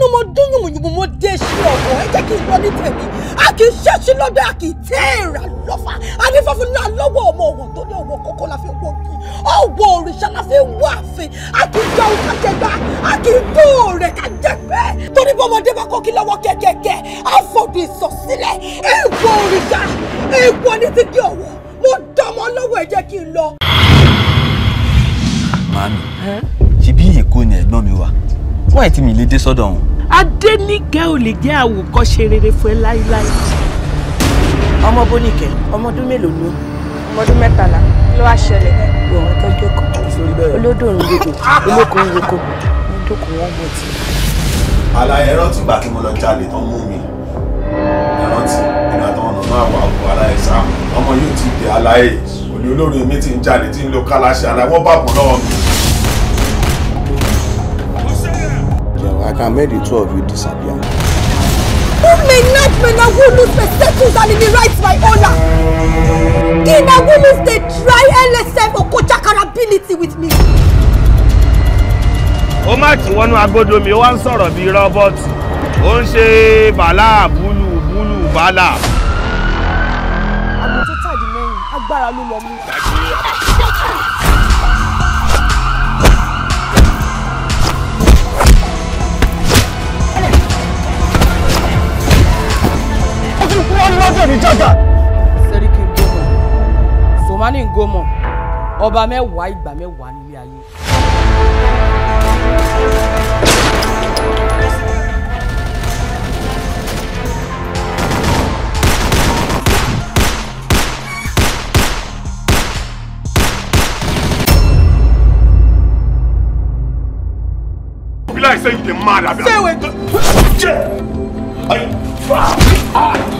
nínú mo dún yùmùyùmù mo dé ṣe ọ̀rọ̀ ẹ jẹ́ kí n lọ ní tèmi a kì í ṣẹ́ṣin lọ́dọ̀ a kì í tẹ́ ẹ̀rà lọ́fà a ní fọ́fún náà lọ́wọ́ ọmọ ọ̀wọ̀ tó ní ọ̀wọ̀ kókó la fi wọ kí ọ̀wọ̀ òrìṣà la fi wọ àfin a kì í jẹ ohun ká a kì í kó rẹ̀ ká jẹ pẹ́ torí bọ́mọdé bá kọ́kí lọ́wọ́ kẹ́kẹ́kẹ́ a fọ̀dù ìsọ̀sílẹ̀ ìwọ òrìṣà ìwọ ní ti di ọ̀wọ̀ mo dọ̀mọ́ Adéníkẹ́ ò lè jẹ́ àwòkọ́ṣe rere fún ẹ láíláí. ọmọ Bóníkẹ́ ọmọ ọdún mélòó ni ó. ọmọ ọdún mẹ́tàlá ló wá ṣẹlẹ̀. ìwọ̀n tọ́jú ọkọ̀ olódò ń gbèdò olóko ń yeko olóko wọn bọ̀ tí. àlàyé ẹ̀rọ túgbà tí mo lọ jalè tán mú mi ẹ̀rọ tí ẹ̀rọ àtàwọn ọ̀nà máa wà ọkọ̀ aláyé sáà ọmọ yóò ti dé aláyé òní olórí mi ti ń jalè tí ń lo kálásì aláyé wọ́n bàbọ̀ lọ́wọ́ mi. I can make the two of you disappear. Who may not and a woman's settles and in the rights my honor. In a woman's they try LSM or ability with me. ó má ti wọnú agodo mi ó wá ń sọ̀rọ̀ bíi rọ́bọ́ọ̀tì ó ń ṣe bàálà búlù búlù bàálà. àgùntàn tàdí mẹ́rin agbára ló lọ mú. ni wọ́n fẹ̀mí jàgà. sẹ́ríkì ngómọ̀ sọ̀mánì ngómọ̀ ọba mẹ́wàá ìgbà mẹ́wàá nílé ayé. Be say you dey mad abi. Say wait. Yeah. Are you? Ah.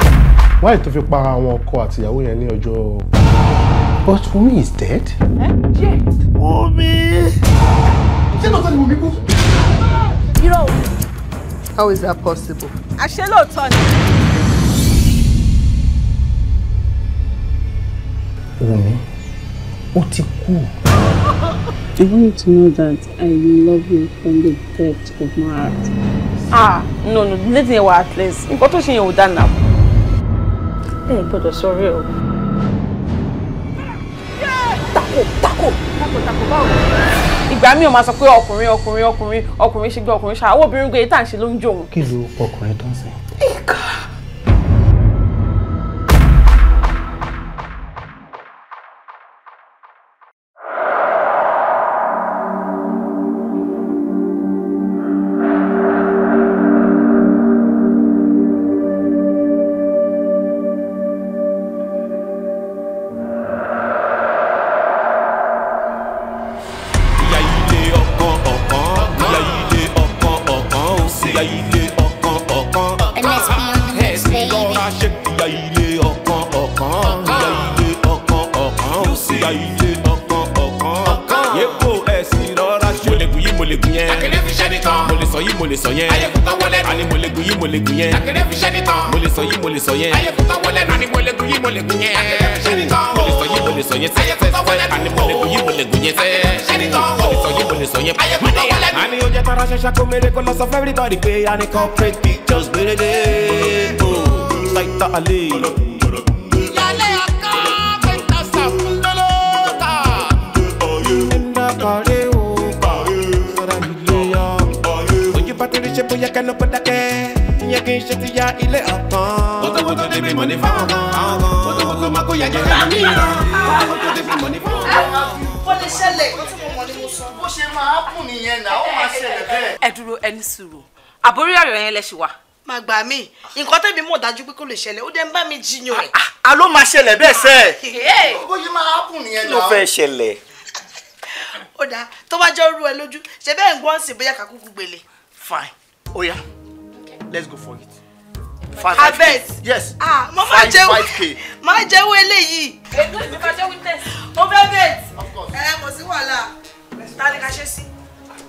why tó fi pa àwọn ọkọ àtìyàwó yẹn ní ọjọ́. but Omi is dead. Wunmi. ṣé lóòótọ́ ni Wunmi kú. irọ́ o. how is that possible. àṣé lóòótọ́ ni. Wunmi ó ti kú. I want you to know that I love you from the depth of my heart. Ah, no, no, let me know at least. Nǹkan tó ṣe yẹn ò dáa náà ẹ gbọ́dọ̀ sọ̀rọ̀ ẹ o. tako tako tako tako báwo. ìgbà mi ò máa sọ pé ọkùnrin ọkùnrin ọkùnrin ọkùnrin ṣe gbé ọkùnrin ṣáà owó obìnrin gbé tá à ń ṣe ló ń jó òun. kí ló ọkùnrin tó ń sìn. ìkà. the pay and the culprit yẹn lẹ má gbà mí nǹkan tẹ̀mí mọ̀ dájú pé kò lè ṣẹlẹ̀ ó dẹ̀ ń bá mi jiyàn ẹ̀. a ah, ah, ló máa ṣẹlẹ̀ bẹ́ẹ̀ sẹ́. bó ah. ṣe máa hápùn nìyẹn náà. ló fẹ́ ṣẹlẹ̀. ó dáa tó bá jẹ́ orú ẹ lójú ṣe bẹ́ẹ̀ ń gbọ́ sí bóyá kàkúkú gbélé. fine oya let's go for it. five yes ah, five five k. má jẹ́wọ́ eléyìí. ètò ìgbìmọ̀ witness. mo fẹ́ bẹ́ẹ̀ ẹ wàhálà ta ni ká ṣe sí.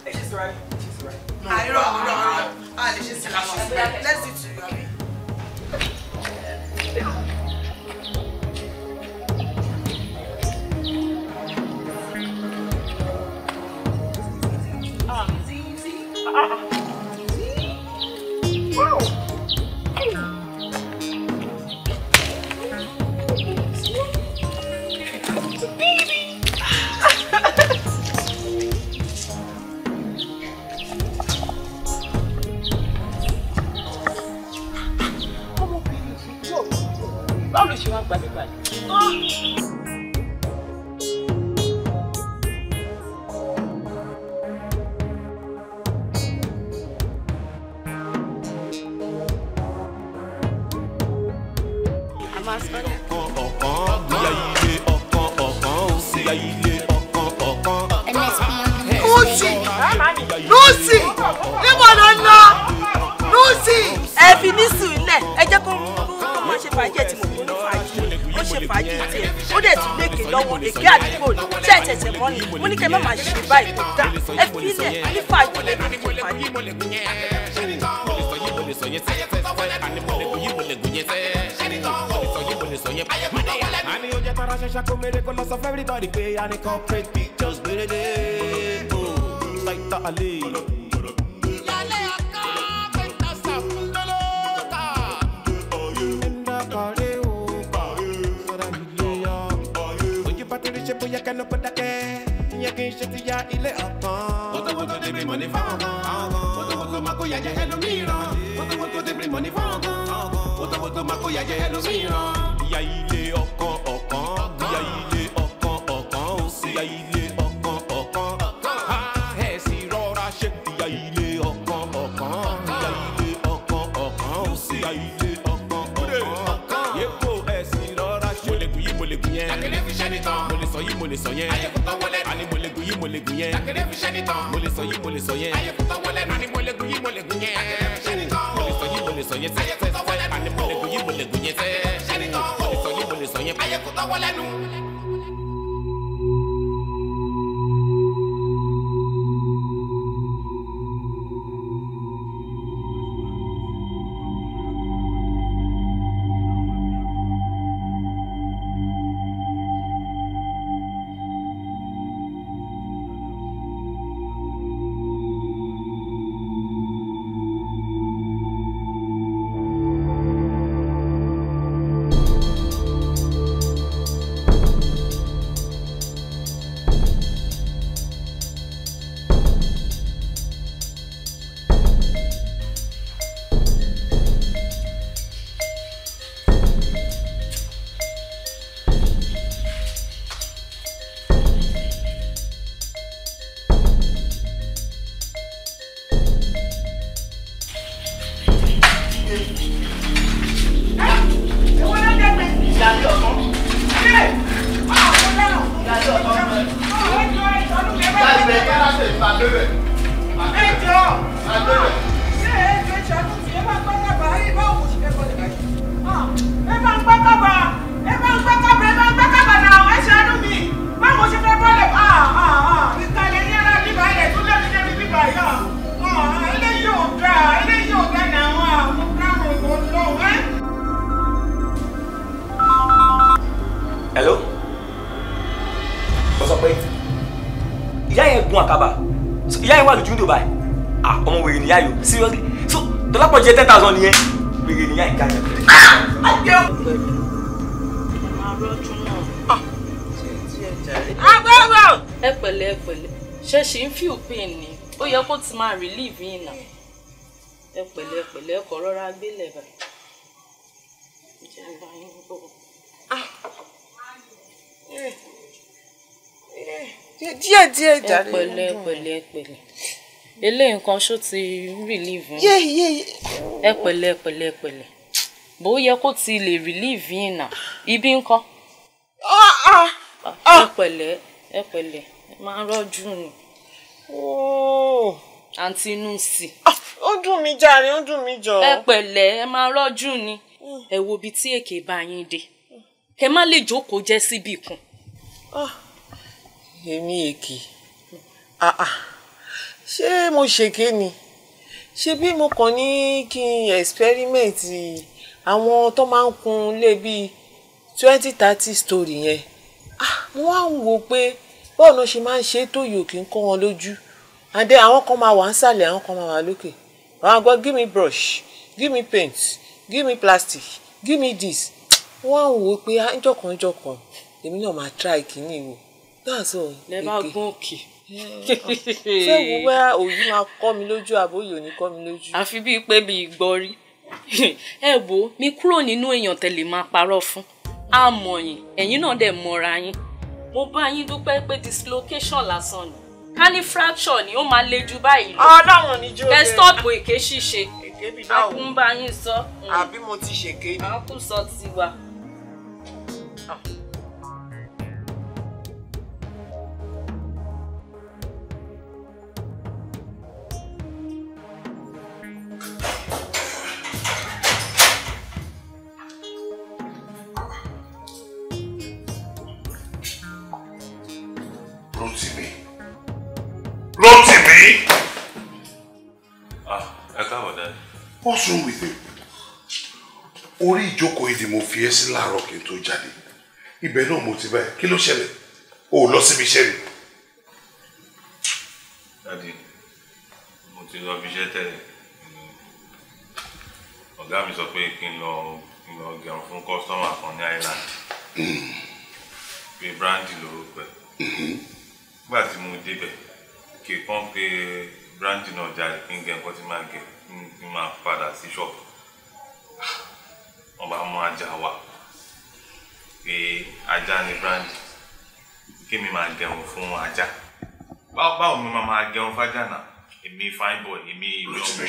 ẹ ṣe sọ ayé. àìrọ̀ àìrọ̀ ah. àìrọ̀ a ah. lè ṣe sílẹ̀ àwọn ọ̀sẹ̀ lẹ́sì tù yọ mí. Wow. Hey. Lucy, ló ṣe wá gbàgbé gbàgbé. Lucy níbo ló ń lọ Lucy. ẹ fi mí sùn lẹ ẹ jẹ́ kó fàájì tiẹ̀ ó dẹ̀ tún lékè lọ́wọ́ èké àdúgbò ní tẹ́ tẹ̀sẹ̀ mọ́ ni mo ní kẹ́ má máa ṣe báyìí kò dá ẹ fi ilẹ̀ ní fàájì lẹ́nu ní fàájì. Ani o jẹ tara ṣẹṣẹ ko mere ko lọ sọ fẹ́rẹ́ tọ́ di pé a ní corporate pictures gbèrèdè. Saita Ali. kì í ṣe ti ya ilé ọ̀kan. kótókótó dé bí mọ̀ní fáwọn kan. máa kó yàjẹ́ ẹlòmíràn. kótókótó dé bí mọ̀ní fáwọn kan. máa kó yàjẹ́ ẹlòmíràn. ìyá ilé ọkàn ọ̀kan. ìyá ilé ọkàn ọ̀kan. ìyá ilé ọkàn ọ̀kan. ẹ sì rọra ṣe. ìyá ilé ọkàn ọ̀kan. ìyá ilé ọkàn ọ̀kan. ìyá ilé ọkàn ọ̀kan. yẹ kó ẹ sì rọra ṣe. mo lè kú yìí yẹn. Àkèrè fi ṣẹ́ nìtàn. Mo lè sọ yìí, mo lè sọ yẹn. Ayé kútọ́ wọlé náà ni mo lè gun yìí, mo lè gun yẹn. Àkèrè fi ṣẹ́ nìtàn. Mo lè sọ yìí, mo lè sọ yẹn. Ayé gun àkàbà ìyá yẹn wà lójú nídò báyìí ah ọmọ wèrè nìyá yìí o seriously so dọ́lápọ̀ jẹ́ ten thousand nìyẹn wèrè nìyá yìí káyọ̀. agbábọ̀. Ah! ẹ pẹ̀lẹ́ ẹ pẹ̀lẹ́ ṣe ṣì ń feel pain ni ó yẹ kó ti máa relieve yín náà ẹ pẹ̀lẹ́ ẹ pẹ̀lẹ́ ẹ kọ̀ rọra gbélé báyìí. ah. Yeah. Yeah díẹ̀ díẹ̀ jàre. ẹ pẹ̀lẹ́ ẹ pẹ̀lẹ́ ẹ pẹ̀lẹ́ eléyìí nǹkan ṣó ti relieve yín. yé yé ẹ pẹ̀lẹ́ ẹ pẹ̀lẹ́ ẹ pẹ̀lẹ́ bó yẹ kó ti lè relieve yín nà ibi ńkọ́. ẹ pẹ̀lẹ́ ẹ pẹ̀lẹ́ ẹ máa rọ́jú ni. àǹtí inú sí. ó dùn mí jàre ó dùn mí jọ. ẹ pẹ̀lẹ́ ẹ máa rọ́jú ni mm. ẹ wo ibi tí èké bá yín dé kẹ má lè jókòó jẹ́ síbì kan èmi èkì ṣé mo ṣèké ni ṣé bí mo kàn ní kí n experiment àwọn tó máa ń kun lé bíi twenty thirty story yẹn ah, mo wá ń wò pé bọ́ọ̀ náà ṣe máa ń ṣe é tó yòó kí n kọ́ wọn lójú àdé àwọn kan máa wà ń sàlẹ̀ àwọn kan máa wà lókè àwọn àgbọ̀ give me brush give me paint give me plastic give me this wọ́n á wò ó pé ńjọ̀kan ńjọ̀kan èmi náà máa try kìíní wò that's all lẹ bá gún òkè. ṣé wo bá òyìn máa kọ́ mi lójú àbó òyìn ò ní kọ́ mi lójú. àfi bíi pé bí ìgbọ́rí ẹ wo mi kúrò nínú èèyàn tẹ̀lé máa parọ́ fún àmọ̀yìn ẹ̀yìn náà dẹ̀ mọ́ra yín mo bá yín dúpẹ́ pé dislocation lásán ni ká ní fracture ni ó máa le jù báyìí lọ. ọlọ́run ah, ni jó lè. ẹ stọ́ọ̀pù èké ṣíṣe. èké bí náà wò. akún bá yín sọ. àbí mo ti ṣèké ni. akún sọ what's wrong with him? orí ìjókòó yìí ni mo fi ẹ́ sí láàárọ̀ kí n tó jáde ibẹ̀ náà mo ti bá ẹ kí ló ṣẹlẹ̀ o ò lọ síbi iṣẹ́ ni. dadi mo ti lọ bí iṣẹ́ tẹ́lẹ̀ ọ̀gá mi sọ pé kí n lọ kí n lọ gẹrun fún kọ́sítọ́mà kan ní island pé brandy lorúkọ ẹ̀ nígbà tí mo débẹ̀ kí n pọ́n pé brandy náà jáde kí n gẹ nǹkan tí máa gẹ̀ ni máa padà sí ṣọ́ọ̀bù wọ́n aja wa pé aja ni brandy kémi máa gẹrun fún aja. báwo mi ma ma gẹrun fájà náà èmi fine boy èmi ìwé ọmọ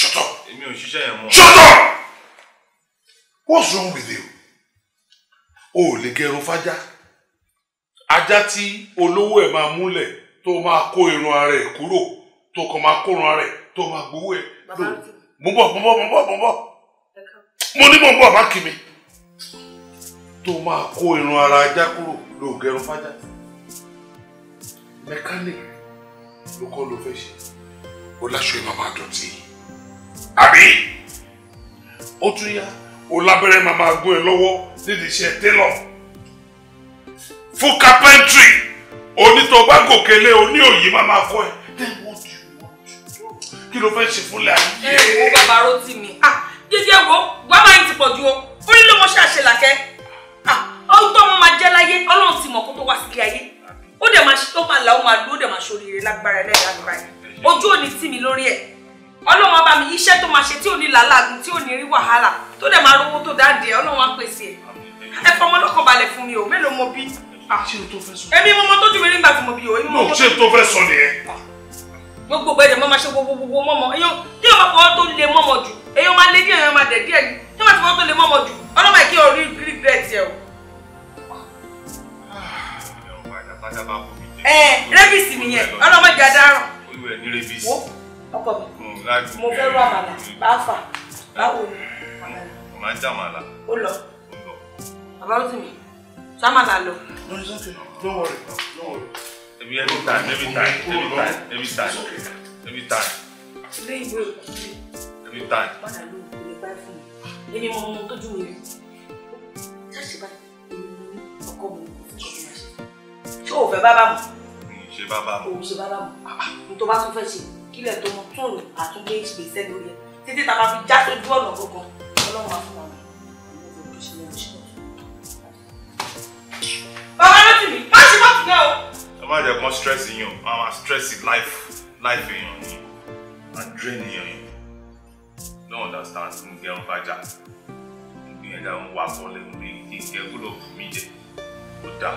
ṣọtọ èmi ò ṣiṣẹ́ yẹn mọ́. ṣọtọ what's wrong with you o ò lè gẹrun fájà ajá tí olówó ẹ̀ máa múlẹ̀ tó máa kó irun ara ẹ̀ kúrò tó kàn máa kó irun ara ẹ̀ tó máa gbowó ẹ lò mo bọ̀ mo bọ̀ mo bọ̀ mo bọ̀ mo ní mo bọ̀ má kì mí tó máa kó irun ara ajá kúrò lò gẹrun fájá mẹkáníìkì ló kọ́ ló fẹ́ ṣe ó láṣọ ẹ màmá dọ̀tí àbí ó tún yá ó lábẹ́rẹ́ màmá gún ẹ lọ́wọ́ nídìí iṣẹ́ télọ̀ fún kápẹ́ńtì onítọ̀ lé oní òyì màmá kọ́ ẹ kí ló fẹ́ ṣe fúnlẹ̀ ayé. Ah, ẹ wo bàbá rotí mi. jíjẹ wo wàá máa ń ti pọ̀ ju o ó nílò wọn ṣàṣẹ làṣẹ ọdún ah, tó wọn máa jẹ́ láyé ọlọ́run sì mọ̀ kó tó wá sílé ayé ó dẹ̀ máa ṣe ó máa là ó máa dúró dẹ̀ máa ṣoríire lágbára ẹlẹ́yà àgbà yìí ojú òní tì mí lórí ẹ̀ ọlọ́run abá mi iṣẹ́ tó máa ṣe tí ò ní làálàgùn tí ò ní rí wàhálà tó dẹ̀ máa rówó tó dáadé ẹ̀ ọlọ́run á pèsè ẹ̀ ẹ fọmọ lọ́kàn balẹ̀ fún mi o mélòó mo bí. Ah, ṣé o tó fẹ́ sọ. èmi mo mọ tó ju mi nígbà tí mo bí o. mo ṣe tó fẹ́ sọ nìyẹn gbogbo gbẹ̀dẹ̀ mọ́ máa ṣe gbogbo gbogbo mọ́mọ́ èèyàn kí wọ́n máa fọwọ́ tó lè mọ́mọ́ jù èèyàn máa lé díẹ̀ èèyàn máa dẹ̀ díẹ̀ kí wọ́n máa fọwọ́ tó lè mọ́mọ́ jù ọlọ́mọ ìkí orí regret yẹ o. ẹ rẹ́bìsì nìyẹn ọlọ́mọ ìjà dáràn. olùwẹ̀ ọkọ mi mo fẹ́ rọ àmàlà bá fà báwo ni. mo máa ń jà àmàlà. ó lọ bàbá ó sì mi sọ lọ. no it's okay don't worry don't worry every every time every time every time every time every time. today is me. every time. padà ló ń lè bá fún mi èmi mo mọ tójú mi rí tó ṣe bá ọkọ mi kò fún ọkọ mi ṣe. ṣé o fẹ́ bábà mọ́. ṣe bábà mọ́. o ṣe bábà mọ́. n tó bá tún fẹ́ ṣe kílẹ̀ tó mọ tún àtúndé ìgbésẹ̀ lórí ẹ̀ títí tá a máa fi já sójú ọ̀nà gbogbo ọlọ́run àfọwọ́. Bàbá ló ti mí, má ṣe má ti gẹ́ o má jẹ́ kán stress yín o máa stress life life èèyàn yín máa drain èèyàn yín don't understand ń gẹ ń bàjá ń gbìyànjú àwọn wà bọ́ lẹ́nu bí You gbọ́dọ̀ bù mí jẹ ó dáa.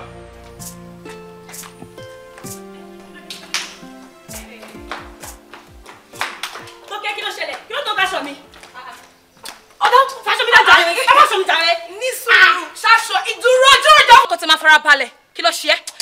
faṣọ mi. ọdọ faṣọ mi dájà faṣọ mi dájà. ní sùúrù ṣaṣọ ìdúró ojú ọjọ́. kò tí máa fara balẹ̀ kí ló ṣe é.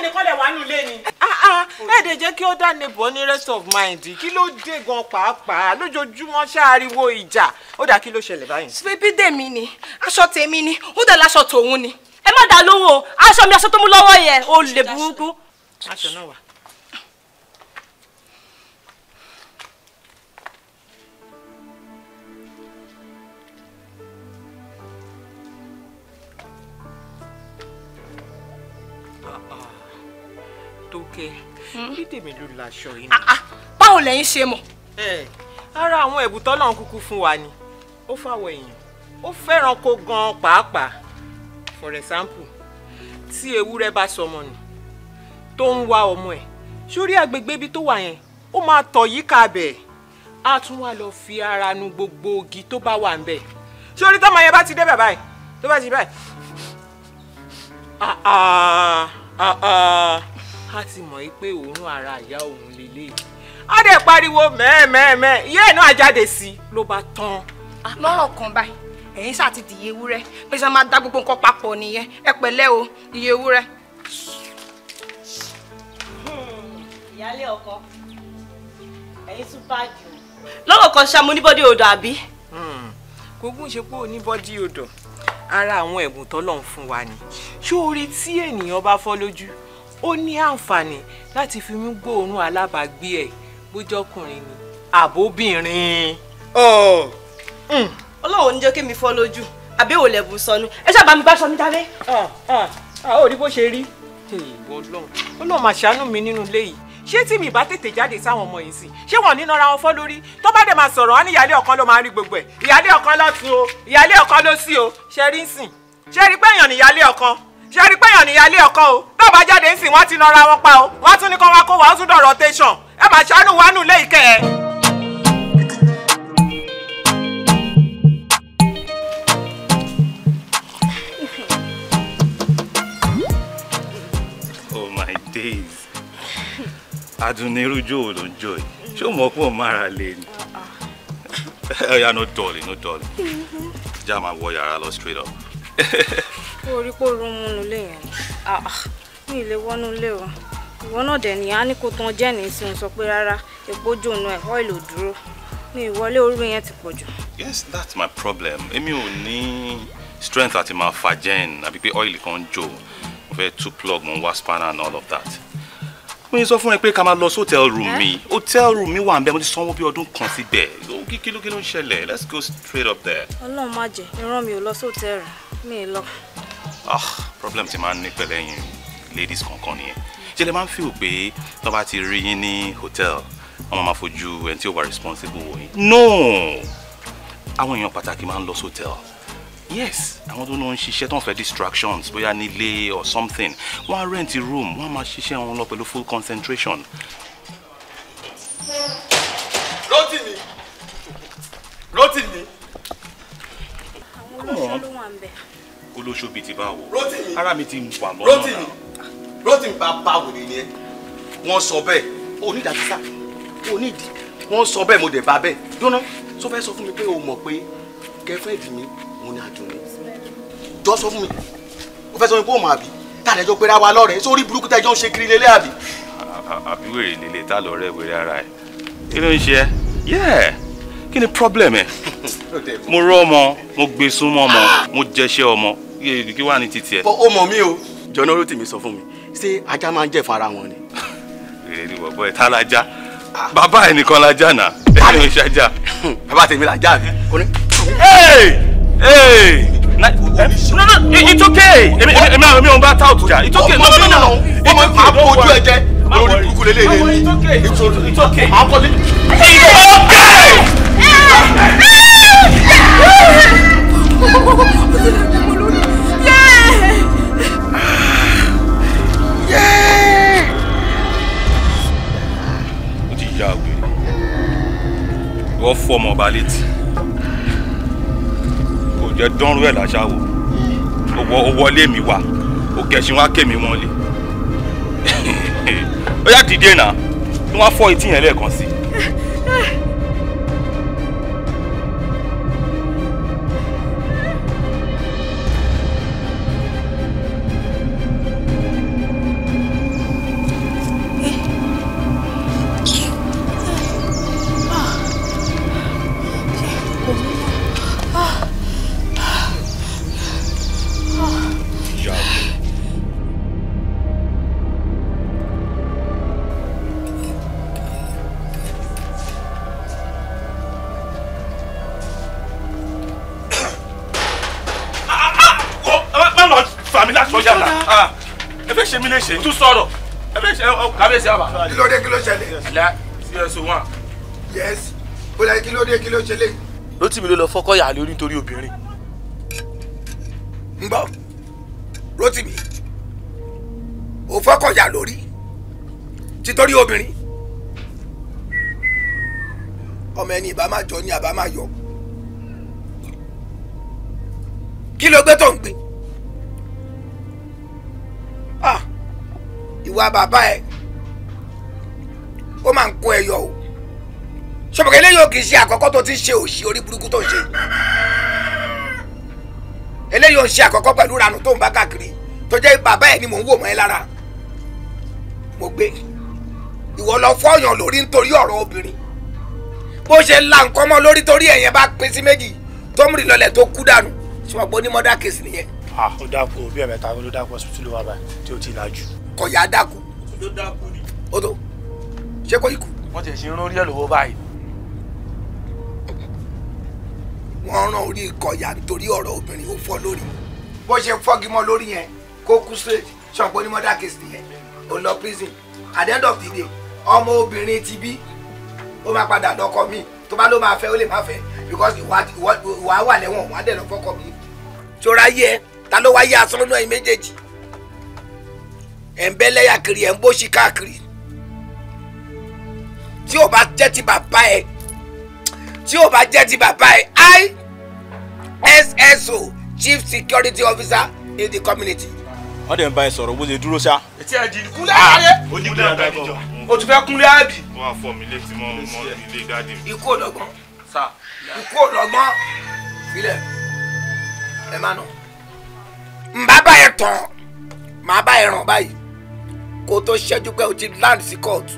ẹ̀yin nìkan lẹ̀ wà nù lé ni. Ah, ah, ẹ dẹ̀ jẹ́ kí ó dá nebo ní rest of mind kí ló dé gan pàápàá lójoojúmọ́ ṣáàriwo ìjà ó dà kí ló ṣẹlẹ̀ báyìí. bíbí dèmi ni aṣọ tèmi ni ó dẹ̀ láṣọ tòun ni ẹ má dá lówó aṣọ mi aṣọ tó mú lọ́wọ́ yẹ ó lè burúkú. aṣọ náà wà. Olúdèmí ló laṣọ yìí. Ah, ah, báwo lẹ́yìn ṣe mọ̀. ara àwọn ẹ̀bùn tọ́lọ́run kúkú fún wa ni ó fáwọn èèyàn ó fẹ́ràn kó gan pàápàá for example tí ewúrẹ́ bá sọmọ nù tó ń wá ọmọ ẹ̀ sórí agbègbè ibi tó wà yẹn ó máa tọ̀ yíká bẹ̀ á tún wá lọ fi ara nu gbogbo ogi tó bá wà ń bẹ̀ sórí tọ́mọ yẹn bá ti débẹ̀ báyìí tó bá ti báyìí. Ah, ah, ah, ah a ti mọ̀ pé òórùn ara ìyá òun lélẹ̀ á dẹ̀ pariwo mẹ́ẹ̀mẹ́ẹ̀mẹ́ ìyá ẹ̀ náà sí i ló bá tán. Ah, lọ́rọ̀ kan báyìí ẹ̀yin ṣáà ti dìye ewúrẹ́ pé ṣe máa dá gbogbo nǹkan papọ̀ nìyẹn ẹ pẹ̀lẹ́ o iye ewúrẹ́. Hmm, ìyáálé ọkọ ẹ̀yin tún báàgì o. lọ́rọ̀ kan ṣá mo níbọ́dí odò àbí. Hmm, gbogbo ń ṣe odò ara àwọn ẹ̀bùn tọ́lọ́run fún wa ni ṣó orí tí ènìyàn bá fọ́ lójú ó ní àǹfààní láti fi mí gbóòórùn alábàágbé ẹ̀ bójọ́kùnrin ni àbóbìnrin. ọlọ́wọ́ hmm. ní jẹ́ kí mi fọ́ lójú àbí òun lẹ̀bùn sọnù ẹ ṣáà bá mi bá aṣọ mi dábẹ́. a ò rí bó ṣe rí. ọlọ́run ọlọ́run mà ṣàánú mi nínú ilé yìí ṣé tí mi bá tètè jáde sáwọn ọmọ yìí sí ṣé wọn ní nọra wọn fọ lórí tó bá dẹ̀ máa sọ̀rọ̀ wọn ní ìyálé ọ̀kan ló máa rí gbogbo ẹ̀ ìyálé ọ̀kan lọ́tún o ìyálé ọ̀kan ló sí o ṣe rí sìn ṣe rí pé èèyàn ní ìyálé ọ̀kan ṣe rí pẹ́yàn níyàlé ọkọ o náà bá jáde ńsìn wọ́n ti nọra wọn pa o wọ́n tún ní kán wá kó wàá tún dọ̀rọ̀ tẹ̀sán ẹ máa ṣàánú wánú lé ìkẹ́ ẹ. oh my days adunirujo ò ló ń jọ yìí ṣé o mọ̀ pé o máa ra lè ní. ẹ ah, ẹ ah. ya no dolly no dolly. Mm-hmm. jẹ́ a wọ yàrá lọ straight up orí kó rún múnú lé yẹn ah, ah, ní ilé wọnú lé o ìwọ náà dẹ̀ ní á ní kó tán jẹ́ni sí òun sọ pé rárá epo jóná ẹ̀ ọ́ìlì ò dúró ní ìwọlé orú yẹn ti pọ̀ jù. yes that's my problem èmi ò ní strength àti máa fa gen àbí pé ọ́ìlì kan jò mo fẹ́ two plug mo ń spanner and all of that mo ní sọ fún ẹ pé ká máa lọ sí hotel room eh? mi hotel room mi wà ń bẹ mo ti sanwó bí ọdún kan síbẹ̀ kí ló kí ló ń ṣẹlẹ̀ let's go straight up there. ọlọ́run má jẹ́ ìran mi ò lọ sí hotel rẹ̀ mi lọ. ah problem ti máa ń ní pẹ̀lẹ́ yín ladies kankan nìyẹn ṣé lè máa ń fi hù pé tó bá ti rí yín ní hotel wọn máa fojú ẹni tí ó wà responsible wò no àwọn èèyàn pàtàkì máa ń lọ sí hotel yes àwọn tó ń ṣiṣẹ́ tó ń fẹ́ distractions bóyá nílé or something wọ́n á rent room wọ́n á máa ṣiṣẹ́ wọn lọ pẹ̀lú full concentration. Rotimi Rotimi. àwọn olóṣèlú wà bẹ̀ olóṣó bíi ti báwo ara mi ti ń wà lọ́nà náà. Rotimi Rotimi bá bá wèrè ni ẹ wọ́n sọ bẹ́ẹ̀ onídàájú sá onídìí wọ́n sọ bẹ́ẹ̀ mo dẹ̀ bá bẹ́ẹ̀ dúnà tó fẹ́ sọ fún mi pé o mọ̀ pé girlfriend mi òun ni àdùn mi jọ sọ fún mi o fẹ́ sọ mi pé o mọ̀ àbí tàdéjọ́ pé ra wa lọ́rẹ̀ẹ́ sórí burúkú tẹ́jọ́ ń ṣe kiri lélẹ́ àbí. àbí wèrè lélẹ̀ tá lọ rẹ̀ wèrè ara ẹ̀ kí ló ń ṣe ẹ́ yẹ́ẹ̀ kí ni problem ẹ̀ mo rọ́ ọmọ mo gbé súnmọ́ ọmọ mo jẹ́ṣẹ́ ọmọ kí wà ní títì ẹ. ó mọ mi o jọ̀nà orí tèmi sọ fún mi ṣé ajá máa ń jẹ́ fara wọn ni. rèé ni bọ̀bọ̀ ẹ̀ tá la já bàbá ẹ̀ nìkan la já nà ẹ̀ ní oṣù ajá. bàbá tèmi la já mi. ee ee no no it's okay èmi èmi àwọn èmi àwọn bá tá òtújà it's okay no no no ọmọ ìfà àpòjú ẹ jẹ lórí kúkú lélẹ̀ yẹn it's okay it's okay àwọn kọ́lé. it's okay. wọ́n fọ́ ọmọ ọba létí kò jẹ́ dánrú ẹ̀ láṣà wò ó wọlé mi wá ó kẹ̀sìn wá kẹ̀mí wọn lé ó yá dìde náà kí wọ́n fọ́ etí yẹn lẹ́ẹ̀kan sí i. ṣe. tún sọ̀rọ̀ ẹ fẹ́ ṣe ọ kábíyèsí àbá. kí ló dé kí ló la cs one. yes ó lẹ kí ló dé kí ló ṣẹlẹ̀. Rótìmí ló lọ fọ́kọ́ yà á lórí nítorí obìnrin. ń bọ̀ Rótìmí ò fọ́kọ̀ yà lórí títorí obìnrin ọmọ ẹni ìbá máa jọ ní àbá máa yọ kí ló gbé tó ìwà bàbá ẹ ó máa ń kó ẹ yọ o ṣọmọkẹ eléyìí ò kì í ṣe àkọ́kọ́ tó ti ṣe òṣì orí burúkú tó ṣe eléyìí ò ṣe àkọ́kọ́ pẹ̀lú ranù tó ń bá káàkiri tó jẹ́ bàbá ẹ ni mò ń wò mọ́ ẹ lára mo gbé ìwọ lọ fọyàn lórí nítorí ọ̀rọ̀ obìnrin bó ṣe la nǹkan mọ́ lórí torí ẹ̀yẹn bá pín sí méjì tó ń rìn lọlẹ̀ tó kú dànù ṣùgbọ́n ní mọ́dà kèsì nìyẹn. Ah, ó dákú bí ẹ̀mẹ́ta ló dákú ọsibítù ló wà báyìí tí ó ti lajú kò yá dákú. ló dákú ni. o tó ṣé kò ikú. wọ́n ti ṣe irun orí ẹ̀ lówó báyìí. wọ́n rán orí ìkọ̀yà nítorí ọ̀rọ̀ obìnrin ó fọ́ lórí. bó ṣe fọ́gi mọ́ lórí yẹn kó kú straight ṣọ̀pọ̀ ní mọ́dà case nìyẹn ó lọ prison at the end of the day ọmọ obìnrin ti bí ó máa padà lọ́kọ mi tó bá ló máa fẹ́ ó lè má fẹ́ because ìwà wà lẹ́wọ̀n wà dẹ̀ lọ́kọ̀ọ̀kọ̀ mi. ṣọ́ra yẹ ta ló wáyé asán náà méjèèjì ẹ̀ ń bẹ́lẹ́yà kiri ẹ̀ ń káàkiri tí ò bá jẹ́ ti bàbá ẹ̀ tí ò bá jẹ́ ti bàbá ẹ̀ ISSO chief security officer in the community. wọ́n dẹ̀ ń bá ẹ sọ̀rọ̀ bó ṣe dúró ṣá. etí ẹ di kúnlẹ̀ ayé oníkúnlẹ̀ adájọ́ o tún fẹ́ kúnlẹ̀ àbí. wọ́n á fọ mi létí mọ́ mọ́ ilé dáàdì mi. ikú ọlọ́gbọ́n ikú ọlọ́gbọ́n filẹ̀ ẹ má nà. ń bá bá tán màá bá ẹ báyìí kó o tó ṣẹ́jú pé o ti land sí kóòtù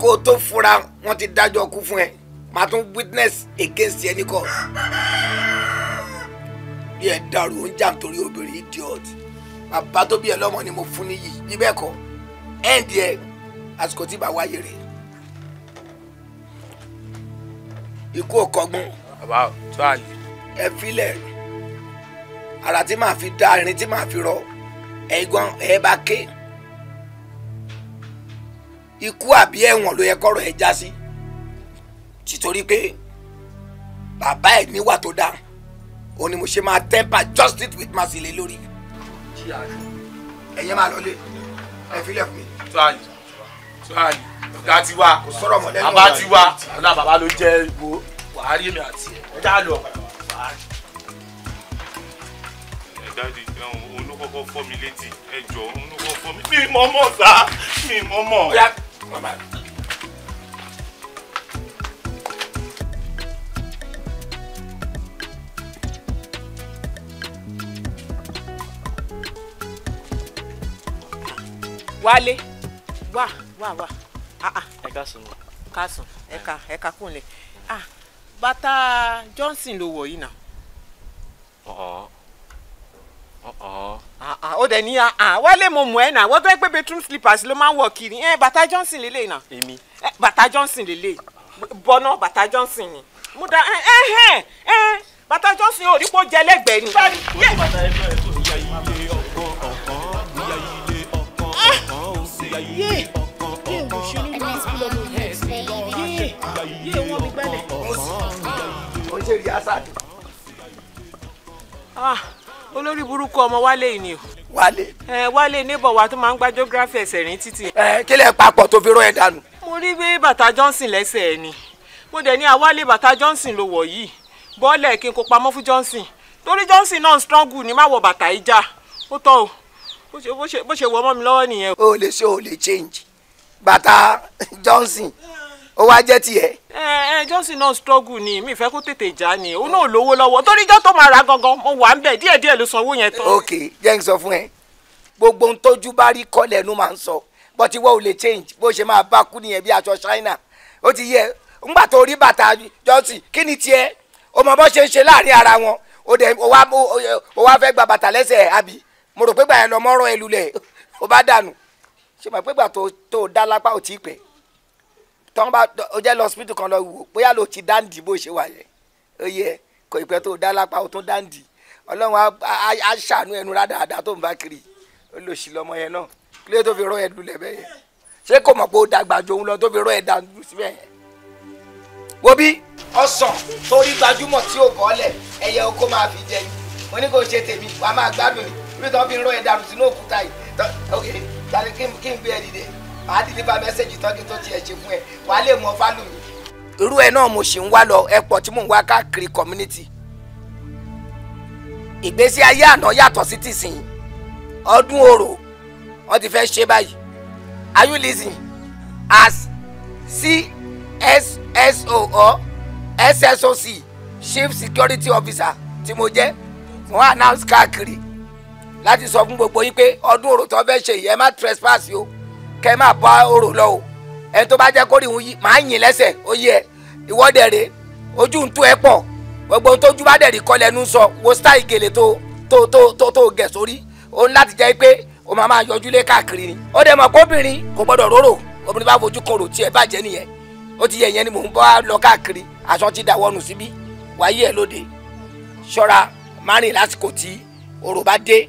kó o tó fura wọ́n ti dájọ́ kú fún ẹ màá tún witness against ẹ ní kóòtù bí ẹ dàrú ó ń jà nítorí obìnrin idiot bàbá tó bí ẹ lọ́mọ ni mo fún níyì bí bẹ́ẹ̀ kọ́ ẹ̀ ń di ẹ àsìkò tí bá wáyé rẹ̀ ikú ò kọ́gbọ́n. bàbá tó àlè. ẹ filẹ̀ ara tí màá fi dá irin tí màá fi rọ ẹ̀gbọ́n ẹ bá ké ikú àbí ẹ̀wọ̀n ló yẹ kọ́rọ̀ ẹ já sí títorí pé bàbá ẹ̀ níwà tó dáa òun ni mo ṣe máa temper justice with mercy lé lórí. ẹ̀yẹ́ máa lọlé ẹ fi lẹ̀ fún mi. tíwájú tíwájú ọ̀gá tiwa sọ̀rọ̀ mọ̀ lẹ́nu ọ̀gá tiwa ọ̀nà bàbá ló jẹ́ ìbò wàhálì èmi àti ẹ̀ dá lọ wàhálì. òun ló kọ́kọ́ fọ́ mi létí ẹ jọ òun ló kọ́kọ́ fọ́ mi mi mọ̀ mọ̀ sá mi mọ̀ mọ̀. Normal. wálé wá wá wá ah, ah. ẹ ká sùn ká sùn ẹ ká ẹ ká kúnlẹ̀ ah, bàtà Johnson ló wọ̀ na náà. ó dẹ̀ ní wálé mo mọ̀ ẹ́ náà wọ́n tó ẹ pé bedroom slippers ló máa ń wọ̀ kiri ẹ eh, bàtà johnson lélẹ̀ náà èmi eh, bàtà johnson lélẹ̀ bọ́nà bàtà johnson ni mo da ẹ ẹ ẹ bàtà johnson ò rí pé jẹ lẹ́gbẹ̀ẹ́ ni. yé olórí burúkú ọmọ wálé yìí ni o. wálé. ẹ wálé níbọ̀ wa tó máa ń gba geography ẹsẹ̀ rìn títì. ẹ kílẹ̀ papọ̀ tó fi rán ẹ dànù. mo rí bí bàtà johnson lẹ́sẹ̀ ẹ ni mo dẹ̀ ní àwálé bàtà johnson ló wọ̀ yìí bọ́ọ̀lù kí n kó pamọ́ fún johnson torí johnson náà strong ni má wọ bàtà ìjà ó tọ́ o bó ṣe wọ ọmọ mi lọ́wọ́ nìyẹn. o lè ṣe o lè change bàtà johnson ó wá jẹ́ tiẹ̀. ẹ ẹ Johnson náà struggle ni mi fẹ́ kó tètè já ni òun náà lówó lọ́wọ́ torí jọ́ tó máa ra gangan mo wà ń bẹ̀ díẹ̀díẹ̀ ló sanwó yẹn tán. ok jẹ́ n sọ fún ẹ gbogbo ohun tójú bá rí kọ́lẹ̀ ló máa ń sọ bọ́tí wọ́n ò lè change bó ṣe máa bá kú nìyẹn bí aṣọ China ó ti yẹ ńgbà tó rí bàtà Johnson kí ni tiẹ̀ o mọ bó ṣe ń ṣe láàrin ara wọn o dẹ o wa o wa fẹ́ gba bàtà lẹ́sẹ̀ àbí mo rò pé gbà yẹn lọ mọ́rọ́ ẹ lulẹ̀ o bá dànù ṣe mọ̀ pé gbà tó tó dá lápá ò tí ì pẹ́ tọ́n bá o jẹ́ lọ hospital kan lọ wò bóyá ló ti dáǹdì bó ṣe wà yẹn ó yẹ kò ìpẹ́ tó dá lápá o tún dáǹdì ọlọ́run á ṣàánú ẹnu rádaràda tó ń bá kiri o lò sí lọ́mọ yẹn náà kí ló tó fi rọ ẹ lulẹ̀ bẹ́ẹ̀ yẹn ṣé kò mọ̀ pé ó dàgbà ju òun lọ tó fi rọ ẹ dànù síbẹ̀ yẹn. wo bí ọsàn torí gbajúmọ̀ tí ò gọ́lẹ̀ ẹyẹ oko máa fi jẹ mo ní kò ṣe tèmi wàá máa gbádùn ní ibi tí wọ́n fi rọ ẹ dànù sínú òkúta yìí màá dìde bá mẹ́sẹ̀gì tán kí n tó tiẹ̀ ṣe fún ẹ wàá lè mọ fálù mi. irú ẹ náà mo ṣì ń wá lọ ẹpọ tí mò ń wá káàkiri community ìgbésí ayé àná yàtọ̀ sí tìsín ọdún orò wọ́n ti fẹ́ ṣe báyìí are you listening as CSSO or SSOC chief security officer tí mo jẹ́ mo announce káàkiri láti sọ fún gbogbo yín pé ọdún orò tó fẹ́ ṣe yìí ẹ má trespass o kẹ́ ẹ máa bọ́ òrò lọ o ẹni tó bá jẹ́ kórìí òun yìí màá yìn lẹ́sẹ̀ ó yẹ ìwọ́dẹ̀ rè ojú ń tó ẹ pọ̀ gbogbo ohun tójú bá dẹ̀rí kọ́ lẹ́nu sọ wo style gèlè tó tó tó tó tó gẹ̀ sórí òun láti jẹ́ pé o máa máa yọjú lé káàkiri ni ó dẹ̀ mọ̀ kóbìnrin kò gbọ́dọ̀ róró obìnrin bá fojú kan rò tiẹ̀ bàjẹ́ nìyẹn ó ti yẹ ìyẹn ni mò ń bá lọ káàkiri aṣọ ti dà wọnù síbí wáyé ẹ̀ lóde ṣọ́ra márìn lásìkò tí òrò bá dé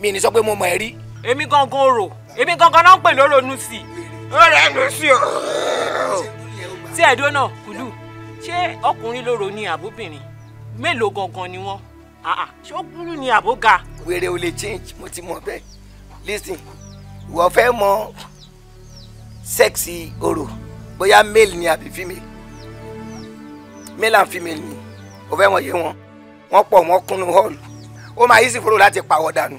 mi ní sọ pé mo mọ̀ ẹ́ rí. èmi gangan rò èmi gangan náà ń pè lóronú sí i lóronú sí o. Oh. tí ẹ̀dọ́ náà kùlù ṣé ọkùnrin lóró ni àbóbìnrin mélòó gangan ni wọ́n ṣé ó kúrú ni àbóga. wèrè ò lè change mo ti mọ bẹ́ẹ̀ listen ìwọ fẹ́ mọ sẹ́ẹ̀sì orò bóyá male ni àbí female male and female ni ò fẹ́ mọ yé wọn wọ́n pọ̀ wọ́n kúnnú hall ó máa yí sí fúró láti pàwọ̀ dànù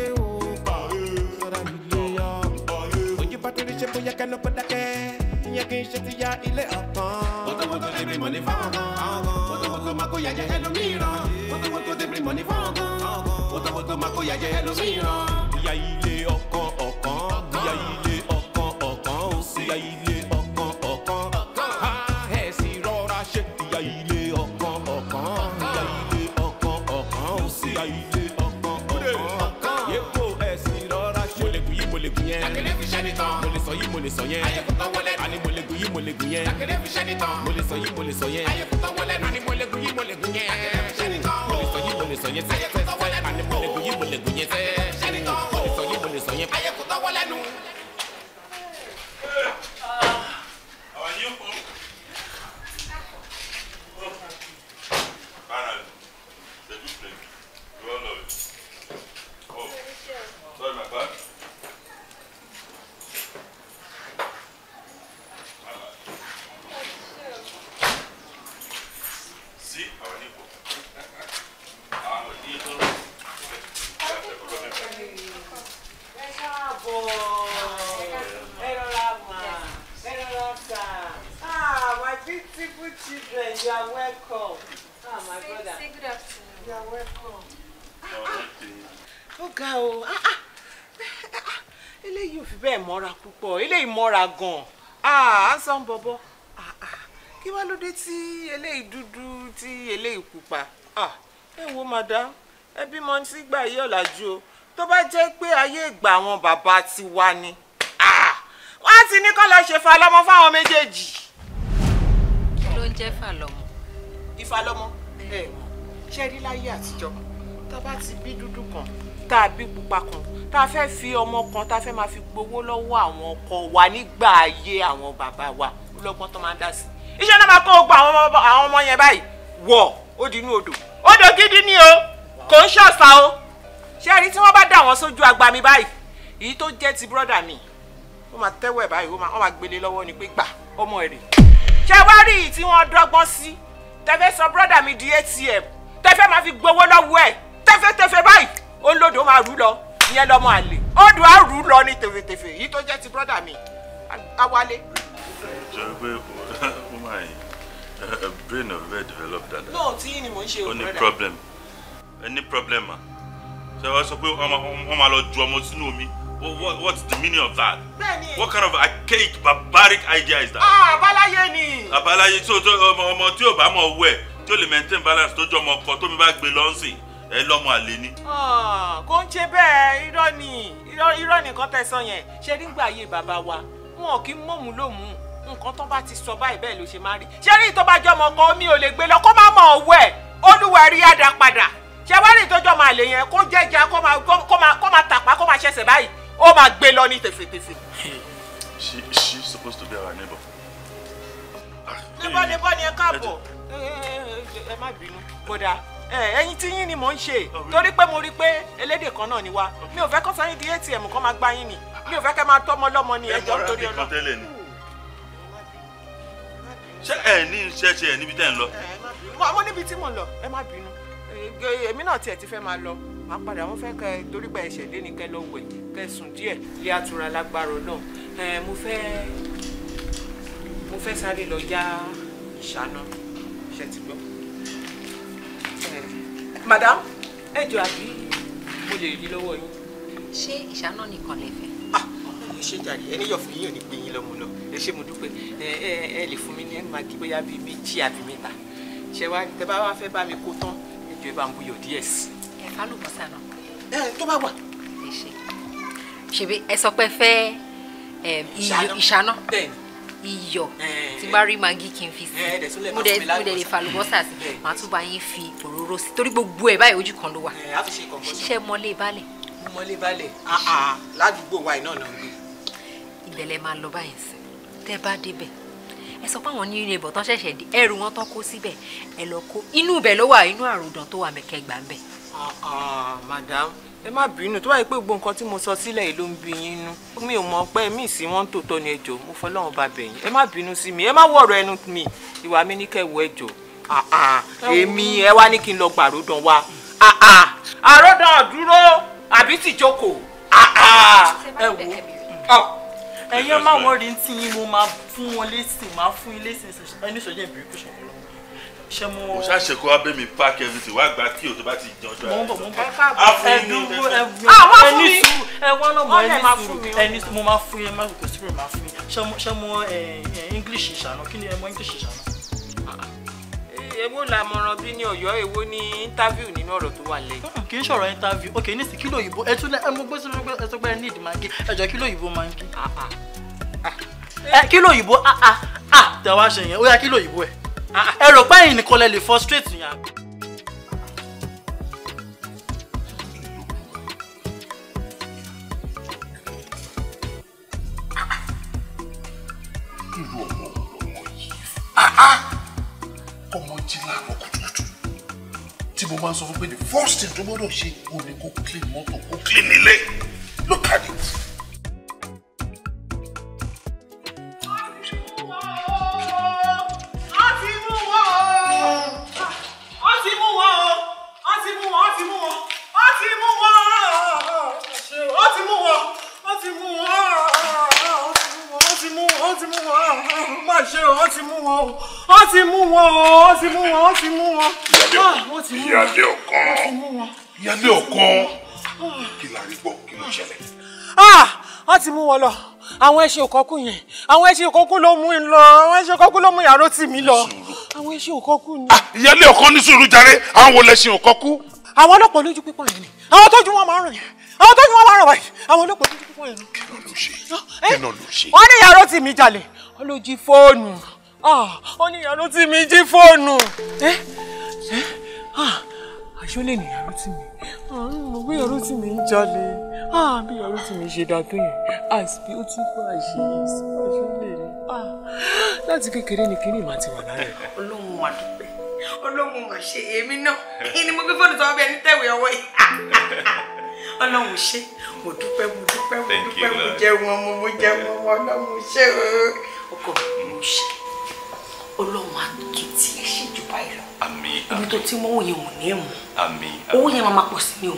jẹ́kẹ́ ló kó dákẹ́ ìyẹn kì í ṣe ti ya ilé ọ̀kan. wótòwótò lè bí mọ̀ní fáwọn kan wótòwótò máa kó yàjẹ́ ẹlòmíràn wótòwótò lè bí mọ̀ní fáwọn kan wótòwótò máa kó yàjẹ́ ẹlòmíràn. ìyá ilé ọkàn ọkàn ìyá ilé ọkàn ọkàn ó sì yá ilé. sọ yẹn. ayẹkùtọ̀ wọlé nù. àní mo lè gùn yí mo lè gùn yẹn. àkèrè fi ṣẹ́ nìtàn. mo sọ yí mo sọ yẹn. ayẹkùtọ̀ wọlé nù. àní mo yí mo yẹn. àkèrè fi ṣẹ́ nìtàn. mo sọ yí mo sọ yẹn. ayẹkùtọ̀ wọlé nù. àní mo yí mo ìmọ́ra gan-an à ń sàn bọ̀bọ̀ kí wàá ló dé tí eléyìí dúdú tí eléyìí pupa ẹ wo madam ẹ bímọ sígbà yìí ọ̀làjú o tó bá jẹ́ pé ayé ìgbà àwọn bàbá ti wá ni wọ́n á ti ní kọ́ lọ ṣe falọ́mọ fáwọn méjèèjì. kí ló ń jẹ́ falọ́mọ. ìfalọ́mọ ẹ ṣẹ́rí láyé àtijọ́ tá bá ti bí dúdú kan tá a bí pupa kan tá a fẹ́ fi ọmọ kan tá a fẹ́ máa fi gbowó lọ́wọ́ àwọn ọkọ wa nígbà ayé àwọn bàbá wa lọ́gbọ́n tó máa ń dá sí i iṣẹ́ náà máa kó gbọ́ àwọn ọmọ yẹn báyìí wọ̀ ó di inú odò odò gidi ni o kò ń ṣọ̀sà o ṣé ẹni tí wọ́n bá dà wọ́n sójú agba mi báyìí èyí tó jẹ́ ti brọ́dà mi ó máa tẹ́wọ̀ ẹ̀ báyìí ó máa gbélé lọ́wọ́ ni pé ọmọ ẹ̀rẹ̀ ṣé wá rí i tí wọ́n dọ́gbọ́n sí tẹ́fẹ́ sọ brọ́dà mi di atm tẹ́fẹ́ máa fi gbowó lọ́wọ́ ẹ̀ tẹ́fẹ́ tẹ́fẹ́ báyìí ó lòdò máa rú lọ ìyẹn lọmọ àlè ọdún á rú lọ ní tèfètèfè yìí tó jẹ́ ti brọ́dà mi awálé. ṣe pé ó máa yìn eh, eh, brain of very developed dada. náà tí ni mò ń ṣe òkúrẹ́dà. ní problem Any problem ma ṣe wá sọ pé wọ́n máa lọ ju ọmọ sínú omi what's the meaning of that. what kind of archaic barbaric idea is that. ah abáláyé ni. so so, ọmọ tí ò bá mọ̀ wẹ̀ tí ó lè maintain balance tó jọ ọmọ ọkọ tómi bá gbé lọ́nsìn ẹ lọ́mọ àlè ni. Ah, kò ń ṣe bẹ́ẹ̀ irọ́ ni irọ́ nìkan tẹ̀sán yẹn ṣe nígbà ayé bàbá wa wọn kì í mọ̀mú lòmùú nǹkan tó bá ti sọ báyìí bẹ́ẹ̀ ló ṣe máa rí ṣé rí ìtọ́ba jọ kan mi ò lè gbé lọ kó má mọ̀ ọ̀wọ́ ẹ̀ olúwa rí àdá padà ṣé wá rí ìtọ́jọ́ máa lè yẹn kó jẹ́jà kó máa tàpá kó máa ṣẹ̀ṣẹ̀ báyìí ó máa gbé lọ ní tẹ̀fẹ̀tẹ̀fẹ̀. she she supposed to be our neighbor. Ah, níbo eh, níbo ni ẹ káàbọ̀ ẹ eh, eh, má bínú kódà ẹyin tí yín ni mò ń ṣe torí pé mo rí pé elédè kan náà ni wa mi ò fẹ́ kọ́ sáyé di atm kan máa gbá yín ni mi ò fẹ́ kẹ́ máa tọ́mọ lọ́mọ ni ẹjọ́ nítorí ọlọ́. ṣé ẹ ní ṣẹṣẹ ẹ níbi tẹ́ ń lọ. mo níbi tí mo lọ ẹ má bínú èmi náà tiẹ̀ ti fẹ́ máa lọ máa padà wọ́n fẹ́ kẹ́ torí pé ẹ̀ṣẹ̀ dé ni kẹ́ lọ wẹ̀ kẹ́ sùn díẹ̀ ilé àtura lágbára náà mo fẹ́ mo fẹ́ sáré lọ já ìṣáná ṣe ti gbọ́ madam ẹ jọ àbí mo lè rí lọ́wọ́ yín. ṣé ìṣáná nìkan lè fẹ́. Ah, ẹ ṣe jàre ẹni yọ̀ fún yín ò ní pé yín lọ́mọ lọ ẹ ṣé mo dúpẹ́ ẹ ẹ ẹ lè fún mi ní ẹnu máa kí bóyá bíi méjì àbí mẹ́ta ṣe wá tẹ bá wá fẹ́ bá mi kó tán ẹ jọ ẹ bá ń buyọ̀ díẹ̀ sí. ẹ kálùbọ́sà náà. ẹ tó bá wà. ẹ ṣe ẹ sọ pé fẹ́ ìṣáná. bẹ́ẹ̀ni iyọ̀ eh, tí bá eh. rí magi kí n fi sí eh, mo dẹ̀ mo dẹ̀ lè fa àlùbọ́sà sí màá tún bá yín fi òróró sí torí gbogbo ẹ̀ báyìí ojú kan ló wà ṣiṣẹ́ mọ́lé balẹ̀. mọ́lé balẹ̀ ah, ah. ládùúgbò wa iná náà gbé. ìbẹ̀lẹ̀ máa lọ báyìí sí tẹ́ bá débẹ̀ ẹ sọ pé àwọn ní ilé ìbọn tán ṣẹ̀ṣẹ̀ dé ẹrù wọn tán kó síbẹ̀ ẹ lọ kó inú ibẹ̀ ló wà inú àròdàn tó wà mẹ́kẹ́ gbà ń bẹ̀. Ah, madam ẹ má bínú tó báyìí pé gbogbo nǹkan tí mo sọ sílẹ̀ yìí ló ń bí yín nú mi ò mọ̀ pé mí sí wọn tòótọ́ ni ẹjọ́ mo fọlọ́run bá bẹ̀yìn ẹ má bínú sí mi ẹ má wọ̀rọ̀ ẹnu mi ìwà mi ní kẹwọ ẹjọ́ èmi ẹ wá ní kí n lọ gba àròdàn wa àròdàn dúró àbí tìjókòó ẹ wò ẹ̀yin máa wọ́n rí tí mo máa fún wọn lésì máa fún ilé ìsìn ẹni sọ́jà ìbírí kò ṣàkóso ṣe mo. mo ṣàṣekọ abẹ́ mi pack everything wá gba kí o tó bá ti jẹ ọjọ́ àìsàn. mo ń bọ̀ ẹdúró ẹdúró ah, ẹni sùúrù ẹwọ́n náà mọ ẹni sùúrù ẹni sùúrù mo máa fún yín má kò sùúrù máa fún yín ṣe mo english ìṣànà kí ni ẹ mọ english ìṣànà. Ah, èwo la mọ̀ràn bí ní ọ̀yọ́ èwo ní interview nínú ọ̀rọ̀ tó wà lẹ́yìn. Hmm, kì í ṣọ̀rọ̀ interview ok ní sí kílò òyìnbó ẹ tún ẹ mọ gbé sínú ẹ tó gbẹ ní ìdí máa ń gé ẹ jọ kílò òyìnbó máa ah ah ah tẹ wá ṣe yẹn ó yá kílò òyìnbó ẹ. Ah, ẹ rò pé ẹ̀yin nìkan lè lè frustrate yàn. irú ọmọ ọmọ yìí ah, ah! ọmọ jí láàárọ̀ kùtùkùtù tí mo máa ń sọ fún pé the first thing tó gbọ́dọ̀ ṣe òun ni kó clean mọ́tò kó clean ilé look at it. ti mú wọn ó ti mú wọn ó ti mú wọn ó ti mú wọn ó ti mú wọn ó ti mú wọn ó ti mú wọn má ṣe ó ti mú wọn ó ti mú wọn ó ó ti mú wọn ó ti mú wọn ìyáálé ọ̀kan ìyáálé ọ̀kan kí la rí gbọ́ kí ló ṣẹlẹ̀. wọ́n ti mú wọn lọ àwọn ẹṣin òkọkù yẹn àwọn ẹṣin òkọkù ló mú in lọ àwọn ẹṣin òkọkù ló mú yàrá tì mí lọ àwọn ẹṣin òkọkù ni. Ah, ìyálé ọkọ ní sùúrù jàre àwọn wo lẹṣin òkọkù. àwọn ọlọ́pàá lójú pípọ̀ yẹn ni àwọn tójú wọn máa ń rìn àwọn tójú wọn máa ń rìn báyìí àwọn ọlọ́pàá lójú pípọ̀ yẹn ni. kí náà ah, eh, ló ṣe. wọ́n ní yàrá tì mí jalè ó ló jí fóònù ó ah, ní yàrá tì mí jí fóònù. Eh, eh, àṣọlẹ̀ ní Rótìmí àrùn mo bí Rótìmí ń jalè àbí ah, Rótìmí ṣe dáa tó yẹn àsìbí ah, ó ti fún àṣírí sí àṣọlẹ̀ ní. láti kékeré ni kínní ìmọ̀ àti wà lára olóhùn wà dúpẹ́ olóhùn mà ṣe èmi náà kí ni mo gbé fóònù tó bí ẹni tẹ̀wé ọwọ́ yìí ọlọ́run ṣe mo dúpẹ́ mo dúpẹ́ mo dúpẹ́ mo jẹun ọmọ mo jẹun ọmọ ọlọ́run ṣe ọkọ mi mo ṣe ọlọ́run àtúntì ẹ̀ ṣe jù báyìí lọ àmín àmín ibi tó ti mọ owó yẹn ò ní mú àmín àmín owó yẹn máa máa pọ̀ sí ni o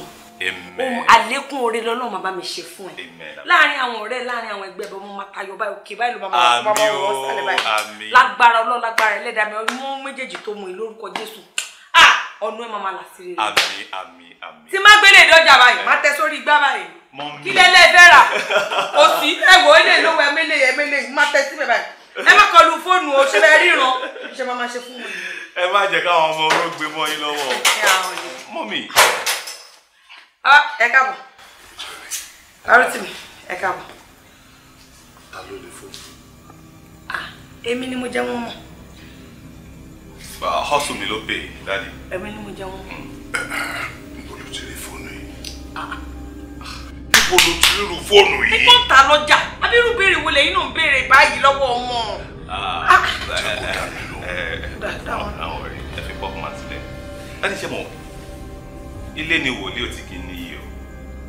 amen àlékún oore lọ́nà máa bá mi ṣe fún ẹ láàrin àwọn ọ̀rẹ́ láàrin àwọn ẹgbẹ́ bọ́ mo máa tayọ báyìí òkè báyìí ló máa máa wọ́n wọ́n sálẹ̀ báyìí lágbára ọlọ́lágbára ẹlẹ́dàá mi mú méjèèjì tó mu ìlórúkọ Jésù ah! ọ̀nà ẹ̀ máa máa là sí rere. àmín àmín àmín. tí má gbélé ìdọ́jà báyìí má tẹ sórí igbá báyìí. kí lẹ́lẹ́ fẹ́ rà kò sí ẹ̀wọ̀ ilé ìlówó ẹ̀mẹ́lẹ̀ ẹ̀mẹ́lẹ̀ má tẹ síbẹ̀ báyìí ẹ má kọlu fóònù o ṣe bẹ́ẹ̀ ríran ṣe máa ma ṣe fún mi. ẹ má jẹ́ káwọn ọmọ orógbé mọ́ yín lọ́wọ́ mọ́mì. Ah, ẹ káàbọ̀ arúgbó mi ẹ káàbọ̀. ta ló lè fún mi. Ah, èmi ni mo jẹ́ wọn mọ̀. hustle mi ló pè é dáàdi. èmi ni mo jẹ́ wọn mọ̀. Hmm. níbo ló ti yìí. Ah, níbo ló ti rírun fóònù yìí. ikú ń ta lọ́jà abirú béèrè wo lẹ́yìn náà ń béèrè báyìí lọ́wọ́ ọmọ. Ah, ah. ẹ fi ṣe mọ̀ ilé ni wòlíì ò ti kí ní iye o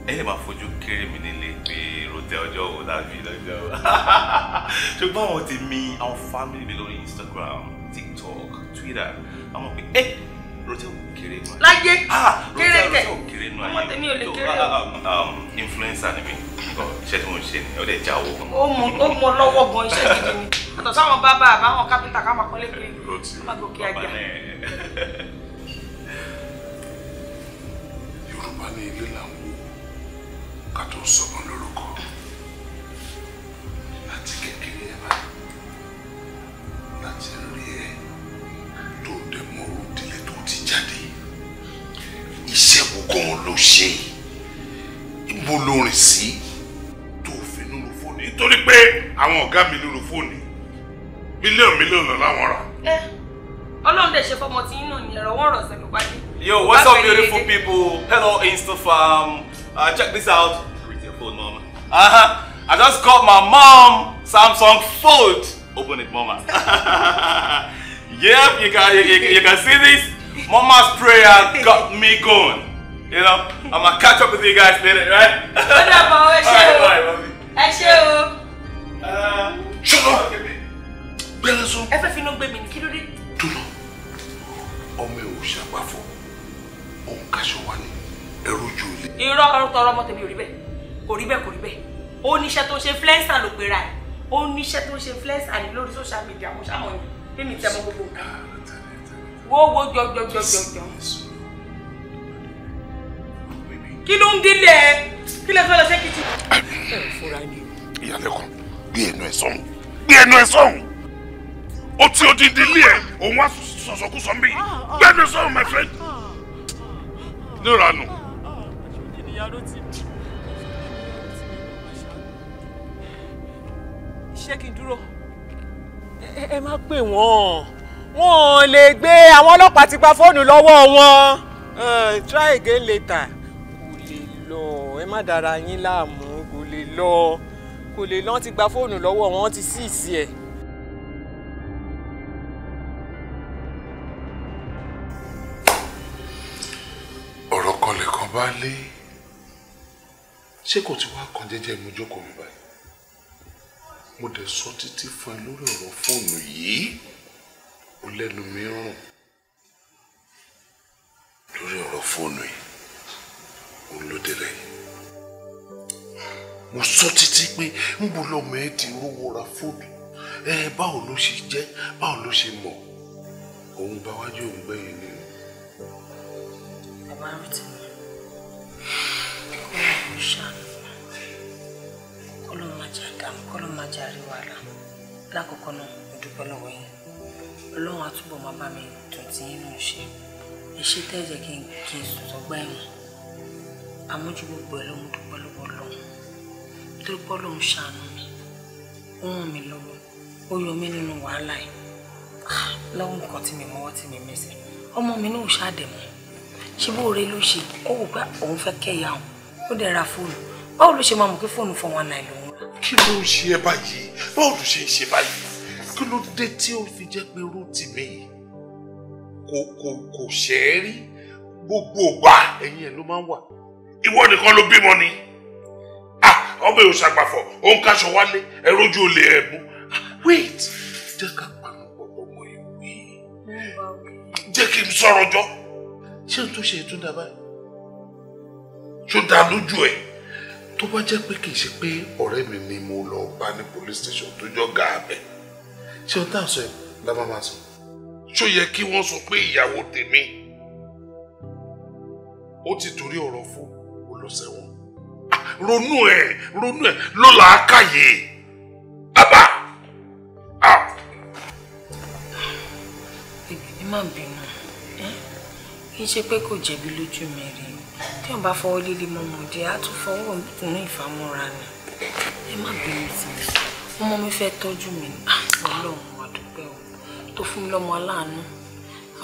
ẹ lè máa fojú kéré mi nílé pé rotẹ ọjọ́ wo lábí lọ́jọ́ ṣùgbọ́n àwọn tèmi àwọn fámìlì mi lórí Instagram TikTok Twitter àwọn pé ẹ́ eh, Ah, rotí ò kéré nù ayé. láyé kéré kẹ ọmọ tèmi ò lè kéré ah, o. Ah, um, um, influencer ni mi iṣẹ́ tí mo ṣe ni ó lè já owó. ó mọ ó mọ lọ́wọ́ gan iṣẹ́ gidi ni àtọ̀ sáwọn bábà àbáwọn kápẹ́ntà ká máa kọ́lé kiri ká máa gòkè àjà. yorùbá ní ilé là ń wò ká tó sọmọ lórúkọ láti kékeré ẹ bá láti rí ẹ ti jáde iṣẹ́ wo ló ṣe ibo ló rìn sí tó fi lóru fóònù nítorí pé àwọn ọ̀gá mi lóru fóònù mílíọ̀nù mílíọ̀nù làwọn rà. ẹ eh, ọlọ́run dẹ̀ ṣe fọmọ tí nínú ìyẹn rọwọ́ rọ̀ sẹ́nu wájú. yo what's up beautiful people hello instafarm uh, check this out with your phone mama uh -huh. i just got my mom samsung fold open it mama yep you can you, you, you can see this Mama's prayer got me going. You know, I'm gonna catch up with you guys later, right? What oh, alright, all mommy. Actually, uh, shut up. Bẹ́lẹ̀ sọ. Ẹ fẹ́ finú gbé mi ní kí ló dé? Dúró. Ọmọ ẹ̀ ò ṣàgbàfọ̀. Òun kaṣọ wa ni ẹrú ju ilé. Irọ́ ọ̀rọ̀ tọrọ ọmọ tèmi ò rí bẹ́ẹ̀. Kò rí bẹ́ẹ̀ kò rí bẹ́ẹ̀. Ó níṣẹ́ tó ṣe influencer ló pera ẹ̀. Ó níṣẹ́ tó ṣe influencer ní lórí social media. Mo ṣàmọ̀ yìí. Bí mi tẹ́ mọ gbogbo ah wo wo kí ló ń délé kí lè fẹ́ lọ sí kìtì. ìyálẹ́kùn gbé ẹnu ẹ̀ sọ́hùn gbé ẹnu ẹ̀ sọ́hùn ó ti odidi ilé ẹ̀ òun wá sọ̀sọ̀kúsọ mi ah, ah. gbé ẹnu ẹ̀ sọ́hùn my friend ah, níranù. ṣé kí n dúró ẹ má pè wọ́n wọn ò lè gbé àwọn ọlọ́pàá ti pa fóònù lọ́wọ́ wọn try again later kò lè lọ ẹ má dára yín láàmú kò lè lọ kò lè lọ ti gba fóònù lọ́wọ́ wọn ti sí ìsì ẹ̀. ọ̀rọ̀ kan lẹ́kan bá lé ṣé kò ti wá kan jẹ́jẹ́ mo jókòó mi báyìí mo dẹ̀ sọ títí fún ẹ lórí ọ̀rọ̀ fóònù yìí ó lẹ́nu mi rùn lórí ọ̀rọ̀ fóònù yìí ó ló délẹ̀ yìí mo sọ títí pé ń bo lọmọ ẹ ti rówó ra fóònù ẹ báwo ló ṣe jẹ báwo ló ṣe mọ òun bá wájú òun gbẹ̀yìn ni. bàbá mi ti mọ ọlọ́run ṣàánú ọlọ́run máa jà dààmú kọ́lọ́run máa jà rí wàhálà lákòókò náà mo dúpẹ́ lọ́wọ́ yín ọlọ́run àtúbọ̀ máa bá mi dùn tí yín náà ṣe ẹ ṣe tẹ́jẹ̀ kí n kí n sùn sọ́gbà ẹ̀wọ̀n àmójú gbogbo ẹ̀ ló mú dúpẹ́ lọ́wọ́ ọlọ́run nítorí pé ọlọ́run ṣàánú mi ó ràn mí lọ́wọ́ ó yọ mí nínú wàhálà yìí ah, lọ́wọ́ nǹkan tí mi mọ́wọ́ tí mi mẹ́sẹ̀ ọmọ mi náà ṣàdẹ̀mọ́ ṣé bó rẹ ló ṣe ó wò pé òun fẹ́ kẹ́yà òun ó dẹ̀ ra fóònù báwo ló ṣe máa mọ̀ pé fóònù fọ́ wọn náà lòun. kí ló ń ṣe ẹ báyìí báwo ló ṣe ń ṣe báyìí kí ló dé tí ó fi jẹ́ pé irú tìmí yìí kò kò kò ṣe é rí gbogbo ògbà ẹ̀yìn ẹ̀ ló máa ń wà ìwọ nìkan ló bímọ ni ọmọ èrò ṣàgbàfọ̀ òun káṣọ wálé ẹ̀rọjú olè ẹ̀ mú wait jẹ́ ká pàmò pọ̀pọ̀ mọ́ ìwé jẹ́ kí n sọ̀rọ̀ jọ ṣé n tó ṣe ìtúndà báyìí ṣó dáa lójú ẹ̀ tó bá jẹ́ pé kì í ṣe pé ọ̀rẹ́ mi ni mo lọ bá ní police station tó jọ gàá bẹ́ẹ̀ ṣé ohun tá à ń sọ yìí la máa máa sọ. ṣó yẹ kí wọ́n sọ pé ìyàwó tèmi ó ti torí ọ̀rọ̀ fún olóṣèwọ̀n ah, ronú ẹ̀ ronú ẹ̀ ló là á káyè ábà. bèbè ah! ní má bínú kì í ṣe pé kò jẹ̀bi lójú mi rí tí wọn bá fọwọ́ líle mọ́mọ́dé á tún fọwọ́ ọkùnrin ìfàmúra ni ẹ má bínú sí mi ọmọ mi fẹ́ tọ́jú mi ah, ọlọ́run wà dúpẹ́ o tó fún mi lọ́mọ aláàánú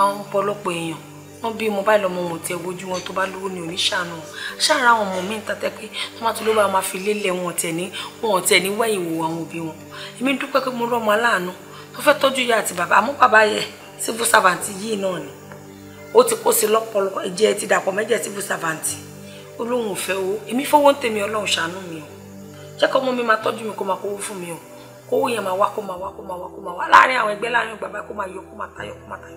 àwọn ọ̀pọ̀lọpọ̀ èèyàn wọ́n bí mo báyìí lọ́mọ wọn tiẹ̀ wojú wọn tó bá lówó ni òní ṣàánú ṣàárá àwọn ọmọ mi ń tatẹ́ pé wọ́n máa tún ló bá máa fi lélẹ̀ wọn tiẹ̀ ní wọn tiẹ̀ ní wẹ́yìn wo àwọn òbí wọn èmi dúpẹ́ pé mo lọ́mọ aláàánú tó fẹ́ tọ́jú ìyá àti bàbá àmọ́ bàbá yẹ civil servant yìí náà ni ó ti kó sí lọ́pọ̀lọpọ̀ ìjẹ́ ti dàpọ̀ mẹ́jẹ̀ civil servant olóhùn òfẹ́ owó èmi fowó ń tèmi ọlọ́run ṣàánú mi o jẹ́ kọ́ mọ́ mi máa tọ́jú mi kó máa kówó fún mi o kówó yẹn máa wá kó máa wá kó máa wá kó máa wá láàárín àwọn ẹgbẹ́ láàárín bàbá kó máa yọ kó máa tayọ kó máa tayọ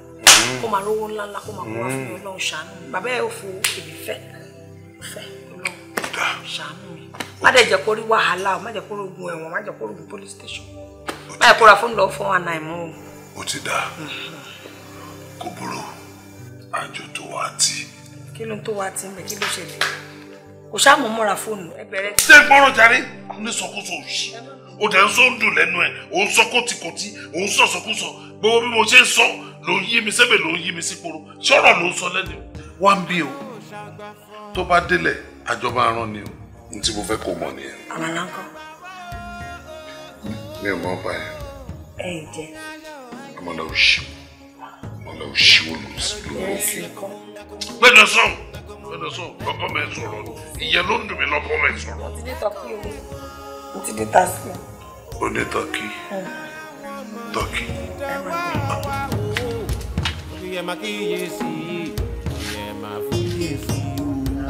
kó máa lówó ńlá ńlá kó máa kó wá fún mi mm. ọlọ́run ṣàánú mi bàbá ẹ̀ ò fo èmi fẹ́ fẹ́ ọlọ́run ṣàánú mi má dẹ̀ jẹ́ kó rí wàhálà o má jẹ́ kó rogun ẹ̀wọ̀n má jẹ́ kó rogun police station má yẹ kó ra fóònù lọ fún wa náà mọ́ o. ó ti dáa mm-hmm. kò burú àjò tó wá ti. kí ló ń tó wá ti ń kí ló ṣẹlẹ̀ kò ṣáàmù mọ́ra fóònù ẹgbẹ̀rẹ́. ṣé gbọ́rọ̀ jáde ní sọkúsọ òṣì o dẹ̀ ń sọ ń dùn lẹ́nu ẹ̀ òun sọ o òun sọ sọkúsọ gbogbo bí mo ṣe ń sọ ló ń yí mi sẹ́bẹ̀ ló ń yí mi sí poro ṣọ́rọ̀ ló ń sọ lẹ́nu. wá ń bí o tó bá délẹ̀ àjọba aràn ni o n tí mo fẹ́ kó mọ̀ nìyẹn. àmàlà ń kọ́. mi ò mọ̀ ọ́ báyìí. ẹ jẹ. àmàlà òṣìwò àmàlà òṣìwò ló ń sọ. bẹ́ẹ̀ ni sọ́hùn ọ̀nà sọ ọkọ mi sọ̀rọ̀ ìyẹn ló ń dùn mí lọ́kọ mi sọ̀rọ̀. mo ti dé tọ́kì o mo ti dé tàkì. o ní tọ́kì tọ́kì.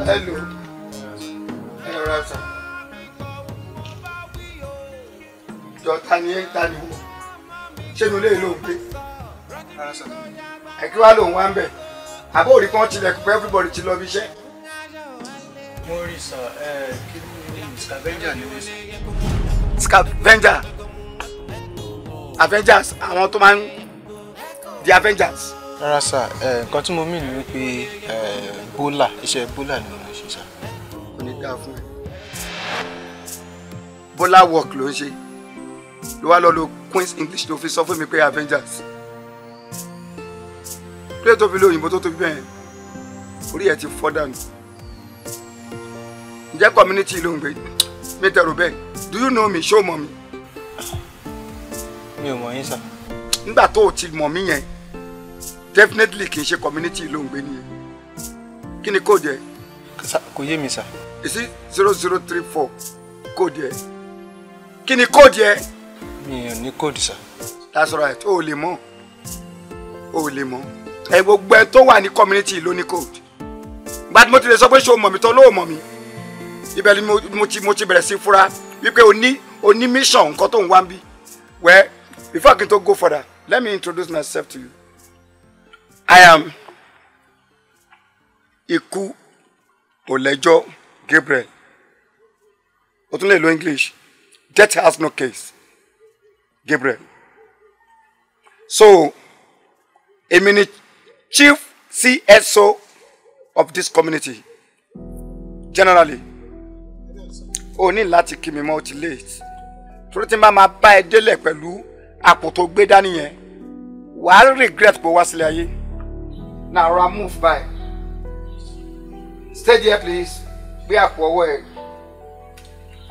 hello ẹ rọra sàn jọ ta ni ta ni wo ṣé inú ilé ìlú òun pé ẹ kí wàá lòun wá ń bẹ̀ àbó òrí kan tilẹ̀kùn pé everybody ti lọ bí iṣẹ́. mo rí sọ ẹ kí ni scavenger ni mo sọ. scavenger avengers àwọn tó máa ń di avengers. rárá sá nǹkan tí mo mì ní wípé bólà iṣẹ́ bólà ni mo ṣe sá. kò ní dáa fún ẹ. bólà work ló ń ṣe ló wá lọ lo Queen's English tó fi sọ fún mi pé avengers kílẹ̀ tó fi lé òyìnbó tó tóbi bẹ́ẹ̀ orí ẹ̀ ti fọ́ dànù ǹjẹ́ community ló ń gbé mi tẹ̀rù bẹ́ẹ̀ do you know me ṣó mọ̀ mi. mi ò mọ̀ yín sà. nígbà tó o ti mọ̀ mí yẹn definitely kì í ṣe community ló ń gbé nìyẹn kí ni kóòdù ẹ. kò yé mi sà. èsì zero zero three four kóòdù ẹ kí ni kóòdù ẹ. mi ò ní kóòdù sà. that's right o ò lè mọ̀ o lè mọ̀ ẹ gbogbo ẹ tó wà ní community ló ní code gbàtí mo ti lè sọ pé ṣé o mọ̀ mi tó ló mọ̀ mi ibẹ̀ ni mo ti bẹ̀rẹ̀ sí fura wípé o ní o ní mission nǹkan tó ń wá bí well before I can go further let me introduce myself to you I am Ikú Ọlẹ́jọ́ Gabriel o tún lè lo English death has no case Gabriel so èmi ni chief CSO of this community generally o ní láti kí mi mọ́ o ti late torí tí n bá máa bá ẹ délẹ̀ pẹ̀lú àpò tó gbé dání yẹn regret pé o wá sílé now ra move by stay there please Be àpò ọwọ́ ẹ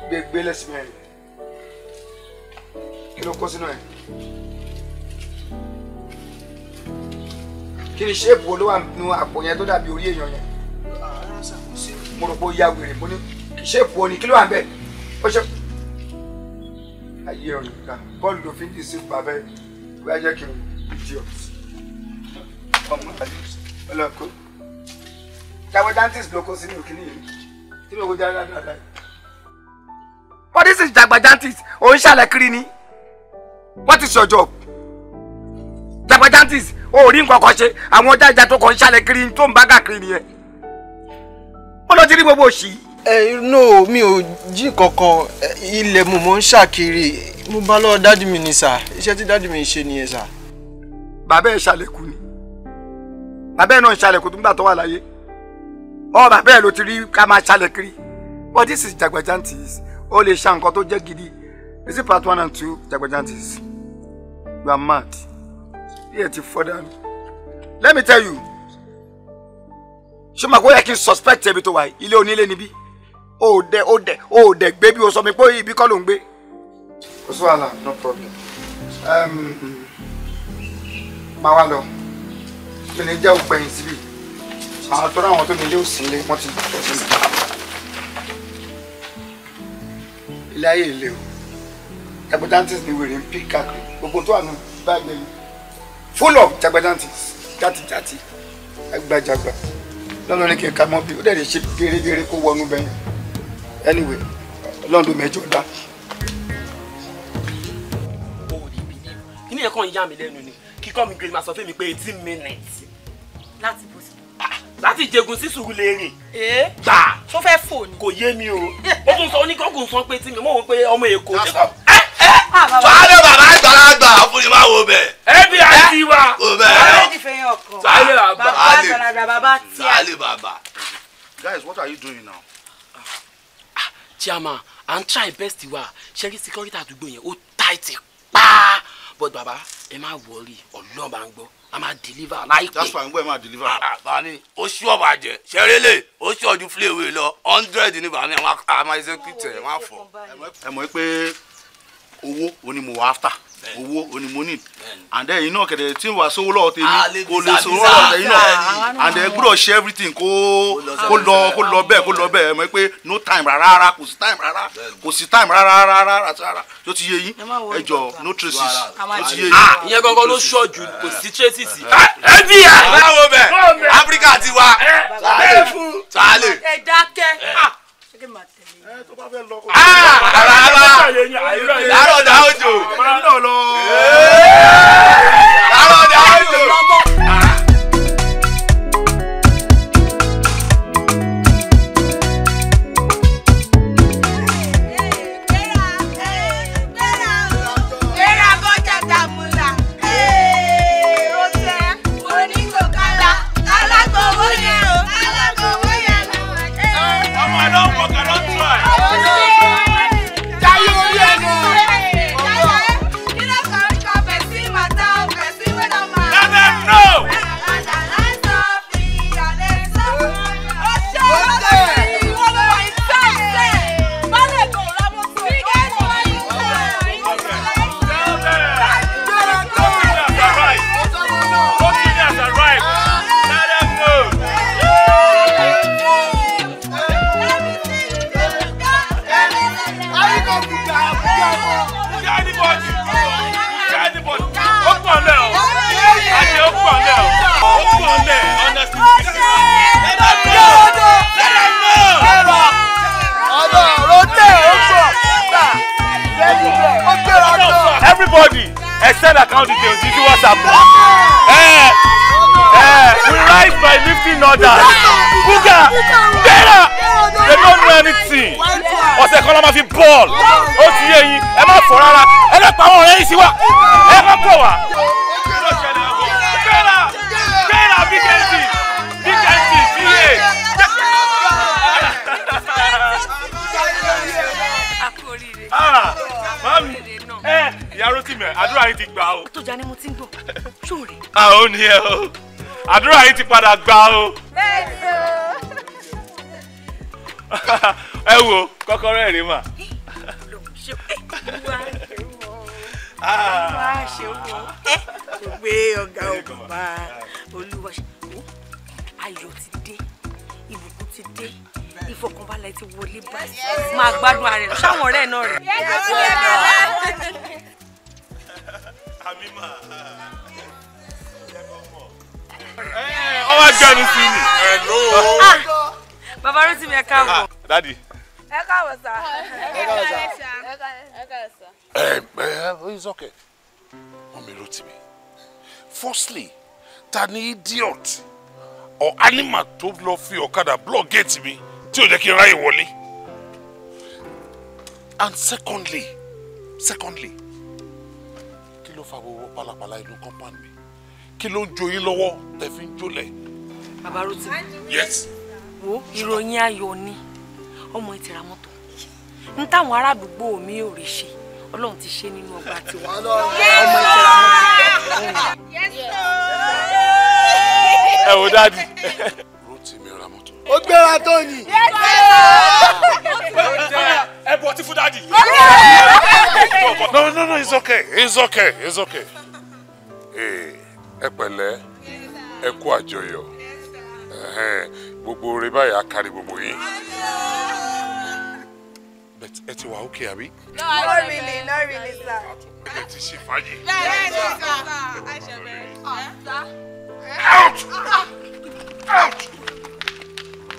Be gbé lẹ́sìn Kilo kí ló kó kí ni ṣéèpù olówó àmì àpò yẹn tó dàbí orí èèyàn yẹn mo rò pé ó ya wèrè mo ní ṣéèpù oní kí ló wà ń bẹ ó ṣe ayé ọ̀rọ̀ ká bọ́ọ̀lù ló fi ń dìísí bàbá ẹ̀ wíwá jẹ́ kí n di ọ̀ ọmọ àlè ọlọ́kọ jáwé dantis ló kó sínú kínní yìí kí ló kó jáde dáadáa. wọ́n ti sìn jàgbá dantis òun ṣàlẹ̀ kiri ni wọ́n ti ṣọ̀jọ̀ jàgbá dantis o ò rí nǹkan kan ṣe àwọn jájà tó kàn ń ṣàlẹ̀ kiri tó ń bá kàkiri nìyẹn ó lọ ti rí gbogbo òṣì. ẹ no mi ò jí kankan ilẹ̀ mo mọ̀ ń ṣàkiri mo bá lọ́wọ́ dádì mi ni sà iṣẹ́ tí dádì mi ṣe nìyẹn sà. bàbá ẹ̀ ṣàlẹ̀kù ni bàbá ẹ̀ náà ṣàlẹ̀kù tó ń gbà tó wà láyé ọ bàbá ẹ̀ ló ti rí ká máa ṣàlẹ̀ kiri but this is jagbajantis ó lè ṣa nǹkan tó jẹ́ gidi is it part one and two jagbajantis you are mad díẹ̀ ti fọ́ dànù let me tell you ṣé màá kó yẹ suspect ẹbí tó wà ilé onílé níbí ó dẹ ó dẹ ó dẹ gbé bí o sọ mi pé ibi kọ́ ló ń gbé. kò sí no problem Um, ma walo, me ní jẹ́ ògbẹ̀yìn síbi àwọn tó ráwọn tó ní ilé òsì ilé wọ́n ti tọ́ sí mi. o ẹ̀bùn dantis ni wèrè ń pí káàkiri gbogbo tó wà ní báyìí full of jagbajanti jatijati agbajagba lọ́nà ní kí n ka mọ́ bí ó dẹ̀ lè ṣe gèrègèrè kó wọnú bẹ́yìn anyway lọ́ndún mẹ́jọ dá. o ò lè bí ní kí ni ẹ̀kọ́ ń yá mi lẹ́nu ni kíkọ́ mi gbé ma sọ fún mi pé eighteen minutes láti láti jẹ̀gùn sí Surulere. Eh? gbà tó fẹ́ fò ni. kò yé mi o ó tún sọ oníkọ́gùn sọ pé tí mi mọ̀ wọ́n pé ọmọ èkó. sọ́ọ́dọ̀ eh, eh. ah, bàbá àgbàlagbà fúnni máa wo bẹ́ẹ̀. ẹbí àti wa. o bẹ́ẹ̀ yọ sọ́ọ́dọ̀ fẹ́yìn ọkọ. sọ́ọ́dọ̀ bàbá àgbàlagbà bàbá tíya. bàbá. guys what are you doing now. Ah, chiama à ń try best wa ṣẹ́rí security àdúgbò yẹn ó tight pa but Baba, ẹ má worry ọlọ́ọ̀ bá ń gbọ́ a máa deliver láìpẹ́. that's why n gbẹ́ máa deliver. àbáni ah, ah, ó ṣú ọ̀bà jẹ ṣẹrẹ́lẹ̀ ó ṣú ọdún fúlẹ̀wé lọ hundred ní bàánì àwọn àmà execute ẹ̀ wọ́n á fọ. ẹ mọ̀ pé owó onímọ̀ wà áfà owó òní mo and then iná kẹ̀dẹ̀ tí wàá sówó lọ́wọ́ tèmi ah, kò lè sówó lọ́wọ́ tèmi náà ah, and then gbúdọ̀ ṣe everything kó kó lọ kó lọ bẹ́ẹ̀ kó lọ bẹ́ẹ̀ ẹ mọ̀ pé no time rárá kò sí time rárá kò sí time rárá rárá rárá tó ti yé yín ẹ no traces tó ti yé yín. Ah, ìyẹn gangan ló ṣọ ju kò sí traces yìí. Eh. Eh, eh, ẹ bí yà báwo bẹ Áfíríkà ti wa. ẹ fún. ẹ dákẹ́ láàárọ̀ ah, dá òjò. láàárọ̀ dá òjò. everybody extend account details into WhatsApp. Eh, eh, we rise by lifting orders. Buka, Dera, they don't know anything. What's kan la ma fi bọ́ọ̀lù. What's ti yé yín, ẹ Emma power. rárá. Ẹ ìyá Rótìmí àdúrà yìí ti gbà o. àtọjà ni mo ti ń gbọ́ ṣóòrè. àwọn ni ẹ o àdúrà yìí ti padà gbà o. bẹ́ẹ̀ni o. ẹ wo kọ́kọ́rọ́ ẹ mà. olùwà ṣe wọ ah. kò gbé ọgá ọba olùwà ṣe wọ ayọ̀ ti dé ìbùkún ti dé ìfọ̀kànbalẹ̀ ti wọlé báyìí máa gbádùn ara sáwọn ọ̀rẹ́ náà rẹ àmì mà ọ wá jẹ́ ẹni sí mi. Ah, bàbá rántí mi ẹ káàbọ̀. Ah, dadi. ẹ káàbọ̀ sá. ẹ káàbọ̀ sá. ẹ káàbọ̀ sá. ẹ ẹ it's okay Mommy, mi rántí mi firstly ta idiot or animal tó lọ fi ọ̀kadà block gate mi tí ò jẹ́ kí n ráyè wọlé and secondly secondly fa gbogbo pálapàla compound mi kí ló ń jó yín lọ́wọ́ tẹ̀ fi ń jólẹ̀. bàbá yes. wo ìròyìn ayọ̀ ni ọmọ ẹ mọ́tò n táwọn ará mi ò rí ṣe ọlọ́run ti ṣe nínú ọgbà tiwọn ọmọ ti ra ẹ wo dáàdi. ruti mi ra mọ́tò. ó gbéra tó ni. yẹ́sọ̀ bu ọtí fún dáàdì. no no no it's okay it's okay it's okay. ẹ pẹ̀lẹ́ ẹ kú àjọyọ̀ gbogbo rẹ báyìí á kárí gbogbo yín. but ẹ ti wà okay àbí. no really no really sir. ẹ ti ṣe fàájì. bẹ́ẹ̀ ni ah, sir. out ah, ah. out.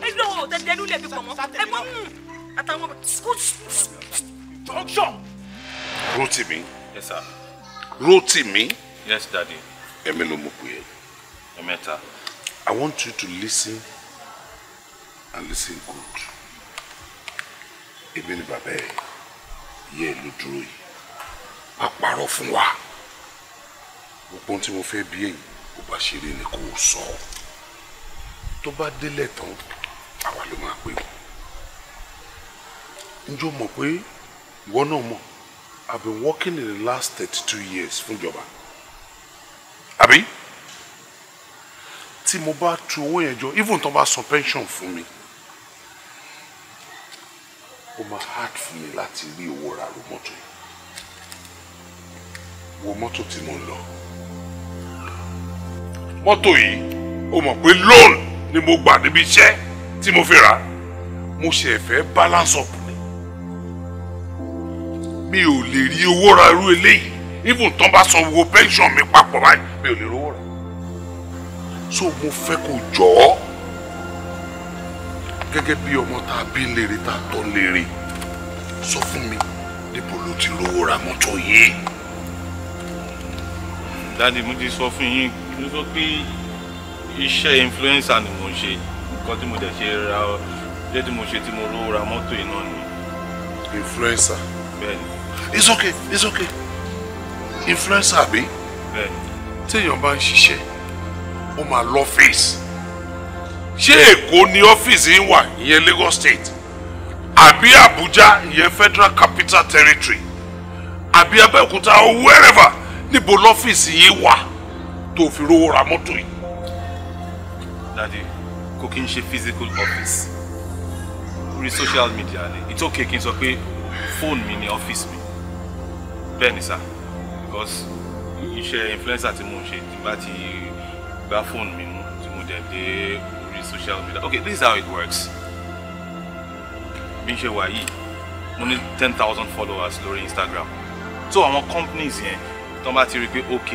ẹ lọ́wọ́ tẹ̀lé ẹnu lẹ́bi pọ̀ mọ́ ẹ mọ́ mú àtàwọn junction. Rotimi. yes sir. Rotimi. yes daddy. ẹ̀mí ló mú pé ẹ. ẹ̀mẹ́ta. I want you to listen and listen good. Èmi ni bàbá ẹ̀ yẹ ìlú dúró yìí. Má parọ́ fún wa. Gbogbo ohun tí mo fẹ́ bí èyí kò bá ṣeré ni kò sọ. Tó bá délẹ̀ tán, àwa ló máa pè wọ́n njó mọ̀ pé ìwọ náà mọ̀ i've been working in the last thirty two years fún ìjọba àbí tí mo bá tu owó yẹn jọ even tó bá san pension fún mi ó máa hard fún mi láti rí owó ra ro mọ́tò yìí wo mọ́tò tí mo ń lọ mọ́tò yìí ó mọ̀ pé loan ni mo gbà níbi iṣẹ́ tí mo fi rà mo ṣe fẹ́ balance up mi ò lè rí owó ra irú eléyìí even tán bá san owó pension mi papọ̀ báyìí mi ò lè rówó rà so mo fẹ́ kó jọ ọ́ gẹ́gẹ́ bí ọmọ tá a bí léèrè tá a tọ́ léèrè sọ fún mi níbo ló ti rówó ra mọ́tò yìí. dáàdi mo ti sọ fún yín mo sọ pé iṣẹ́ influencer ni mo ṣe nǹkan tí mo dẹ̀ ṣe ra jẹ́ tí mo ṣe tí mo rówó ra mọ́tò yìí náà ni. influencer. bẹ́ẹ̀ni it's okay it's okay influencer àbí téèyàn bá ń ṣiṣẹ́ ó máa lọ́fíìsì ṣé èkó ni ọ́fíìsì ń wà ìyẹn Lagos State àbí Àbújá ìyẹn Federal Capital Territory àbí Abẹ́òkúta wherever níbo lọ́fíìsì yìí wà tó fi rówó ra mọ́tò yìí. dadi kò kí n ṣe physical office orí social media ni it's okay kí n sọ pé fóònù mi ni ọ́fíìsì mi bẹ́ẹ̀ ni sá because iṣẹ́ influencer tí mo ń ṣe tí bá ti gbá fóònù mi mú tí mo dẹ̀ dé orí social media okay this is how it works bí n ṣe wà yìí mo ní ten thousand followers lórí Instagram so àwọn companies yẹn tó bá ti rí i pé ok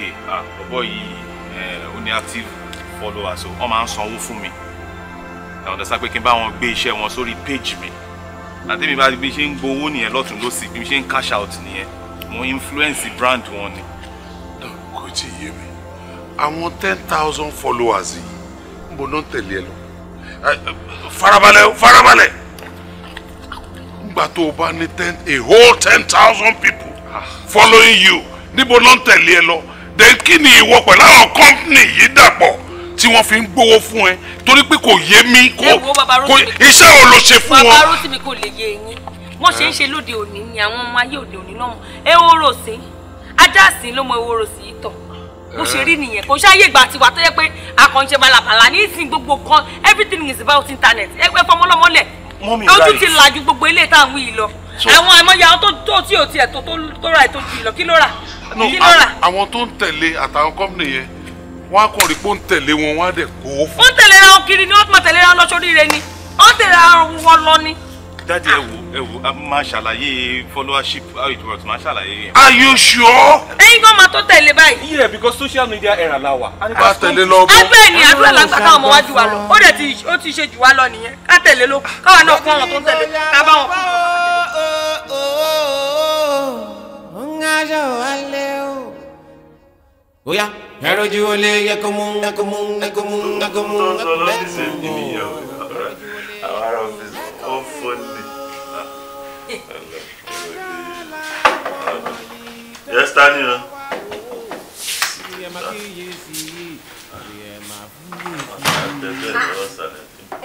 ọ̀bọ̀ yìí eh, ó ní active followers So wọ́n máa ń sanwó fún mi àwọn ọ̀dọ́sá pé kí n bá wọn gbé iṣẹ́ wọn sórí page mi àti mi bá bí ṣe ń gbowó nìyẹn lọ́tún lọ́sì bí mi ṣe ń cash out nìyẹn mo influence brand wọn ni. kò tí ì yé mi àwọn ten thousand followers yìí ń bọ̀ náà tẹ̀lé ẹ lọ farabalẹ̀ farabalẹ̀ nígbà tó o bá ní ten a whole ten thousand people following you níbo náà tẹ̀lé ẹ lọ then kí ni ìwọ pẹ̀lú àwọn company yìí dàpọ̀ tí wọ́n fi ń gbowó fún ẹ torí pé kò yé mi kò iṣẹ́ wo wọn. bàbá rotimi kò lè yé yín wọ́n ṣe ń ṣe lóde òní ni àwọn ọmọ ayé òde òní lọ́mọ ehoro sí ajá sí ló mọ ehoro sí í tọ̀ bó ṣe rí nìyẹn kò ṣáàyè ìgbà tiwa tó yẹ pé àkànṣe balabala ní ìsìn gbogbo kan everything is about internet ẹgbẹ́ fọmọlọ́mọlẹ̀ ojú ti là ju gbogbo ilé táwọn yìí lọ àwọn àìmọye tó tí ò tiẹ̀ tó tó ra ètò jù lọ kí ló rà kí ló rà. àwọn tó ń tẹ̀lé àtàwọn kọ́mìnì yẹn wọ́n á kàn rí pé ó ń tẹ̀lé wọn wọ́n á dẹ̀ kó. ó ń tẹ̀lé ra wọn kiri ni wọ́n tẹ̀lé ra wọn rẹ ni ó ń tẹ̀lé ra wọn lọ ni dáàdi ẹ wò máa ṣàlàyé followership how it works máa ṣàlàyé are you sure. ẹyin kan máa tó tẹ̀lé báyìí. yeah because social media era la wà. a tẹ̀lé lọ bọ́. abẹ́ẹ̀ ni àdúrà làgbà káwọn ọmọ wa jù wá lọ ó dẹ̀ ti ó ti ṣe jù wá lọ nìyẹn ká tẹ̀lé ló káwa náà kún àwọn tó tẹ̀lé ká wọn bóyá ẹ̀rọ olè yẹ kó mú ẹ kó mú ẹ kó mú ẹ kó mú ẹ kó Yes, Daniel.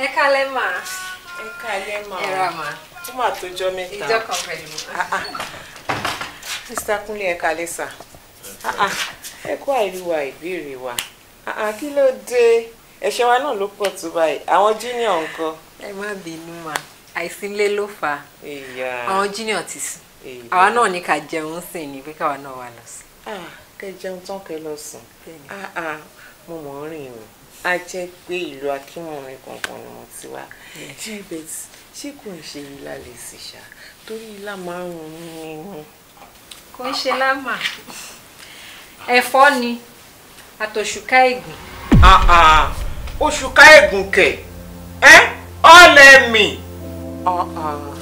Ẹ kálẹ́ Erama. Ẹ kálẹ́ mà. Ẹ ra mà. Ó mà tó jọ mẹ́ta. Ah kan pẹ̀lú. Ah, ah. Mr. Kúnlé ẹ kálẹ́ sà. Ah, ẹ kú àìríwá ìbéèrè wa. Kí ló dé? Ẹ̀ṣẹ̀ wa náà ló pọ̀ tó báyìí. Àwọn júnior ńkọ́. Ẹ má bínú mà. Àìsílé ló fà á. Àwọn júnior ti sùn àwa náà ní ká jẹun sí ni pé káwa náà wà lọ sí. Ah, kẹ jẹun tán kẹ lọ sùn ah, ah, mo mọ̀ ń rìn o a jẹ́ pé ìlú akínmọ̀rin kankan ni mo ti wá ṣé ibẹ̀ ṣé kò ń ṣe ilá lè sì ṣá torí ilá máa ń rún ní inú. kò ń ṣe lámà ẹ̀fọ́ ni àtòṣùká ègùn. oṣùká ègùn kẹ̀ ẹ́ ọ̀lẹ́mì. Uh-uh.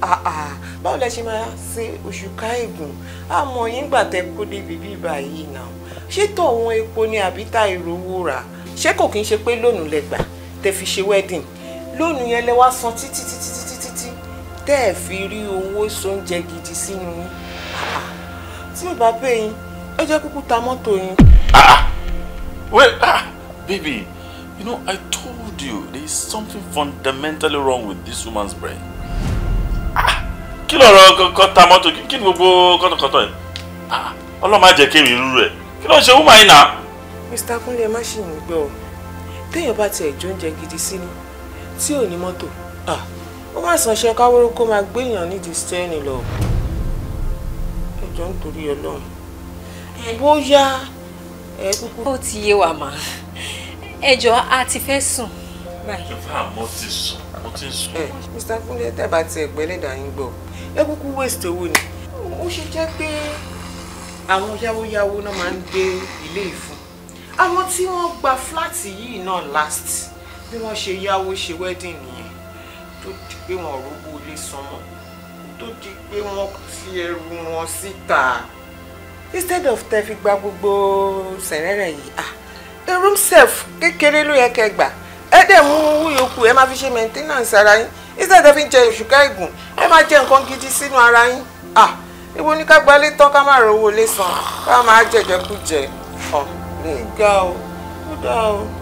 Ah, ah. báwo lẹ ṣe máa ṣe oṣù káìgùn àmọ́ yín gbà tẹ kó débi bí báyìí náà ṣé tọ̀hún epo ni àbí tá ìrówó rà ṣé kò kí n ṣe pé lónìí lẹ gbà tẹ fi ṣe wedding lónìí yẹn lẹ wá san títí títí títí títí tẹ́ ẹ̀ fi rí owó sóúnjẹ gidi sínú yín ah, tí ò bá bẹ́ yín ẹ jẹ́ kúkú ta mọ́tò yín. well ah baby you know i told you there is something fundamentally wrong with this woman's brain kí lọ̀rọ̀ kan ta mọ́tò kí ni gbogbo kọ́tọ̀kọ́tọ̀ yìí ah, ọlọ́run má jẹ́ kémi irú rẹ̀ kí ló ń ṣe wúmọ̀ yìí nà. Mr. Kúnlé ẹ má ṣì ń gbọ́ téèyàn bá tiẹ̀ jó oúnjẹ gidi sínú tí ò ní mọ́tò ah, ó má sàn ṣe káwóró kó máa gbéyàn nídìí stẹ́ẹ̀nì lọ ẹjọ́ nítorí ọlọ́run bóyá ẹ kúkú. ó ti yé wa mà ẹjọ́ a ti fẹ́ sùn báyìí. ìfẹ́ àmọ́ ti sùn mo ti sùn. Eh, Mr. Kúnlé tẹ́ bá tiẹ̀ gbẹ́lẹ́dà yín gbọ́ ẹ kúkú waste owó ni ó ṣe jẹ́ pé àwọn yáwóyáwó náà máa ń gbé ilé ìfún àwọn tí wọ́n gba fúláàtì yìí náà last bí wọ́n ṣe yáwó ṣe wedding nìyẹn tó di pé wọn ò rówó ilé sanmọ tó di pé wọ́n fi ẹrù wọn síta instead of tẹ́ fi gba gbogbo sẹ̀rẹ̀rẹ̀ yìí ah room self kékeré ló yẹ kẹ́ gbà ẹ dẹ̀ mú owó ẹ má fi ṣe maintenance ara yín instead ẹ fi jẹ ìṣúká ìgùn ẹ máa jẹ nǹkan gidi sínú ara yín ah ìwọ ní ká gbalé tán ká má rówó lé san ká máa jẹjẹkújẹ ọ lè ga o ó dáa o.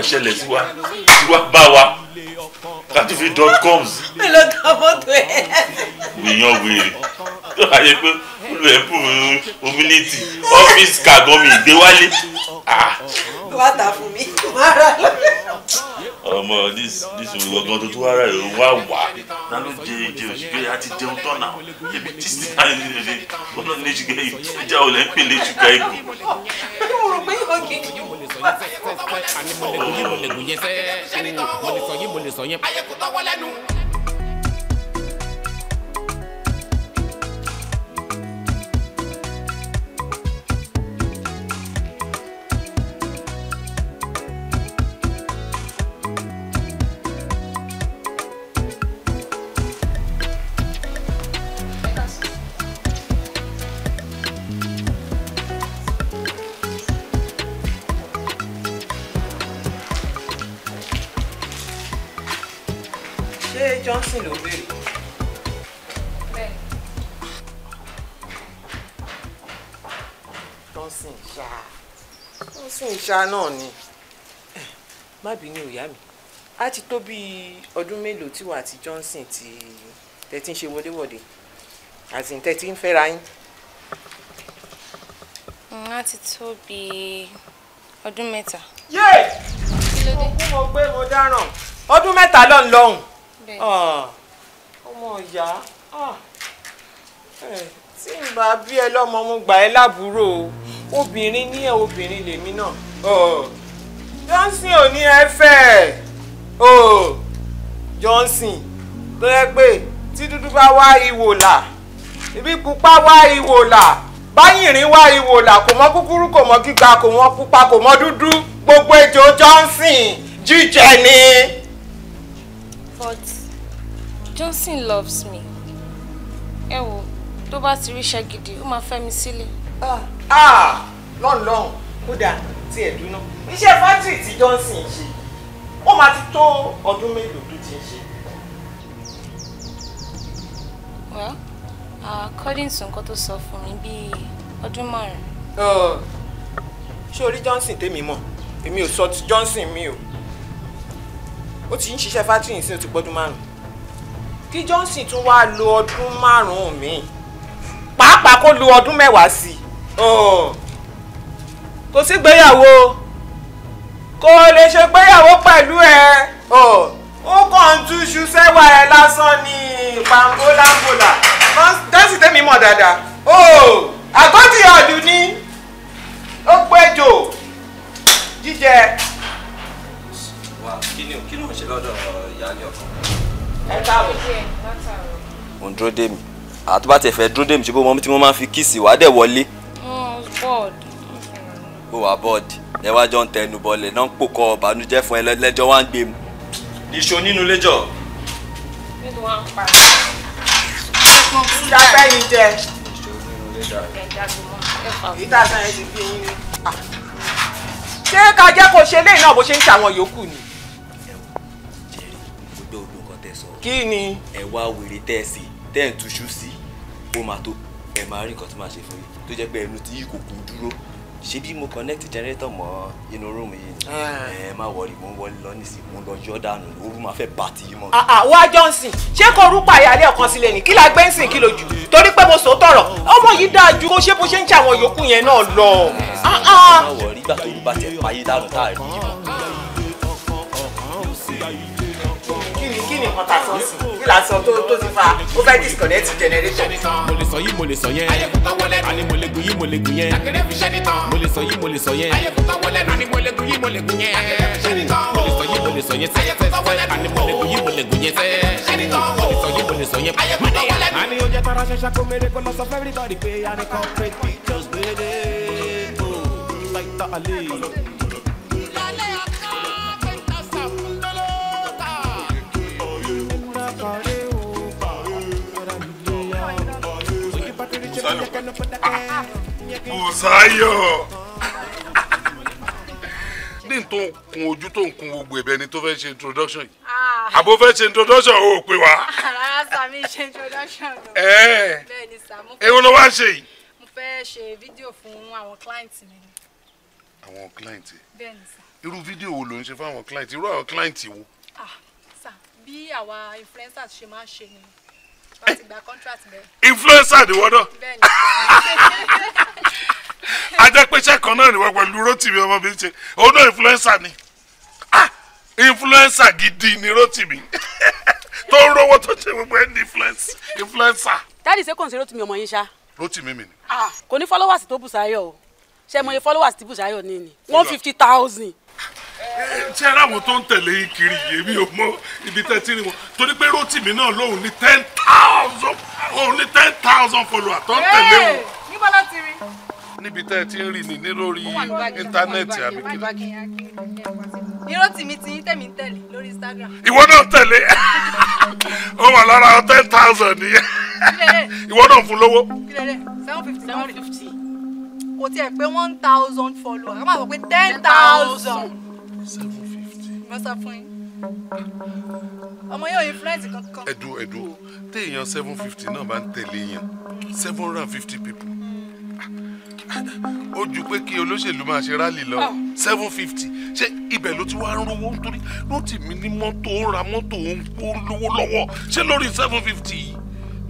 padà ṣẹlẹ̀ sí wa irú bá wa kàtúfi dot coms. mi ló ta mọ́tò ẹ̀. gbìyàn wèrè tó bá yẹ pé olùwẹ̀ ń pùrù humility ọ́fíìsì kàgọ́mì ìgbéwálé. Ah. wàá tà fún mi ọmọ this this ọgán tó tó ara rẹ wá wá náà ló jẹ èdè òṣìkè àti jẹun tán náà ebi tí sí náà ní ilé ọlọ́ ní ṣùgbẹ́ ìjà ò lẹ́ ń pè lé ṣùgbẹ́ ìgbò. mo lè sọ yín mo lè sọ yín. béèrè. bẹ́ẹ̀. tọ́sìn ṣá tọ́sìn ṣá náà ni má bínú ìyá mi á ti tó bíi ọdún mélòó tíwà àti Johnson ti tẹ̀tí ń ṣe wọléwọ̀de àti tẹ̀tí ń fẹ́ra yín. wọ́n mm, á ti tó bíi ọdún mẹ́ta. yéè kí ló dé. mo kú mo gbé mo dáràn ọdún mẹ́ta lọ́nlọ́hùn. bẹ́ẹ̀ ah ọmọ ìyá ah, tí n bá bí ẹ lọ́mọ mo gbà ẹ́ lábúrò obìnrin ní ẹ obìnrin lèmi náà Johnson ò ní ẹ fẹ́ Johnson tó yẹ pé tí dúdú bá wá ìwò là ibi pupa wá ìwò là báyìnrín wá ìwò là kò mọ kúkúrú kò mọ gíga kò mọ pupa kò mọ dúdú gbogbo ètò Johnson jíjẹ ni. forty Johnson loves me ẹ wo tó bá ti ríṣẹ́ gidi ó máa fẹ́ mi sílé. Ah, ah, lọ́nlọ́hùn kódà tí ẹ̀ dúná iṣẹ́ fátìrì tí Johnson ṣe ó máa ti tó ọdún mélòó tó ti ń ṣe. well ah, according to nǹkan tó sọ fún mi bíi ọdún márùn ṣé orí Johnson tèmi mọ̀ èmi ò sọ ti Johnson mi o ó ti ń ṣiṣẹ́ fátìrì sí ó ti márùn kí Johnson tún wá lo ọdún márùn-ún mi pàápàá kó lo ọdún mẹ́wàá sí oh. kò sí gbéyàwó kò lè ṣe gbéyàwó pẹ̀lú ẹ oh. ó kàn ń túṣu sẹ́wà ẹ lásán ní pàǹgólàǹgólà dẹ́sì tẹ́mi mọ̀ dáadáa oh. àgọ́tì ọ̀dùn ni ó péjò jíjẹ. wà kí ni kí ló ń ṣe lọ́dọ̀ ìyáálé ọkọ ẹ káàbọ̀. ò ń dúró dé mi àti bá tẹ̀ fẹ́ dúró dé mi ṣe bó mọ́ tí wọ́n máa fi kíìsì wá dẹ̀ wọlé. Mm, ó wà bọ́ọ̀dì ẹ wá jọ ń tẹnu bọlẹ̀ náà ń pòkọ ọ̀bànújẹ́ fún ẹ lẹ́jọ́ wá ń gbé mu. ìṣó nínú lẹ́jọ́. nínú wa ń pa. ìyá fẹ́yìn jẹ. ìṣó nínú ti fi eyín ni. Ah. ṣé ká jẹ́ ṣe léyìn náà bó ṣe ń ṣàwọn yòókù ni. kí ni. ẹ wá wèrè tẹ́ ẹ sí tẹ́ ẹ ń tuṣu sí ó máa tó ẹ máa rí nǹkan tó máa ṣe fún yín tó jẹ́ pé ẹnu tí yìí kò dúró ṣé bí mo connect generator mọ́ inú rúùmù yìí ni ah. ẹ má wọrí mo ń wọlé lọ nísìnyí mo lọ yọ dànù ooru máa fẹ́ bá ti yín mọ́. àwa ah, ah, johnson ṣé kò rúpa àyàlẹ́ ọ̀kan sílẹ̀ ní kí la gbé ń sìn kí lo jù torí pé mo sọ tọrọ ọmọ yìí dáa ju ṣé bó ṣe ń ṣe àwọn yòókù yẹn náà lọ. ẹ má wọrí gbà tó rúpa tẹ payé dànù táà rí yìí mọ́. ní nǹkan tà sọ sí kí là sọ tó tó ti fa ó fẹ́ disconnect generator. mo lè sọ yìí mo lè sọ yẹn àní mo lè gun yìí mo lè gun yẹn mo lè sọ yìí mo lè sọ yẹn àní mo lè gun yìí mo lè gun yẹn mo lè sọ yìí mo lè sọ yẹn àní mo lè gun yìí mo lè gun yẹn mo lè sọ yìí mo lè sọ yẹn. àní ó jẹ́ tara ṣẹṣẹ kó mèrè kó lọ sọ fẹ́rẹ́ tọ́ di pé àní kan pé kí just gbé dé. Like that, Ali. Bùsáyọ̀ ní n tó ń kun ojú tó ń kun gbogbo ẹ̀bẹ̀ ni tó fẹ́ ṣe introduction yìí ah. àbò fẹ́ ṣe introduction o pé wá. rárá sàmì ṣe introduction lọ. bẹ́ẹ̀ ni sàmú. ewu ló wá ṣe yìí. mo fẹ́ ṣe fídíò fún àwọn client mi. àwọn client. bẹ́ẹ̀ ni sà. irú fídíò wo ló ń ṣe fún àwọn client irú àwọn client wo. Ah, bí àwa influencers ṣe máa ṣe ni wọ́n ti gba contract bẹ́ẹ̀. influencer ni wọ́n náà. bẹ́ẹ̀ni. ajẹ́pẹ́sẹ́ kan náà ni wọ́n pẹ̀lú Rótìmí ọmọ mi ṣe òun náà influencer ni ah influencer gidi ni Rótìmí tó ń rówó tó ṣe gbogbo ẹ̀ influencer. dáàdi ṣé kò ń ṣe Rótìmí ọmọ yín ṣá. Rótìmí mi ni. Ah! kò ní followers tó Bùsáyọ̀ o ṣe mọ̀ iye followers ti Bùsáyọ̀ ní ni one fifty thousand ṣé ara àwọn tó ń tẹ̀lé yín kiri yìí èmi ò mọ ibi tẹ́ ti rí wọn torí pé Rótìmí náà lòun ní ten thousand òun ní ten thousand followers tó ń tẹ̀lé wọn. níbo ló ti rí. níbi tẹ́ ẹ ti ń rí ni ní lórí íńtánẹ́ẹ̀tì àbí kí. Rótìmí ti yín tẹ̀mí tẹ̀lé lórí Instagram. ìwọ náà tẹ̀lé ó wà lára ten thousand nìyẹn ìwọ náà fún lówó. seven fifty seven fifty kò tiẹ̀ pé one thousand followers àmọ́ àwọn pé ten thousand seven fifty. mo sọ fún yín ọmọ yóò Edu kankan. ẹ̀dù ẹ̀dù téèyàn seven fifty náà bá ń tẹ̀lé seven hundred and fifty people Oh, hmm. you pé kí olóṣèlú máa ṣe rálì lọ ah. seven fifty ṣé ibẹ̀ ló ti wá ń rówó nítorí ló ti mí ní mọ́tò ó ra mọ́tò ó ń kó lówó lọ́wọ́ ṣé lórí seven fifty yìí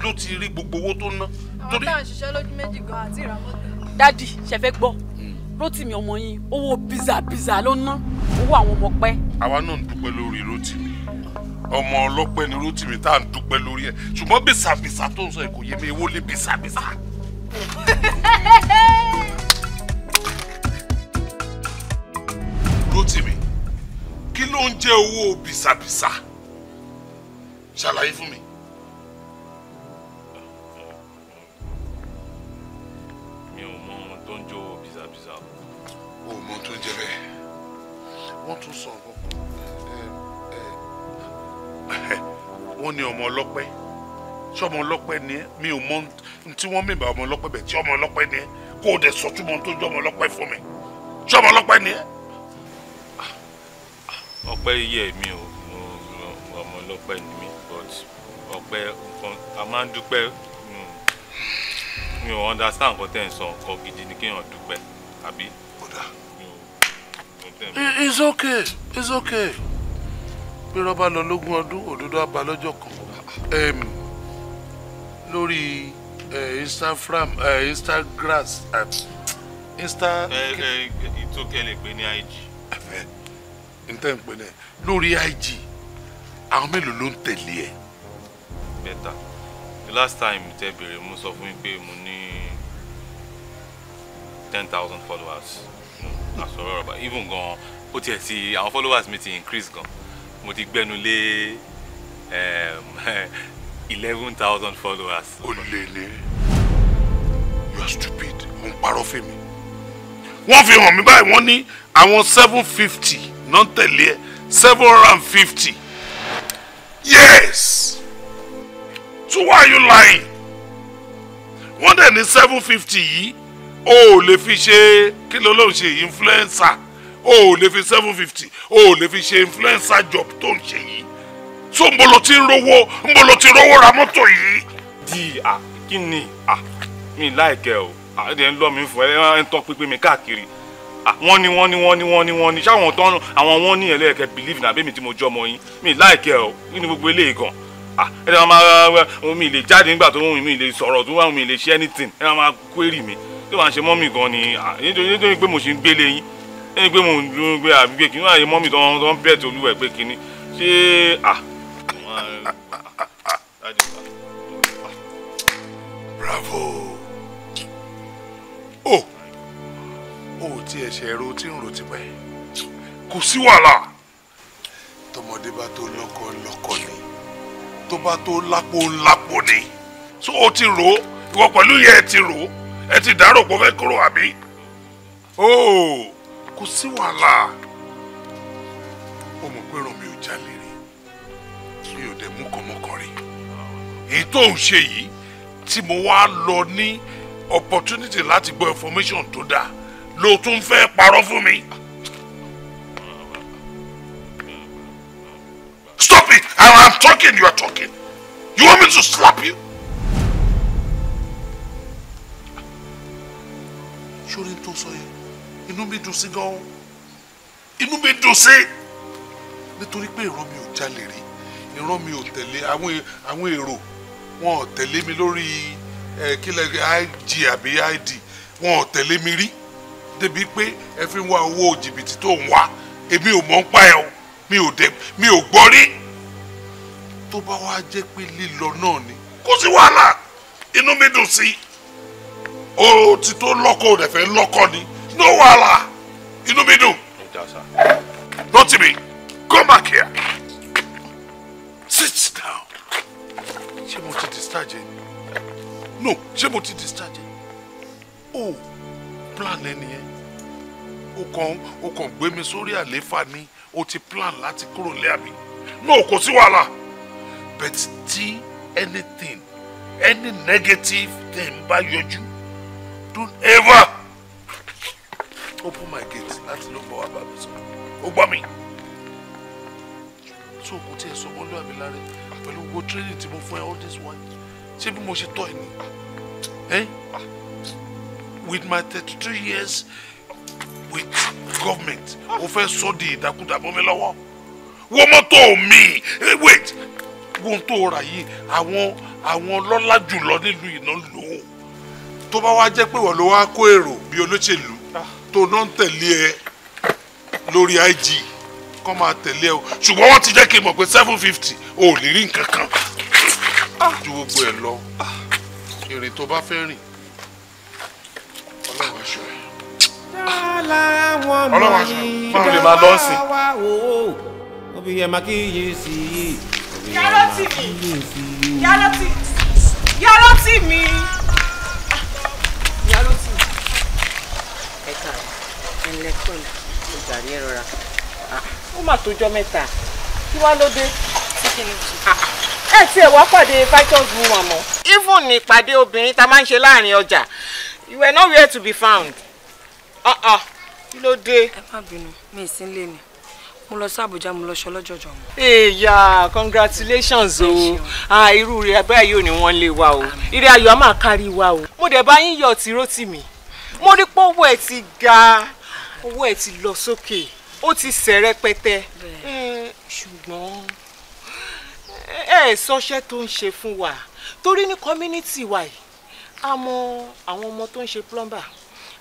big ti rí gbogbo owó tó ná. àwọn táwọn ṣiṣẹ́ lójú Rotimi, ọmọ yín owó bíza bíza ló ná owó àwọn ọmọ pẹ́. àwa náà ń dúpẹ́ lórí Rótìmí ọmọ ọlọ́pẹ́ ni Rótìmí tá à ń dúpẹ́ lórí ẹ̀ ṣùgbọ́n bìsàbìsà tó ń sọ èkó yé mi èwo lè bìsàbìsà. Rótìmí kí ló ń jẹ́ owó bìsàbìsà ṣàlàyé fún mi. mọ tó jẹ bẹ́ẹ̀ wọ́n tún sọ ọ̀kọ̀ọ̀kan wọ́n ní ọmọ ọlọ́pẹ́ tí ọmọ ọlọ́pẹ́ ni ẹ́ mi ò mọ tí wọ́n mìíràn ọmọ ọlọ́pẹ́ bẹ̀ tí ọmọ ọlọ́pẹ́ ni ẹ́ kó o dẹ̀ sọ túmọ̀ tó jẹ́ ọmọ ọlọ́pẹ́ fún mi tí ọmọ ọlọ́pẹ́ ni ẹ́. ọpẹ́ yẹ mi o ọmọ ọlọ́pẹ́ ni mi but ọpẹ́ nǹkan a máa ń dúpẹ́ hmm. mi ò understand nǹkan tẹ̀ ń sọ nǹkan gidi ni kéèyàn dúpẹ́ àbí it's okay it's okay bí rọ́bà lọ lógún ọdún òdodo àbá lọ́jọ́ kan lórí eh, instagram eh, instagram eh, insta. ìtókè lè pè ní ig. n tẹ́ ń pè ní ẹ lórí ig àwọn mélòó ló ń tẹ̀lé ẹ. bẹ́tà the last time tẹ bèrè mo sọ fún mi pé mo ní ten thousand followers àsọ̀rọ̀ rọ̀bà even gan ó tiẹ̀ ti àwọn followers mi ti increase gan mo ti gbẹnu lé ehm, eleven thousand followers. o you are stupid mo ń parọ́ fún mi wọ́n fi hàn mí báyìí wọ́n ní àwọn seven fifty náà tẹ̀lé ẹ̀ seven hundred and fifty yes so why you lying wọ́n dẹ̀ ní seven fifty yìí o ò lè fi ṣe kí ló ló ṣe influencer o ò lè fi seven fifty o ò fi ṣe influencer job tó ń ṣe yìí so ń bolo ti ń rówó ń bolo ti rówó ra mọ́tò yìí. di a kí ni a mi láìkẹ o a ẹ ń lọ mi fún ẹ ẹ ń tán pípé mi káàkiri wọ́n ní wọ́n ní wọ́n ní wọ́n ní wọ́n ní ṣáwọn tán àwọn wọ́n ní ẹlẹ́ẹ̀kẹ́ believe na bẹ́ẹ̀ tí mo jọ ọmọ yín mi láìkẹ́ ọ nínú gbogbo eléyìí gan ẹ dáná máa mi lè jáde nígbà tó ń mi lè sọ̀rọ̀ tó wà mi lè ṣe anything ẹ máa query mi kí wàá ṣe mọ́mì gan ni nítorí pé mo ṣe ń gbélé yín ẹni pé mo ń dúró gbé àbí pé kìnìún àyè mọ́mì tó ń bẹ̀ tó lúwẹ̀ pé kìnìún ṣé à. bravo o ò tí ẹ ṣe ẹrú tí ń rò tipẹ́ kò sí wàhálà tọmọdé bá tó lọ́kọ lọ́kọ ni tó bá tó lápò lápò ni tó o ti rò ó ìwọ pẹ̀lú yẹn ti rò ó ẹ ti dárò pé ó fẹ́ kúrò àbí óò kò sí wàhálà ó mọ̀ pé rọ̀mí ò jalè rí mi ò dẹ̀ mú rí èyí tó ń ṣe yìí tí mo wá lọ ní opportunity láti gbọ́ information tó dáa ló tún fẹ́ parọ́ fún mi. Stop it! I am talking, you are talking. You want me to slap you? sórí tó sọ yẹn inú mi dùn sí gan inú mi dùn sí nítorí pé ìran mi ò jalè rí ìran mi ò tẹ̀lé àwọn èrò wọn ò tẹ̀lé mi lórí kílẹ̀ ig àbí id wọn ò tẹ̀lé mi rí débi pé ẹ fi ń wá owó jìbìtì tó ń wá èmi ò mọ̀ ń pa ẹ̀ o mi ò dé mi ò gbọ́ rí tó bá wá jẹ́ pé lílọ náà ni kò sí wàhálà inú mi dùn sí i o ti tó lọ́kọ o dẹ̀ fẹ́ lọ́kọ ni no wàhálà inú mi dùn Rotimi come back here sit down ṣé mo ti discharge ẹ no ṣé mo ti discharge ẹ o plan ẹ o kàn o kàn gbé mi sórí àlééfà ni o ti plan láti kúrò lé àbí no kò sí wàhálà but tí anything any negative thing bá yọjú Don't ever open my gate láti ló bọ̀ wá bá mi sọ ó gbọ́ mi tí òkú tiẹ̀ sọ mọ́ lóàbí lára pẹ̀lú gbogbo training tí mo fún ẹ all this one. ṣé bí mo ṣe tọ́ ẹ ni with my thirty three years with government ó fẹ́ sọ di ìdàkudà bọ́ mi lọ́wọ́ wo mọ́tò mi wait wo tó rà yìí àwọn àwọn lọ́lá jùlọ nílùú ìnáwó tó bá wá jẹ́ pé wọ́n ló wá kó èrò bí olóṣèlú ah. tó náà ń tẹ̀lé ẹ lórí IG kọ́ máa tẹ̀lé ẹ o ṣùgbọ́n wọ́n ti jẹ́ kí n mọ̀ pé seven fifty o ò lè rí nǹkan kan ah. ju gbogbo ẹ lọ ah. èrè tó bá fẹ́ rìn ọlọ́run aṣọ ẹ. ọlọ́run aṣọ ẹ lè máa lọ sí. òbí ẹ̀ máa kíyè sí i. yàrá tì mí yàrá tì mí yàrá tì mí. ẹ kàrọ ẹnlẹ kọlù ó jàrí ẹ ó mà tójọ mẹ́ta kí wá ló dé ah, ẹ tiẹ̀ wá pàdé fighters woman mọ́. even ní ìpàdé obìnrin tá a máa ń ṣe láàrin ọjà you were nowhere to be found. Uh-uh. kí ló dé. ẹ má bínú mi ì sí ń lé ni mo lọ sí Àbújá mo lọ ṣe ọlọ́jọ̀jọ̀ mọ́. èèyà congratulations o ah, irú rẹ abẹ́rẹ́ yóò ní wọ́n lé wa o ire ayọ̀ a máa kárí wa o mo dẹ̀ bá yín yọ̀ tìrótì mi mo rí pé owó ẹ ti ga owó ẹ ti lọ sókè ó ti sẹ̀ rẹpẹtẹ mm, ṣùgbọ́n ẹ sọṣẹ́ tó ń ṣe fún wa torí ní community wa yìí a mọ àwọn ọmọ tó ń ṣe plumber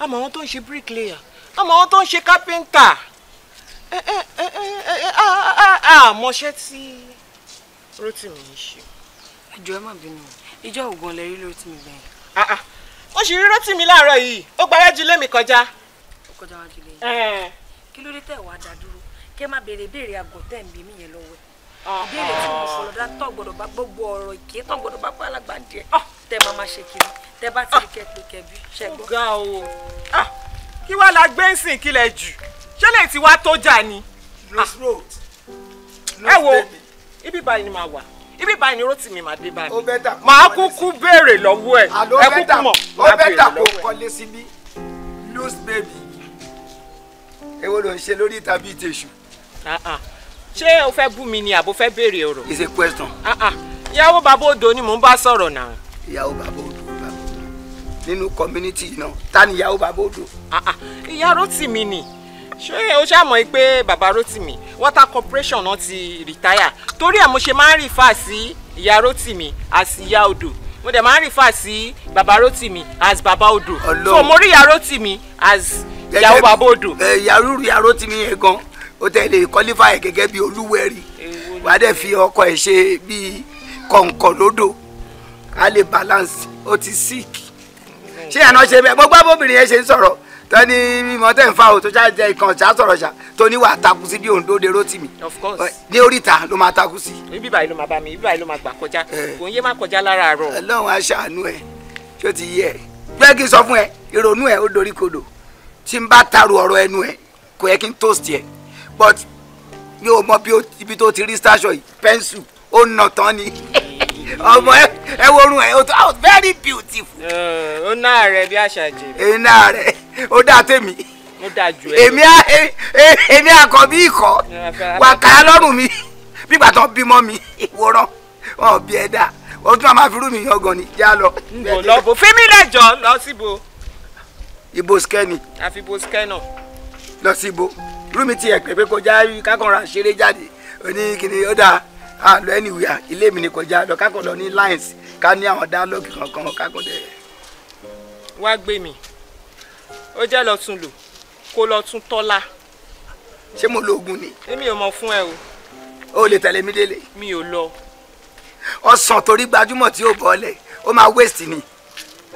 a mọ àwọn tó ń ṣe bricklayer a mọ àwọn tó ń ṣe carpenter àmọ́ṣẹ́ tí Rótìmí ń ṣe. ẹjọ́ ẹ má bínú ìjọ ògùn ọ̀lẹ́rí ló ti ó sì rírọ́ tì mí láàárọ̀ yìí ó gba wájú lé mi kọjá. ó kọjá wájú lé yìí kí ló dé tẹ̀ wá dá dúró kí ẹ má béèrè béèrè àgọ́ tẹ̀ ń bí mi yẹn lọ́wọ́ ẹ̀ ìbéèrè tí mo sọ̀rọ̀ dá tọ̀ gbọ́dọ̀ bá gbogbo ọ̀rọ̀ ìké tọ̀ gbọ́dọ̀ bá pàlàgbà ń jẹ tẹ máa ma ṣe kiri tẹ bá ti rí kẹpẹ kẹbí ṣẹgbọn. ó ga o kí wàá la gbé ń sìn kílẹ̀ jù ṣé lè ti wá tó jà ni. Ah. ẹ wo ibi báyìí ni màá wà ibi báyìí ni Rótìmí máa dé báyìí. ó bẹ́ tà kó máa kúkú béèrè lọ́wọ́ ẹ̀ ẹ kúkú mọ̀ máa béèrè lọ́wọ́ ẹ̀. ó loose baby èwo ló ń ṣe lórí ìta bíi tèṣù. ṣé o fẹ́ bú mi ni àbò fẹ́ béèrè ọ̀rọ̀. it's a question. ìyàwó bàbá odò ni mò ń bá sọ̀rọ̀ náà. ìyàwó bàbá odò bàbá odò nínú community náà ta ni ìyàwó bàbá odò. ìyá Rótìmí ni ṣé o ṣàmọ̀ pé bàbá Rótìmí water corporation náà ti rìtáyà torí ẹ̀ mo ṣe máa ń rìfà sí ìyá Rótìmí àti ìyá odò mo dẹ̀ máa ń rìfà sí bàbá Rótìmí as bàbá odò so mo rí ìyá Rótìmí as ìyàwó bàbá odò. yàrúurú ìyá Rótìmí yẹn gan o tẹ̀ lè qualify ẹ̀ gẹ́gẹ́ bí olúwẹ̀rí wàá dẹ̀ fi ọkọ ẹ̀ ṣe bíi kọ̀ǹkọ̀ lódò a lè balance o ti sick mm-hmm. ṣé àná ṣe bẹ́ẹ̀ mo bóbìnrin yẹn ṣe ń sọ̀rọ̀ tani mímọ tẹ n fa o tó ṣáàjẹ ìkan ṣáà sọ̀rọ̀ ṣá tó ní wàá takú sí bí òǹdó de rótì mi. of course. ní oríta ló máa takú sí. ibi báyìí ló máa bá mi ibi báyìí ló máa gbà kọjá eh. kò ń yé má kọjá lára àárọ̀. Ọlọ́run aṣàánú ẹ ṣó ti yẹ pé kí n sọ fún ẹ ìrònú ẹ ó dorí kodò tí n bá taru ọ̀rọ̀ ẹnu ẹ kò yẹ kí n toast ẹ but mi ò mọ ibi tó ti rí station yìí pẹ́ńsù ó nà tán ni. ọmọ ẹ wo orun ẹ o tó oh, very beautiful. ó ná rẹ bí àṣà jẹ. èyí ná rẹ ó dá tèmi. ó dá ju ẹ. èmi èmi àkọ́bí ikọ̀ wàkà lọ́rùn mi bígbà tó bímọ mi ìwòran wọn bí ẹ dá o tún máa fi rú mi yangàn ni já lọ. ǹbọ̀ lọ́bọ̀ fímí lẹ́jọ́ lọ síbo. ibo skẹ́ni. àfi ibo skẹ́nà. lọ síbo rú mi ti ẹ̀ pé pé kọjá kákan ra ṣeré jáde oní kìnìún ó dáa. Ah, ń lọ anywhere ah, ilé mi ni kọjá lọ kákọ̀ lọ ní lines ká ní àwọn dialogue kankan kákọ̀ dẹ̀. wá gbé mi ó jẹ́ lọ tún lò kó lọ tún tọ́lá. ṣé mo lo oògùn ni. èmi ò mọ fún ẹ o. o lè tẹ̀lé mi délé. mi ò lọ. ọsàn torí gbajúmọ̀ tí ò bọ́lẹ̀ ó máa waste ni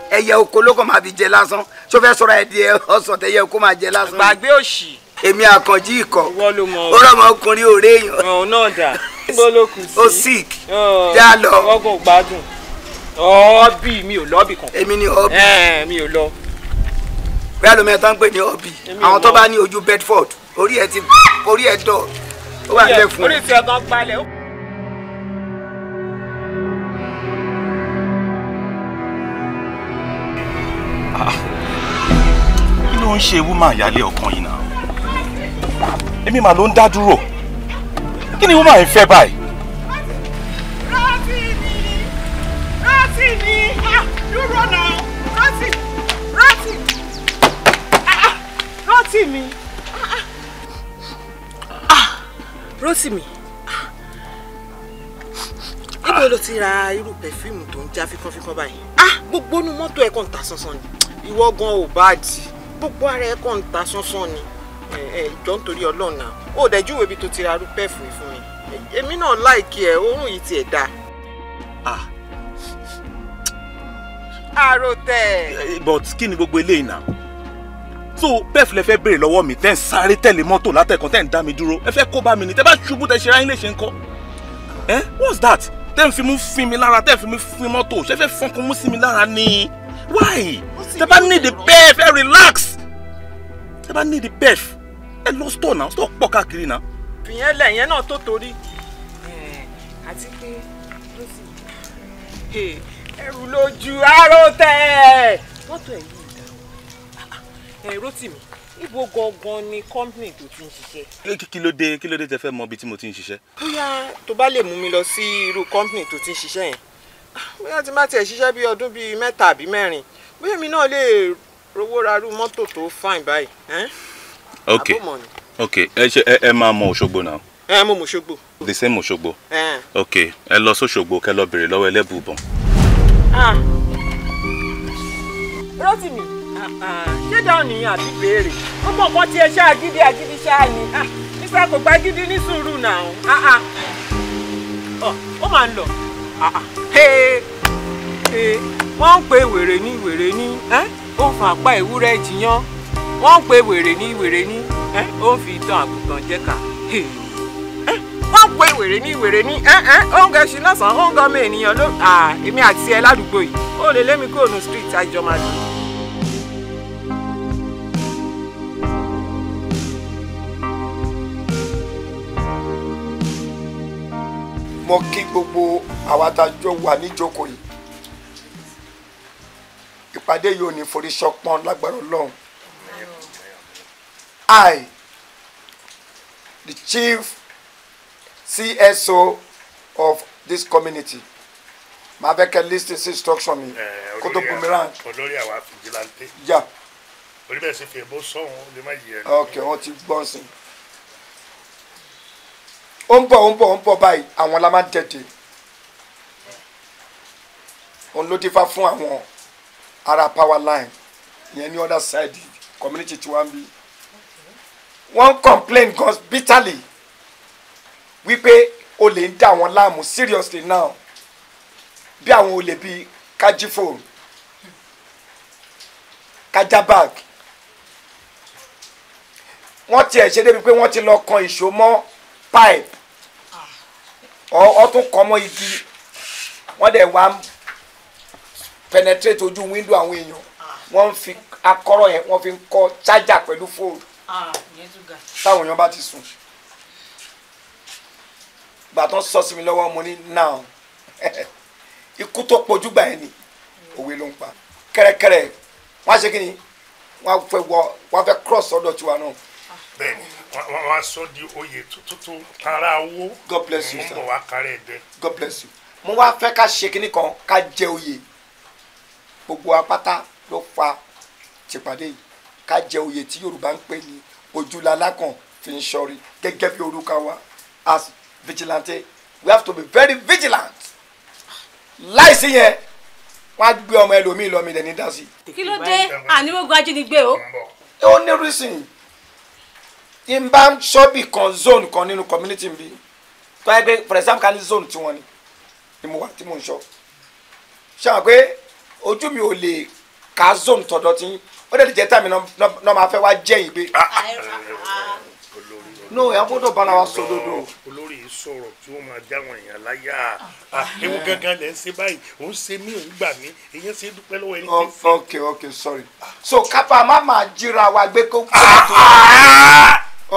ẹyẹ oko ló kàn máa fi jẹ lásán tó fẹ́ sọ̀rọ̀ ẹ̀ di ọsàn tẹ̀yẹ oko máa jẹ lásán. gbàgbé òṣì èmi àkànjí ikọ̀ ó rọmọ ọkùnrin òré èèyàn. ọ̀hún náà dà níbo ló kù sí. o sick já lọ. ọgùn gbádùn mi ò lọ́ọ̀bì kan. èmi ni ọ́ọ̀bì. ẹ̀ẹ́n mi ò lọ. bẹ́ẹ̀ ló mẹ́ta ń pè ní ọ́ọ̀bì àwọn tó bá ní ojú Bedford orí ẹ̀ ti orí ẹ̀ dọ̀ ó wà lẹ́ fún un. orí ti ah. kí ló ń ṣe wúmọ̀ àyálé ọkàn yìí náà. Emi mà ló ń dá dúró kí ni woman yìí fẹ́ báyìí. rántí ni rántí ni dúró náà rántí rántí rántí mi. Rótìmí níbo ló ti ra irú pẹ̀fíìmù tó ń já fíkanfíkan báyìí. Ah, gbogbo inú mọ́tò ẹ̀ kàn ta sánsán ni ìwọ gan ò bá gbogbo ara ẹ̀ kàn ta sánsán ni ẹ eh, eh, jọ nítorí Ọlọ́run náà ó dẹ̀ júwèé ibi tó ti ra rúpẹ́ẹ̀fù fún mi eh, èmi náà láìkí ẹ òórùn yìí tiẹ̀ dáa. Ah. àròtẹ. but kí ni gbogbo eléyìí náà so pef lè fẹ́ béèrè lọ́wọ́ mi tẹ́ ń sáré tẹ̀lé mọ́tò látẹ̀kọ́ tẹ́ ń dá mi dúró ẹ fẹ́ kó bá mi ni tẹ́ bá ṣubú tẹ́ ṣe ráyìn lè ṣe ń kọ́ ẹ what's that tẹ́ ń fi mú fin mi lára tẹ́ ń fi mú fin mọ́tò ṣe fẹ́ fọ́nkún mú sí mi lára ni why tẹ́ bá need the pef ẹ relax tẹ́ bá need the pef ẹ lọ store náà store pọ̀ káàkiri náà. fìyẹn lẹ́yìn náà tó torí. àti pé ló sì ẹrù lójú aró tẹ. mọ́tò ẹ̀ yìí dá ah, ah, ẹ̀rọ tì mí ibo gangan ni company tó ti ń ṣiṣẹ́. kí ló dé kí ló dé tẹ fẹ́ mọ ibi tí mo ti ń ṣiṣẹ́. bóyá tó bá lè mú mi lọ sí irú company tó ti ń ṣiṣẹ́ yẹn ah, bóyá tí má tiẹ̀ ṣiṣẹ́ bíi ọdún bíi mẹ́ta àbí mẹ́rin bóyá mi náà lè rówó ra irú mọ́tò tó fine báyìí. Okay. ok ẹ ṣe ẹ máa mọ Òṣogbo náà. ẹ mọ Òṣogbo. the same Òṣogbo. ok ẹ lọ sóṣogbo kẹ lọ béèrè lọ́wọ́ ẹlẹ́bùbọ̀n. Ah. Rotimi ah, ah. ṣé dáhùn nìyẹn àbí béèrè ó mọ̀ kọ́ tiẹ̀ ṣáà gidi àgídí ṣáà ni nígbà kò gba gidi ní sùúrù náà ó máa ń lọ wọ́n ń pe wèrè ní wèrè ní ó fa apá ìwúrẹ́ jiyàn wọ́n ń pe wèrè ní wèrè ní ó ń fi ìtàn àgùntàn jẹ́ka wọ́n ń pe wèrè ní wèrè ní ó ń gẹṣin lọ́sàn-án ó ń gọmọ ènìyàn ló èmi àti ẹ ládùúgbò yìí ó lè lémi kúrò ní street àjọ máa dùn. mo kí gbogbo àwa tá a jọ wà níjókòó yìí ìpàdé yìí ò ní forí ṣọpọ́n lágbára Ọlọ́run I, the chief CSO of this community, màá fẹ́ kẹ́ list this instruction mi eh, kó tó bùnmi rán. olórí àwa fìjìláńtẹ́. yà. orí bẹ́ẹ̀ ṣe fi èbó sọ̀hún lè má yẹ. ok wọ́n ti gbọ́n sí i. ó ń bọ̀ ó ń bọ̀ ó ń bọ̀ báyìí àwọn la máa ń tẹ̀tẹ̀. òun ló dífá fún àwọn ará power line yẹn ní other side community tiwa ń bí wọ́n complain gan bitterly wípé olè ń dà wọ́n láàmú seriously now bí àwọn olè bíi kajifo kajabag wọ́n tiẹ̀ ṣe débi pé wọ́n ti lọ kan ìṣó mọ́ pipe ọ tún kọ́ mọ́ igi wọ́n dẹ̀ wá penetrate ojú window àwọn èèyàn wọ́n fi akọ́rọ̀ yẹn wọ́n fi ń kọ́ charger pẹ̀lú fóònù Ah, táwọn èèyàn bá ti sùn gbàtàn sọ sí mi lọ́wọ́ mo ní now ikú tó pojú gbà ẹ́ ni òwe ló ń pa kẹ́rẹ́kẹ́rẹ́ wọ́n á ṣe kí ni wọ́n á fẹ́ wọ wọ́n á fẹ́ cross ọ̀dọ̀ tiwa náà. bẹ́ẹ̀ni wọn wá sọ di oyè tuntun tara owó God bless you sir mo wá kárẹ̀ dẹ. God bless you mo wá fẹ́ ká ṣe kínní kan ká jẹ oyè gbogbo apáta ló fa tìpàdé yìí ká jẹ oyè tí yorùbá ń pè ní ojúlalákàn fi ń sọrí gẹ́gẹ́ bí orúkọ wa as vigilante we have to be very vigilant láìsí yẹn wọn á gbé ọmọ ẹlòmíì lọ mi lẹ ní dasi. kí ló dé àníwógun ajínigbé o. ó ní reason tí n bá ń ṣọ́ọ̀bì kan zone kan nínú community mi tó yẹ pé for example ká ní zone tiwọn ni ni mo wà tí mo ń ṣọ́ ṣe àwọn pé ojú mi ò lè ka zone tọ̀dọ̀ tí ó dẹ̀ ti jẹ́ tàmí náà máa fẹ́ wá jẹ́yìn pé. Ah, ah. no ẹ gbọ́dọ̀ bára wa sọ dodo. olórí yìí sọ̀rọ̀ tí ó máa já àwọn èèyàn láyà ah, ewu gangan lẹ ń ṣe báyìí ó ń ṣe mí ò ń gbà mí èèyàn ṣe dúpẹ́ lọ́wọ́ ẹni tí ń fẹ́. ok ok sorry so kápá má máa jíra wa gbé kó kó tó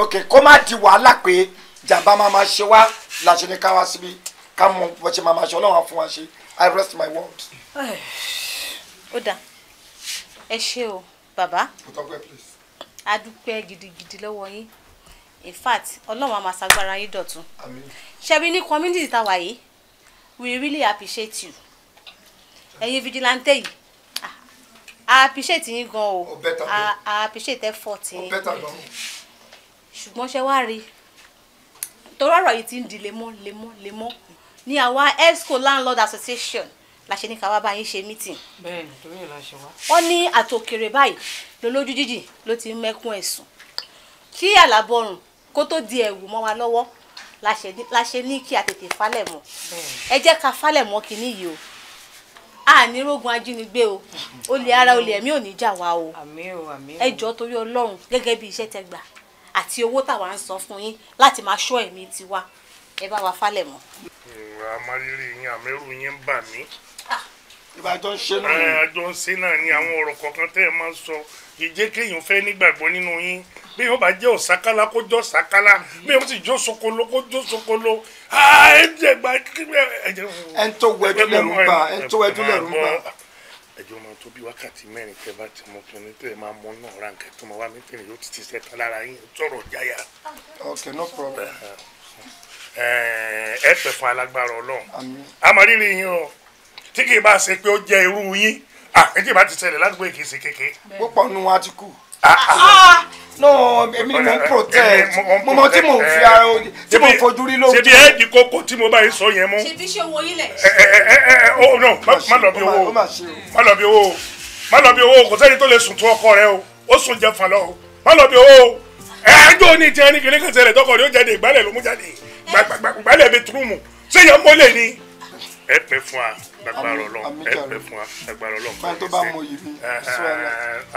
ok kó má di wàhálà pé jàmbá máa máa ṣe wá làṣẹ ní ká wá síbi ká mọ bó ṣe máa máa ṣe ọlọ́run fún wa ṣe i rest my word. ó dà ẹ ṣé o bàbá. ọtọpẹ please. a dúpẹ́ gidigidi lọ́wọ́ yín in fact ọlọ́run á máa ṣagbára yín dọ̀tun. àmín. ṣebí ní community tá a wà yìí we really appreciate you ẹ̀yin vigilante yìí ah, a appreciate yín gan o a appreciate effort yín ṣùgbọ́n ṣe wá rí torí ọ̀rọ̀ yìí ti ń di lemọ́ lemọ́ lemọ́ ní àwa exco landlord association la ṣe ní ká wá bá yín ṣe mítìn. bẹ́ẹ̀ni torí ẹ la ṣe wá. wọn ní àtòkèrè báyìí lolójú jíjì ló ti mẹkún ẹsùn kí àlàbọrùn kó tó di ẹ̀wù mọ́ wa lọ́wọ́ la ṣe ní kí a tètè falẹ̀ mọ́ ẹ jẹ́ ká falẹ̀ mọ́ kínní yìí o àní rógun ajínigbé o olè ara olè ẹ̀mí ò ní jà wá o ẹ jọ̀ọ́ torí Ọlọ́run gẹ́gẹ́ bí iṣẹ́ tẹ́ gbà àti owó táwa ń san fún yín láti máa ṣọ́ ẹ̀mí tiwa ẹ bá wa falẹ̀ mọ́. àmárírì yín àmẹ́rù yín bà mí ìbàjọ́ ń ṣe náà ni. àjọ ń ṣe náà ni àwọn ọ̀rọ̀ kọ̀ọ̀kan tẹ́ ẹ máa ń sọ ìjẹ́ kéèyàn fẹ́ nígbàgbọ́ nínú yín bí wọ́n bá jẹ́ òsákálá kó jọ́ òsákálá bí wọ́n sì jọ́ sokolo kó jọ́ sokolo ẹ jẹ́ gba ẹ jẹ́. ẹ ń tó wẹjú lẹ́rù ń bá ẹ ń tó wẹjú lẹ́rù ń bá. ẹjọ́ máa tó bí wákàtí mẹ́rin tẹ́ bá ti mọ kínní tẹ́ ẹ máa mọ náà ra nǹkan tó máa wá mẹ́tẹ́rì yóò ti ti sẹ́ta lára yín sọ̀rọ̀ jáyà. okay no problem. ẹ ẹ pẹ̀ fún alágbára ọlọ́run a yín o tí kì í bá ṣe pé ó jẹ́ irú yín àkẹ́jì bá ti ṣẹlẹ̀ ládùúgbò èkì ṣe kéke. púpọ̀ nu wa ti kú. Ah, ah. Ah, no èmi ni mo ń protect mo mọ tí mo ń fi ara tí mo ń fojú rí lóòótọ́. ṣebí ẹ́ẹ̀dì kókó tí mo bá yín sọ yẹn mú. ṣebí ṣe owó ilẹ̀. ẹ ẹ ẹ ẹ o no má lọ bí owó má lọ bí owó má lọ bí owó kò sẹ́ni tó lè sùn tún ọkọ rẹ o ó sùn jẹ fàlọ́ o má lọ bí owó o eh, ẹjọ́ ní tiẹ̀ ní kìnìkan ṣẹlẹ̀ tọkọ rẹ ó jáde ìgbálẹ̀ ló mú jáde ìgbálẹ̀ bẹ túrùmù ṣé yẹn mọ́lẹ̀ ni ẹ pẹ́ fún wa lágbára Ọlọ́run ẹgbẹ fún wa lágbára Ọlọ́run kọ ẹsẹ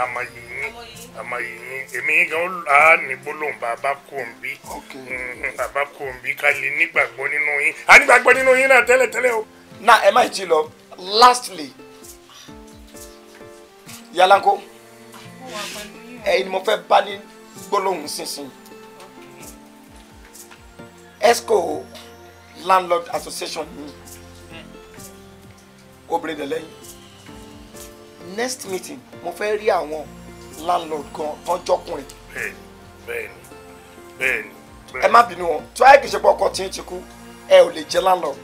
amayi yín amayi yín èmi yín gan á ní gbólóhùn bàbá kòǹbí mm-hmm, bàbá kòǹbí ká lè nígbàgbọ́ nínú yín á nígbàgbọ́ nínú yín o. na ẹ má lastly yalanko ẹ̀yin ni mo fẹ́ bá ní gbólóhùn sísìn esco landlord association yìí obìnrin dẹ̀ lẹ́yìn next meeting mo fẹ́ rí àwọn landlord gan tọ́jọ́kùnrin. bẹ́ẹ̀ni bẹ́ẹ̀ni bẹ́ẹ̀ni. ẹ má bínú wọn tí wàá kì í ṣe pé ọkọ tí ń ti kú ẹ ò lè jẹ landlord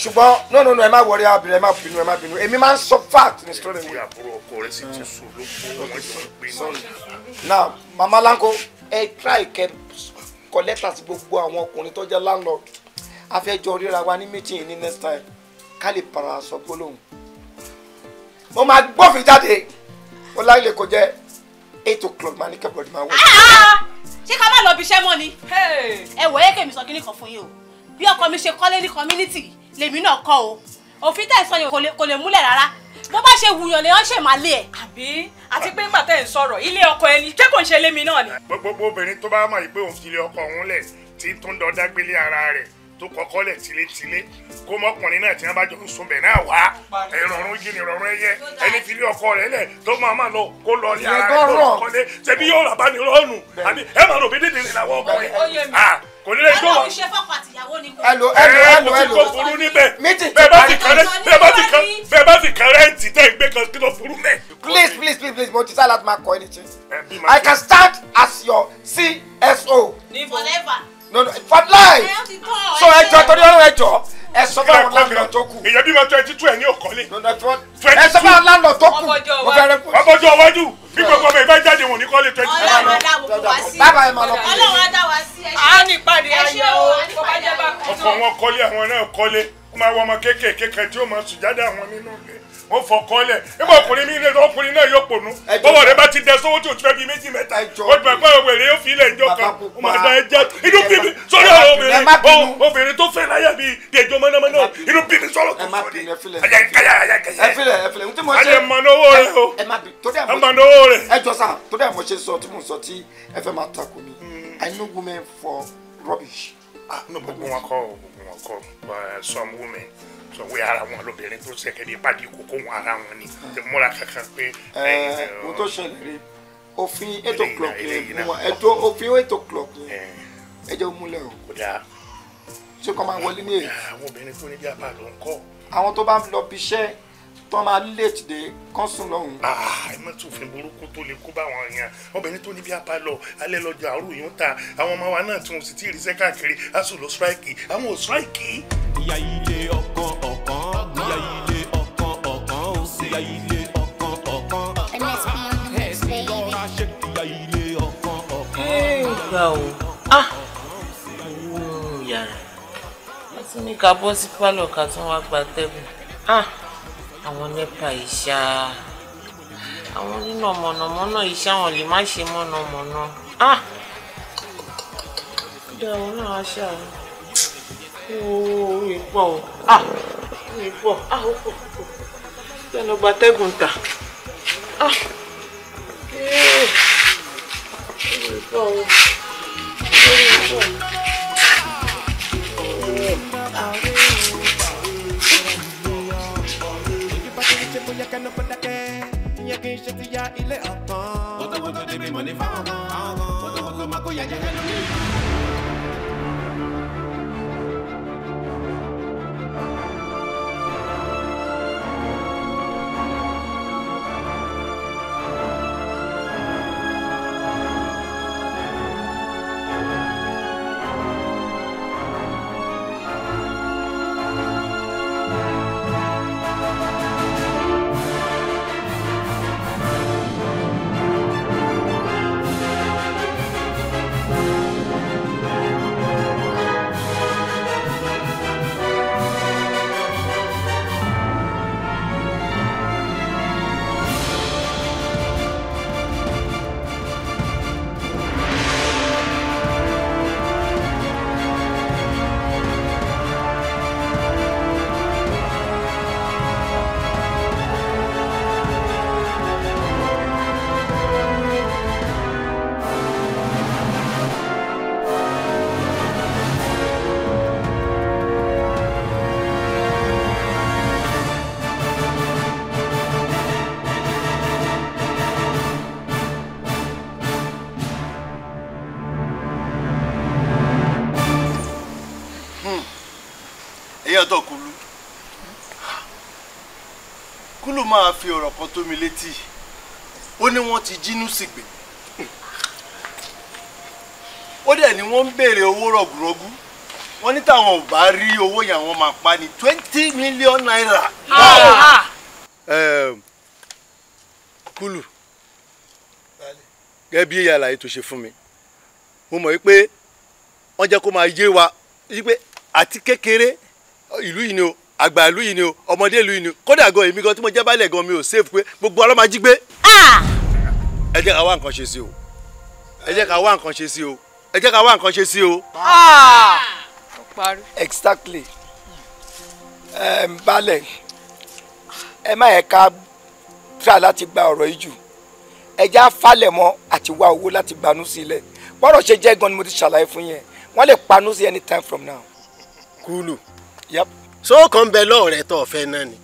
ṣùgbọ́n no no no ẹ má wọrí abìrẹ ẹ má bínú ẹ má bínú èmi máa ń sọ fact ní story mi. àbúrò ọkọ rẹ sì ti sùn ló wọn jọ gbé náà. now mama lanko ẹ try kẹ collect àti gbogbo àwọn ọkùnrin tó jẹ landlord a fẹ́ jọ ríra wa ní meeting ní next time ká lè para sọ gbólóhùn mo máa gbófin jáde mo láyé lè kó jẹ eight o'clock máa ní kẹ́kọ̀ọ́ di máa wọ̀. Ah, ah, ah. ṣé ká má lọ bí iṣẹ́ mọ́ ni ẹ wọ̀ ẹ́ kèmí sọ kí nìkan fún yín o bí ọkọ mi ṣe kọ́lé ní community lèmi náà kọ́ o òfin tẹ̀ sọ yẹn kò lè múlẹ̀ rárá bó bá ṣe wùyàn lèèyàn ṣe máa lé ẹ. àbí àti pé ńgbà tẹ̀ ń sọ̀rọ̀ ilé ọkọ ẹni ṣé kò ń ṣe lémi náà ni. gbogbo obìnrin tó bá mọ̀ pé òun fi ilé ọkọ òun lẹ̀ tí tó ń dọ̀dá gbélé ara rẹ̀ tó kọ́kọ́ lẹ̀ tilétilé kó mọ́kùnrin náà tí wọ́n bá jọ ń sun bẹ̀ náà wá ìrọ̀rùn jìnnì ìrọ̀rùn ẹyẹ ẹni fi lé ọkọ rẹ̀ lẹ̀ tó máa máa lọ kó lọ ní ara rẹ̀ kó kọ́lé tẹ̀bí yóò rà bá ní rọ́ọ̀nù àbí ẹ máa rò bí dídì ní làwọn ọkọ yẹn kò ní lè jó wa ẹlò ẹlò ẹlò ẹlò kò burú níbẹ̀ bẹ́ẹ̀ bá ti kàn bẹ́ẹ̀ bá ti kàn rẹ́ǹtì tẹ́ ìgbé kan kí ló burú mẹ́. please please please please mo ti sá láti máa kọ anything I can start as your CSO. ní forever no no for life so ẹ jọ torí ọ̀rọ̀ ẹ jọ ẹ sọ fún àwọn landlord tó kù. èyàn bí ma twenty two ẹ ní òkọ́lé. ẹ sọ fún àwọn landlord tó kù mo fẹ́ rẹ kù. ọbọjọ iwájú bí gbogbo ọmọ ìbá jáde wò ní kọ́lé twenty two. ọlọ́run adá wò kó wá sí. bàbá ẹ máa lọ kọ́lé. ọlọ́run adá wá sí. a ní ìpàdé ayọ̀ o kó bá jẹ́ bá kú. ọkọ̀ wọn kọ́lé àwọn náà kọ́lé ó máa wọ ọmọ kéékèèké kan tí ó máa sùn jáde àwọn nínú ilé wọ́n fọkọ́ lẹ̀ nígbà ọkùnrin mi lè ọkùnrin náà yóò pònú bọ́wọ́ rẹ bá ti dẹ sówó tí o ti fẹ́ bi méjì mẹ́ta o ti bàgbọ́ àwọn èrè yóò fi ilẹ̀ ìjọ kan o máa da ẹja inú bíbí sọ́dọ̀ àwọn obìnrin obìnrin tó fẹ́ láyà bíi dèjọ́ mọ́nàmọ́ná inú bíbí sọ́dọ̀ tó sọ́dọ̀ ẹ̀ mọ̀ nówó rẹ o ẹ̀ mọ̀ nówó rẹ. ẹ jọ sá tó dé àmọ́ṣe sọ tí mò ń sọ tí ẹ fẹ́ máa takò mi hmm. I know women for rubbish. ah no gbogbo wọn kọ gbogbo wọn kọ uh, some women sọ̀wé ara wọn lóbìnrin tó ṣẹ̀kẹ́ ní ìpàdé ìkókó wọn ara wọn ni múra kankan pé. ẹ mo tó ṣẹlẹ̀ rí òfin eight o'clock yẹn mú wa òfin eight o'clock yẹn ẹjọ múlẹ̀ o. kò dáa. ṣé kò máa wọlé ní èyí. àwọn obìnrin tó ní bí abá ló ń kọ́. àwọn tó bá ń lọ bí iṣẹ́ tán máa late dé kọ́sùn lọ́hùn. Ah, ẹ má tún fi burúkú tó lè kó báwọn èèyàn obìnrin tó ní bí alẹ́ lọ́jọ́ àárò yìí ń ta àwọn ọmọ wa náà tí sì ti rí iṣẹ́ káàkiri aṣọ lọ ṣíráìkì àwọn ò ṣíráìkì. ìyá ilé ọkàn ọkàn ìyá ilé ọkàn ọkàn ó sì ìyá ilé ọkàn ọkàn. ẹ̀sìn lọ́ra ṣe ìyá ilé ọkàn ọkàn. ẹ gbà ó ah owó yàrá wọ́n ti ní ká bọ́ sí pálọ̀ ká tún wá gba tẹ́gùn ah àwọn nẹ́pà ìṣá àwọn nínú mọ̀nàmọ́ná ìṣá wọn lè má ṣe mọ̀nàmọ́ná ah! dá wọn náà ṣá ooo ìpọ̀ o ìpọ̀ ah! ah! ó pọ̀ lẹ́nu gba tẹ́gùn ta ìpọ̀ o ìpọ̀ o. Ya ló kó dákẹ́ ìyẹn kì í ṣe ti ya ilé ọ̀kan. kótókótó débi mọ̀ ní fáwọn kan kótókótó má kó yẹ jẹ́jẹ́ ni. ọ̀rọ̀ kan tó mi létí ó ní wọ́n ti jínú sígbè ó dẹ̀ ni wọ́n ń béèrè owó rọ̀gùrọ̀gù wọ́n ní táwọn ò bá rí owó yẹn àwọn máa pa ní twenty million naira. Ah! kúlù gẹ́gẹ́ bí èyí àlàyé tó ṣe fún mi mo mọ̀ wípé wọ́n jẹ́ kó máa yé wa àti kékeré ìlú yìí ni o àgbà ìlú yìí ni o ọmọdé ìlú yìí ni kódà gan èmi gan tí mo jẹ́ baálẹ̀ gan mi ò sèfù pé gbogbo ọlọ́mọ ají gbé. ẹ jẹ́ ká wá nǹkan ṣe sí o ẹ jẹ́ ká wá nǹkan ṣe sí o ẹ jẹ́ ká wá nǹkan ṣe sí o. exactly um, baálẹ̀ ẹ má yẹ ká tíra láti gba ọ̀rọ̀ yìí jù ẹ já falẹ̀ mọ́ àti wá owó láti gbanú sílẹ̀ bọ́rọ̀ ṣe jẹ́ gan ni mo ti ṣàlàyé fún yẹn wọ́n lè panú sí anytime from now. kúlù. Cool. Yep so kàn bẹ lọ́ọ̀rẹ́ tó fẹ́ náà ni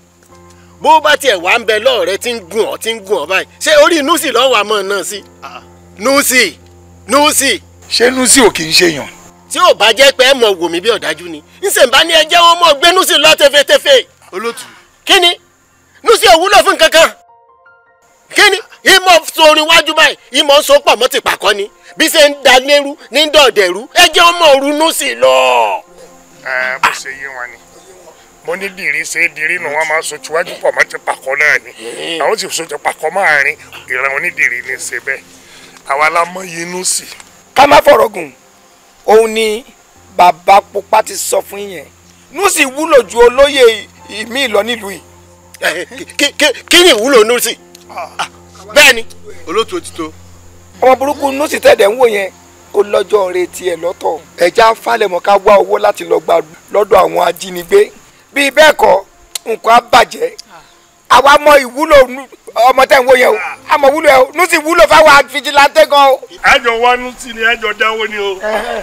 bó bá tiẹ̀ wá ń bẹ lọ́ọ̀rẹ́ tí ń gùn ọ́ tí ń gùn ọ́ báyìí ṣé orí nùsì lọ́wọ́ àmọ́ náà sí ah. nùsì nùsì. ṣé nùsì ò kì í ṣe yàn. tí ò bá jẹ́ pé ẹ mọ̀ wò mí bí ọ̀dájú ni ńṣe bá ní ẹjẹ́ wọn mọ̀ gbé nùsì lọ tẹfẹtẹfẹ. olótù. kí ni nùsì ò wúlò fún kankan kí ni ìmọ̀ sorin wájú báyìí ìmọ̀ sopọ̀ mọ́ ti pàkọ́ ni bí ṣe ń da lérú ní dọ̀dẹ̀rú ẹjẹ́ wọn mọ̀ ronú sí lọ. ẹ bó ṣe yé wọn ni mo ní dìrí ṣe é dìrí nù wọn máa sojú wájú pọ̀ mọ́ ti pàkọ́ náà ni hmm. àwọn sì sojú pàkọ́ máa ìran onídìrí ní ṣe bẹ́ẹ̀ àwa la mọ inú sí. ká má fọ̀rọ̀ gùn òun ni bàbá pupa ti sọ fún yẹn nùsì wúlò ju olóyè mi lọ nílùú yìí. Eh, eh, kí ni ìwúlò nùsì ah. ah, bẹ́ẹ̀ ni olóòtú òtítọ́. ọmọ burúkú nùsì tẹ̀dẹ̀ ń wò yẹn ó lọ́jọ́ retí ẹ̀ lọ́tọ̀ ẹ̀já falẹ̀mọ́ ká wá owó láti lọ gba lọ́dọ̀ àwọn ajínigbé bíi bẹ́ẹ̀ kọ́ nǹkan á bàjẹ́ àwa mọ ìwúlò ọmọ tẹ̀ ń wo yẹn o a mọ wúlò yẹn o nusi wúlò fáwọn afijilantẹ gan o. àjọ wa nusi ni àjọ dáwọ ni o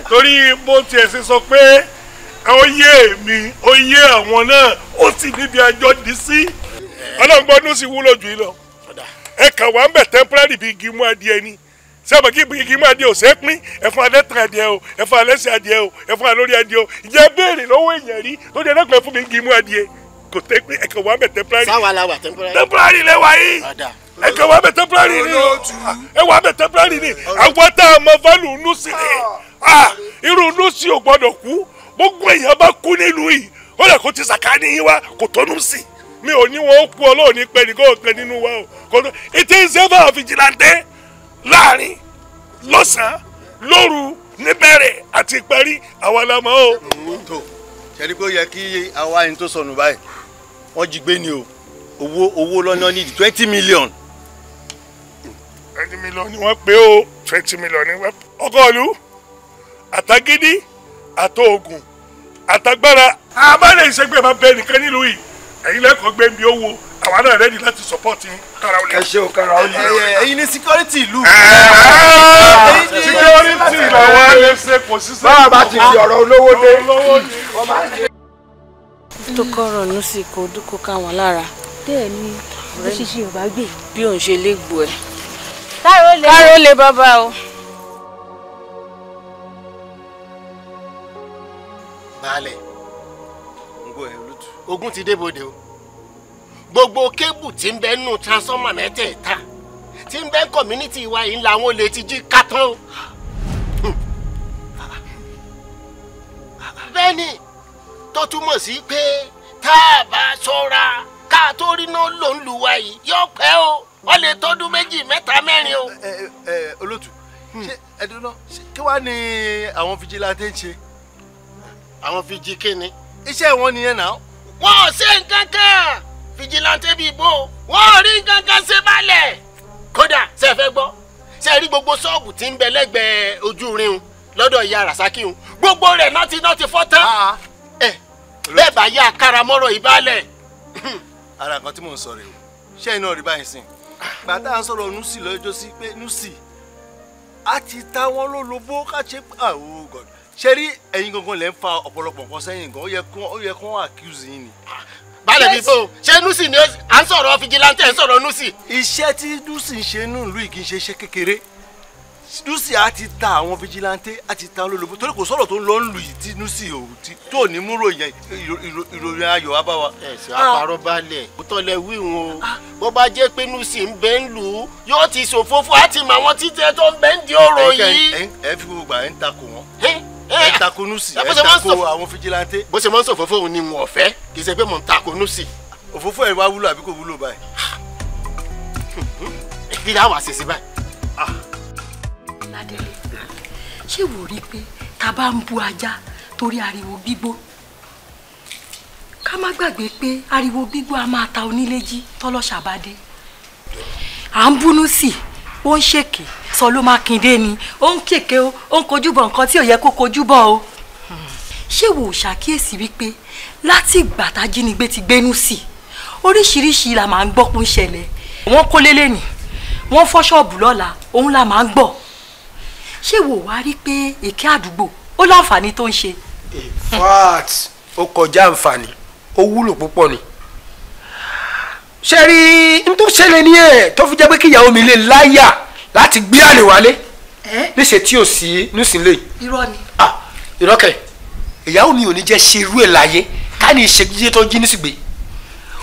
torí bó tiẹ̀ ṣe sọ pé ó mi ó àwọn náà ó sì níbi àjọ dì sí ọlọ́gbọ́n nusi wúlò jù lọ ẹ kà wá ń bẹ̀ tẹ́ḿpẹ́rẹ́rì bíi igi adìẹ ni sẹ́bà kí kìkì máa di òsè pín ẹ̀fọn alẹ́ tàn adìẹ o ẹ̀fọn alẹ́ sẹ adìẹ o ẹ̀fọn alórí adìẹ o ìjẹ́ béèrè lọ́wọ́ èèyàn rí lórí ẹ̀dẹ́gbẹ́ fún mi kì í mú adìẹ kò tẹ́ pé ẹ̀kẹ́ wà bẹ̀ temporary. sáwa la wà temporary. temporary lẹ wà yìí ẹ̀kẹ́ wà bẹ̀ temporary ni ẹ̀ wà bẹ̀ temporary ni àwọn tá a mọ fálù nùsì ni irú nùsì ò gbọ́dọ̀ kú gbogbo èèyàn bá kú nílùú yìí ó lè kó ti sàkáání yín mi ò ní wọn ó kú ọlọ́ọ̀ni pẹ́ ní nínú it is ever vigilante láàrin lọ́sàn-án lóru níbẹ̀rẹ̀ àti parí àwa la mọ̀ o. tó ṣẹ́ni pé ó yẹ kí àwa ẹni tó sọnù báyìí wọ́n jí gbé ni o owó owó lọ́nà ní twenty million. twenty million ni wọ́n pé o twenty million ni wọ́n o ọgọ́ọ̀lù àtàgídí àtòògùn àtàgbára àbálẹ̀ ìṣègbè máa bẹ nìkan nílùú yìí ẹ̀yin lẹ́kọ̀ọ́ gbé mi owó àwa náà rẹ́ni láti support yín kára olè. ẹ ṣe o kára olè. ẹ̀yin ni security ìlú. security làwọn ẹ ṣe kò sí sẹ́yìn. báwa bá ti fi ọ̀rọ̀ olówó dé. dókòrò nùsì kò dúkò káwọn lára. bẹ́ẹ̀ ni òṣìṣẹ́ yorùbá gbé. bí òun ṣe lè gbò ẹ́. káàró lè bàbá o. baálẹ̀ ogun ti débodè o gbogbo kébù tí ń bẹ nù transformer mẹ́tẹ̀ẹ̀ta tí ń bẹ community wa yìí làwọn olè ti jí kátán o. Hmm. bẹ́ẹ̀ni tó túmọ̀ sí pé tá a bá ṣọ́ra ká tó rí náà ló lù wá yìí yóò pẹ́ o wọ́n lè tọ́dún méjì mẹ́ta mẹ́rin o. ẹ ẹ olótù hmm. ṣé ẹdùnú kí wàá ní àwọn fijilantẹ́ ń ṣe. àwọn fiji kí ni. iṣẹ́ wọn nìyẹn náà wọn ò ṣe nǹkan kan fìjìláńtẹ́ bíi bó wọn ò rí nǹkan kan ṣe balẹ̀ kódà ṣe fẹ́ gbọ́ ṣe rí gbogbo ṣọ́ọ̀bù tí ń bẹ lẹ́gbẹ̀ẹ́ ojú rin un lọ́dọ̀ ìyá rasaki un gbogbo rẹ̀ náà ti náà ti fọ́ tán ah. ẹ bẹ́ẹ̀ bá yá karamọ́rọ̀ ìbálẹ̀. ara nǹkan tí mò ń sọ rèé o ṣé iná rí báyìí sìn bàtà ń sọ̀rọ̀ nùsì lọ́jọ́ sí pé nùsì á ti ta wọ́n lólobó ká ṣe pé ah, oh god ṣe rí gangan lẹ ń fa ọ̀pọ̀lọpọ̀ nǹkan sẹ́yìn gan ó yẹ kán accuse yín ni. balẹ̀ bí bò ṣé nusi ni à ń sọ̀rọ̀ fijilantẹ́ ń sọ̀rọ̀ nusi. iṣẹ́ tí nusi ń ṣe nínú yìí kì í ṣe iṣẹ́ kékeré nusi á ti ta àwọn fijilantẹ́ á ti ta olólobó torí kò sọ̀rọ̀ tó ń lọ ń lu yìí tí nusi ò ti tó ní múrò yẹn ìròyìn ayọ̀ wá bá wa. ẹ̀sìn ah. àpárọ̀ balẹ̀ tọ́lẹ̀ wíwọ̀n o bó bá jẹ́ pé nusi ń bẹ́ ń lù ú yóò ti ṣòfófó àti màwọn títẹ tó ń bẹ́ ń di ọ̀rọ̀ yìí. ẹ fi gbogbo àyẹ̀ ń takò wọn ẹ tako nusi ẹ tako àwọn fijilante. bó ṣe máa ń sọ òfófó òun ni wọn ọ̀fẹ́ kì í ṣe pé mò ń tako nusi. òfófó ẹ wá wúlò àbí kò wúlò báyìí. kí ni àwọn àṣẹṣe báyìí. Ah. ládẹ́lẹ̀ ṣé wò ó rí i pé tá a bá ń bu ajá torí ariwo gbígbó ká má gbàgbé pé ariwo gbígbó a máa ta onílé jí tọ́lọ́ṣà bá à ń búnú sí i ó ń ṣèké sọ ló máa kíndé ni ó ń kéke ó ó ń kojú bọ̀ nǹkan tí ò yẹ kó kojú bọ̀ o. ṣé wò ó ṣàkíyèsí wípé láti ìgbà tájínigbé ti gbénú sí oríṣiríṣi la máa ń gbọ́ pé ń ṣẹlẹ̀ wọ́n kó lélẹ̀ nì wọ́n fọ́ ṣọ́ọ̀bù lọ́la òun la máa ń gbọ́ ṣé wò wá rí pé èké àdúgbò ó láǹfààní tó ń ṣe. in fact ó kọjá àǹfààní ó wúlò púpọ̀ ni ṣe rí n tó ṣẹlẹ̀ ní ẹ̀ tó fi jẹ́ pé kíyàwó mi lè láyà láti gbé àlè wálé níṣẹ́ tí ò sí nísìnyí. irọ́ ni. ah irọ́ kẹ̀ ìyàwó mi ò ní jẹ́ ṣerú ẹ̀ láyé ká ní ìṣèjì tó jí nísìgbè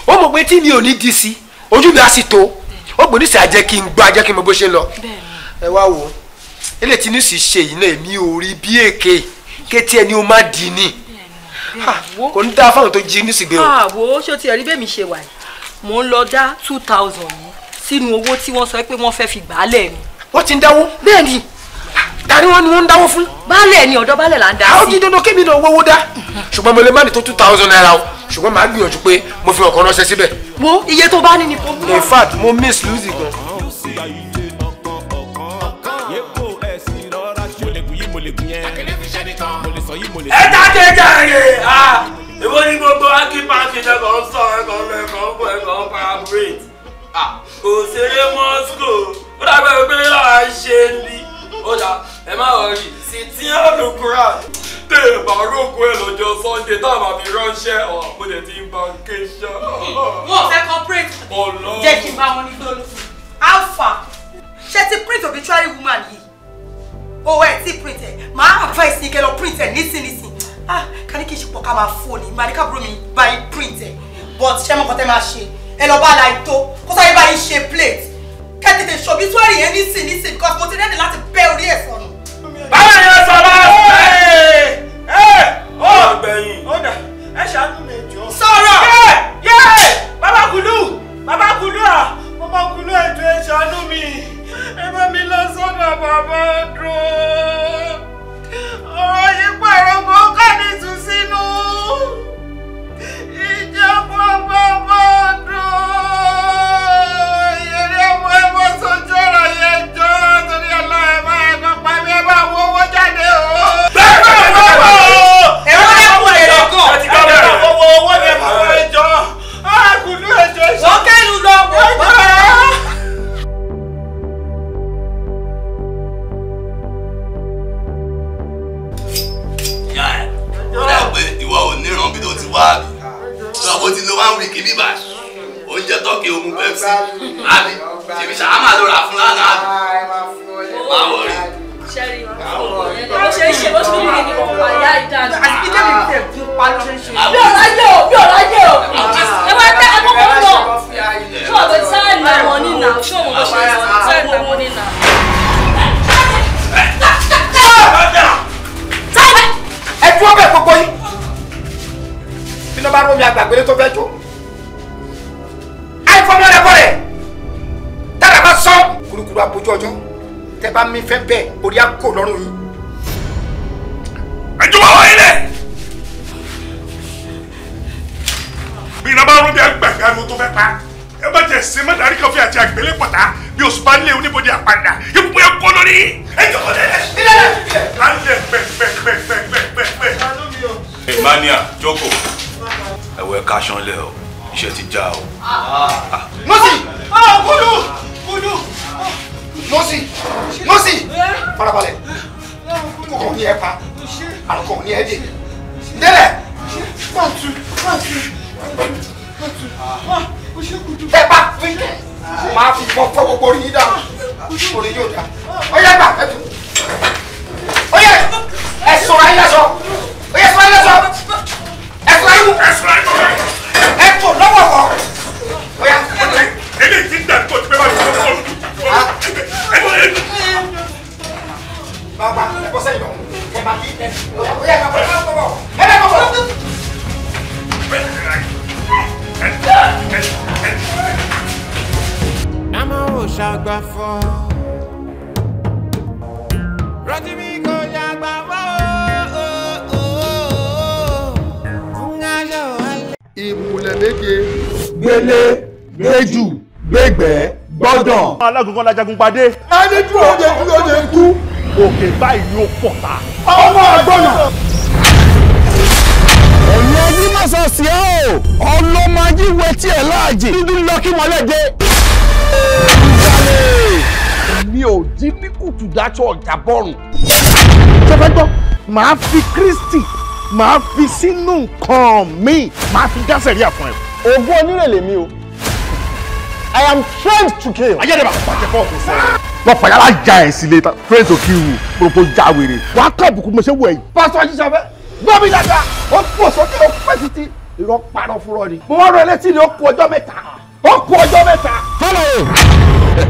ó mọ̀ pé tí mi ò ní di sí ojú mi á sì tó ó gbòdì sí àjẹ́ kí n gbọ́ àjẹ́ kí n mọ bó ṣe lọ. ẹ wá wò ó ilé tí ní sì ṣe yìí náà èmi ò rí bí èké kétí ẹni ó má dì í ní kò ní dáa fáwọn tó jí nísìgbè o. àwo ah, ṣó ti ẹ̀rí bẹ́ẹ̀ mi ṣe wà yìí mò ń lọ dá two thousand yìí sínú owó tí wọ́n sọ pé wọ́n fẹ́ fi gbàálẹ̀ mi. wọ́n ti ń dáwó. bẹ́ẹ̀ ni tani wọn ni wọn ń dáwó fún. baálẹ̀ ni ọ̀dọ̀ baálẹ̀ là ń dá sí. àwọn jíjọ́nà kébì náà owó dá. ṣùgbọ́n mo lè má ní tó two thousand naira o ṣùgbọ́n màá gbìyànjú pé mo fi ọ̀kan ránṣẹ́ síbẹ̀. wo iye tó bá ní ni kò mú. in fact mo miss lucy gan. ẹ jáde jáde. Ah! ìwọ ní gbogbo akípàkì ẹ̀kọ́ ń sọ ẹ̀kọ́ ẹ̀kọ́ ń bọ̀ ẹ̀kọ́ ń paraphrase òṣèré moscow ó dàgbà pé láà ṣe ń bí ó dà ẹ má wọrí sí tí àlùkùrà tẹ ìbárókù ẹ lọ́jọ́ sunday tá a máa fi ránṣẹ́ ọ mo dẹ̀ ti ń bá ń ké ṣá. wọn ò fẹ́ corporate jẹ́ kí n bá wọn ní lólu alpha ṣe ti print obituary woman yìí owó ẹ̀ ti print ẹ̀ máa advice ní kẹ́ lọ print ẹ̀ nísinsìnyí ah kàní kì í ṣe pọ̀ ká máa fóònù ìgbà ní káàbúrò mi bá yín print ẹ̀ but ṣé mọ̀kàn tẹ́ máa ṣe ẹ lọ bá aláì tó kó sáré bá yín ṣe plate kẹ́tẹ̀tẹ̀ ṣòbí tó ẹ̀rì yẹn nísìn nísìn because mo ti rẹ́ni láti bẹ́ orí ẹ̀ sọnù. báwo ni wọ́n sọ bá ó oh! gbẹ̀yìn ó dà ẹ ṣàánú mi jọ. sọ̀rọ̀ bàbá kùlù bàbá kùlù à bàbá kùlù ẹ̀jọ̀ ẹ ṣàánú mi ẹ bá mi lọ sọ́nà bàbá. alágùnkàn lajagun pàdé. ẹni dúró de dúró de kú. òkè báyìí ni ó pọ̀ ta. ọmọ àgbọ̀nà. ẹ̀yin ẹbí má sọ sí ẹ o ọlọ́mọ ají wẹ tiẹ̀ láàjì dúdú lọ kí mọ́lẹ̀ dé. mi ò dín bí kùtù dájọ́ ọ̀jà bọ́rùn. ṣé fẹ́ gbọ́ màá fi Kristi màá fi sínú nǹkan mi màá fi dá sẹ̀ríà fún ẹ. ògùn onírèlè mi o I am trained to kill. ayédèbà pàṣẹ fọ́ọ̀kì sẹ́yìn. wọ́n fàyà la ja ẹ̀ sílé ta trained to kill wù pòròpó já wèrè wà á kọ́ àbùkù mọ̀ṣẹ́ wù ẹ̀yìn. pásítọ̀ ajíṣẹ́ fẹ́ gbọ́ mi dada ó pò sókè ó pẹ́ títí irọ́ parọ́ fúnra ni. mo wá rọ ẹlẹ́tì ni ó kù ọjọ́ mẹ́ta ó kù ọjọ́ mẹ́ta. tọ́lọ̀ o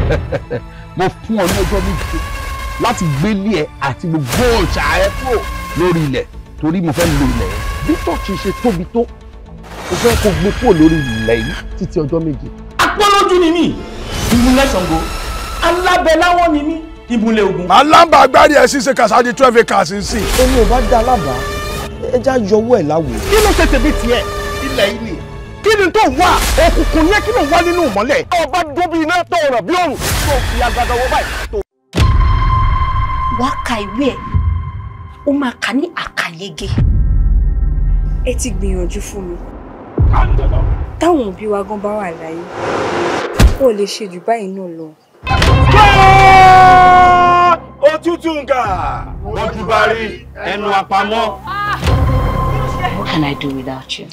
mo fún ọ ní ọjọ́ méje láti gbélé ẹ àti gbogbo ọ̀ṣà ẹ kúrò lórí ilẹ̀ torí mo fẹ́ lo ilẹ̀ yẹn bí tọ́ọ̀ṣì ṣe tóbi tó mo fẹ́ kó gbé kúrò lórí ilẹ̀ yìí títí ọjọ́ méje apọ́lójú ni mí ìmùlẹ̀ Ṣàngó alábẹ́láwọ́ ni mí ìmùlẹ̀ Ògún. alábà agbárí ẹ̀ ṣíṣe kàṣáájú twelve acres ń sìn. omi ò bá dá alábà ẹja yọwọ́ ẹ̀ láwo. kí ló ṣe tèmi tiẹ̀ ilẹ̀ yìí ni kí ni tó wà òkùnkùn yẹn kí ló wà nínú ìmọ́lẹ̀. ọba dóbi iná tó rọ̀ bí òrùn tó fi agbada wọ báyìí. wàá ka ìwé ẹ̀ ó máa kà ní àkàyege. ẹ ti gbìyànjú fún mi. ká ń dọ̀dọ̀ táwọn òbí wa gan bá wà láyé ó lè ṣe jù báyìí náà lọ. òtútù nga ojú bá rí ẹnu àpamọ́. What can I do without you?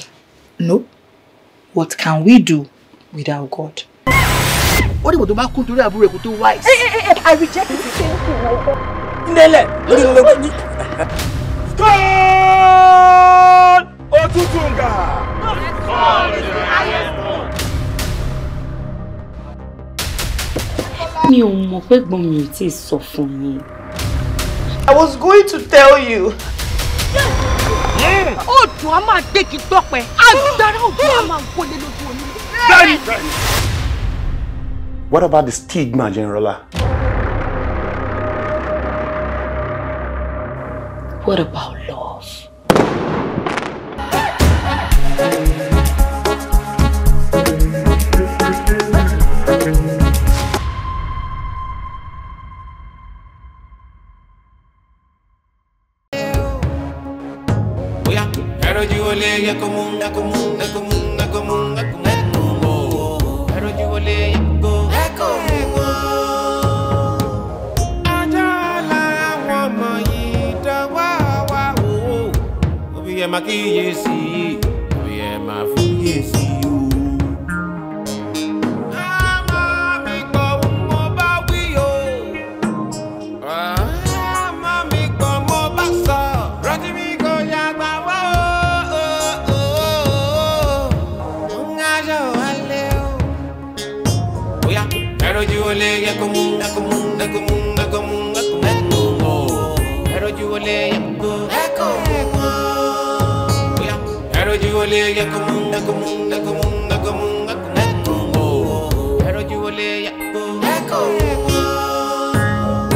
No. What can we do without God? ó dìbò tó bá kú torí àbúrò ẹ̀kú tó wáìs. Eh, eh, eh, I reject this thing. nílẹ̀ lórí lórí. Skol! Òtútù nga mi ò mọ̀ pé gbọ́n mi ò tí ì sọ fún I was going to tell you. Odò a máa gbégi gbọ́pẹ́, agbára odò a máa wọlé lójú onílé. Bẹ́ẹ̀ni. What about the stigma, Generala? What about law? jubilee como una, como como una, como como una. Como Pero jubilee go. Echo. Ajala e wọlé yẹkùmú ẹkùmú ẹrọjú wọlé yẹkùmú ẹkùmú ẹkùmú ẹkùmú ẹkùmú ẹrọjú wọlé yẹkùmú ẹkùmú.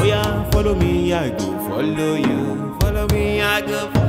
Oya follow me I go follow you follow me I go follow you.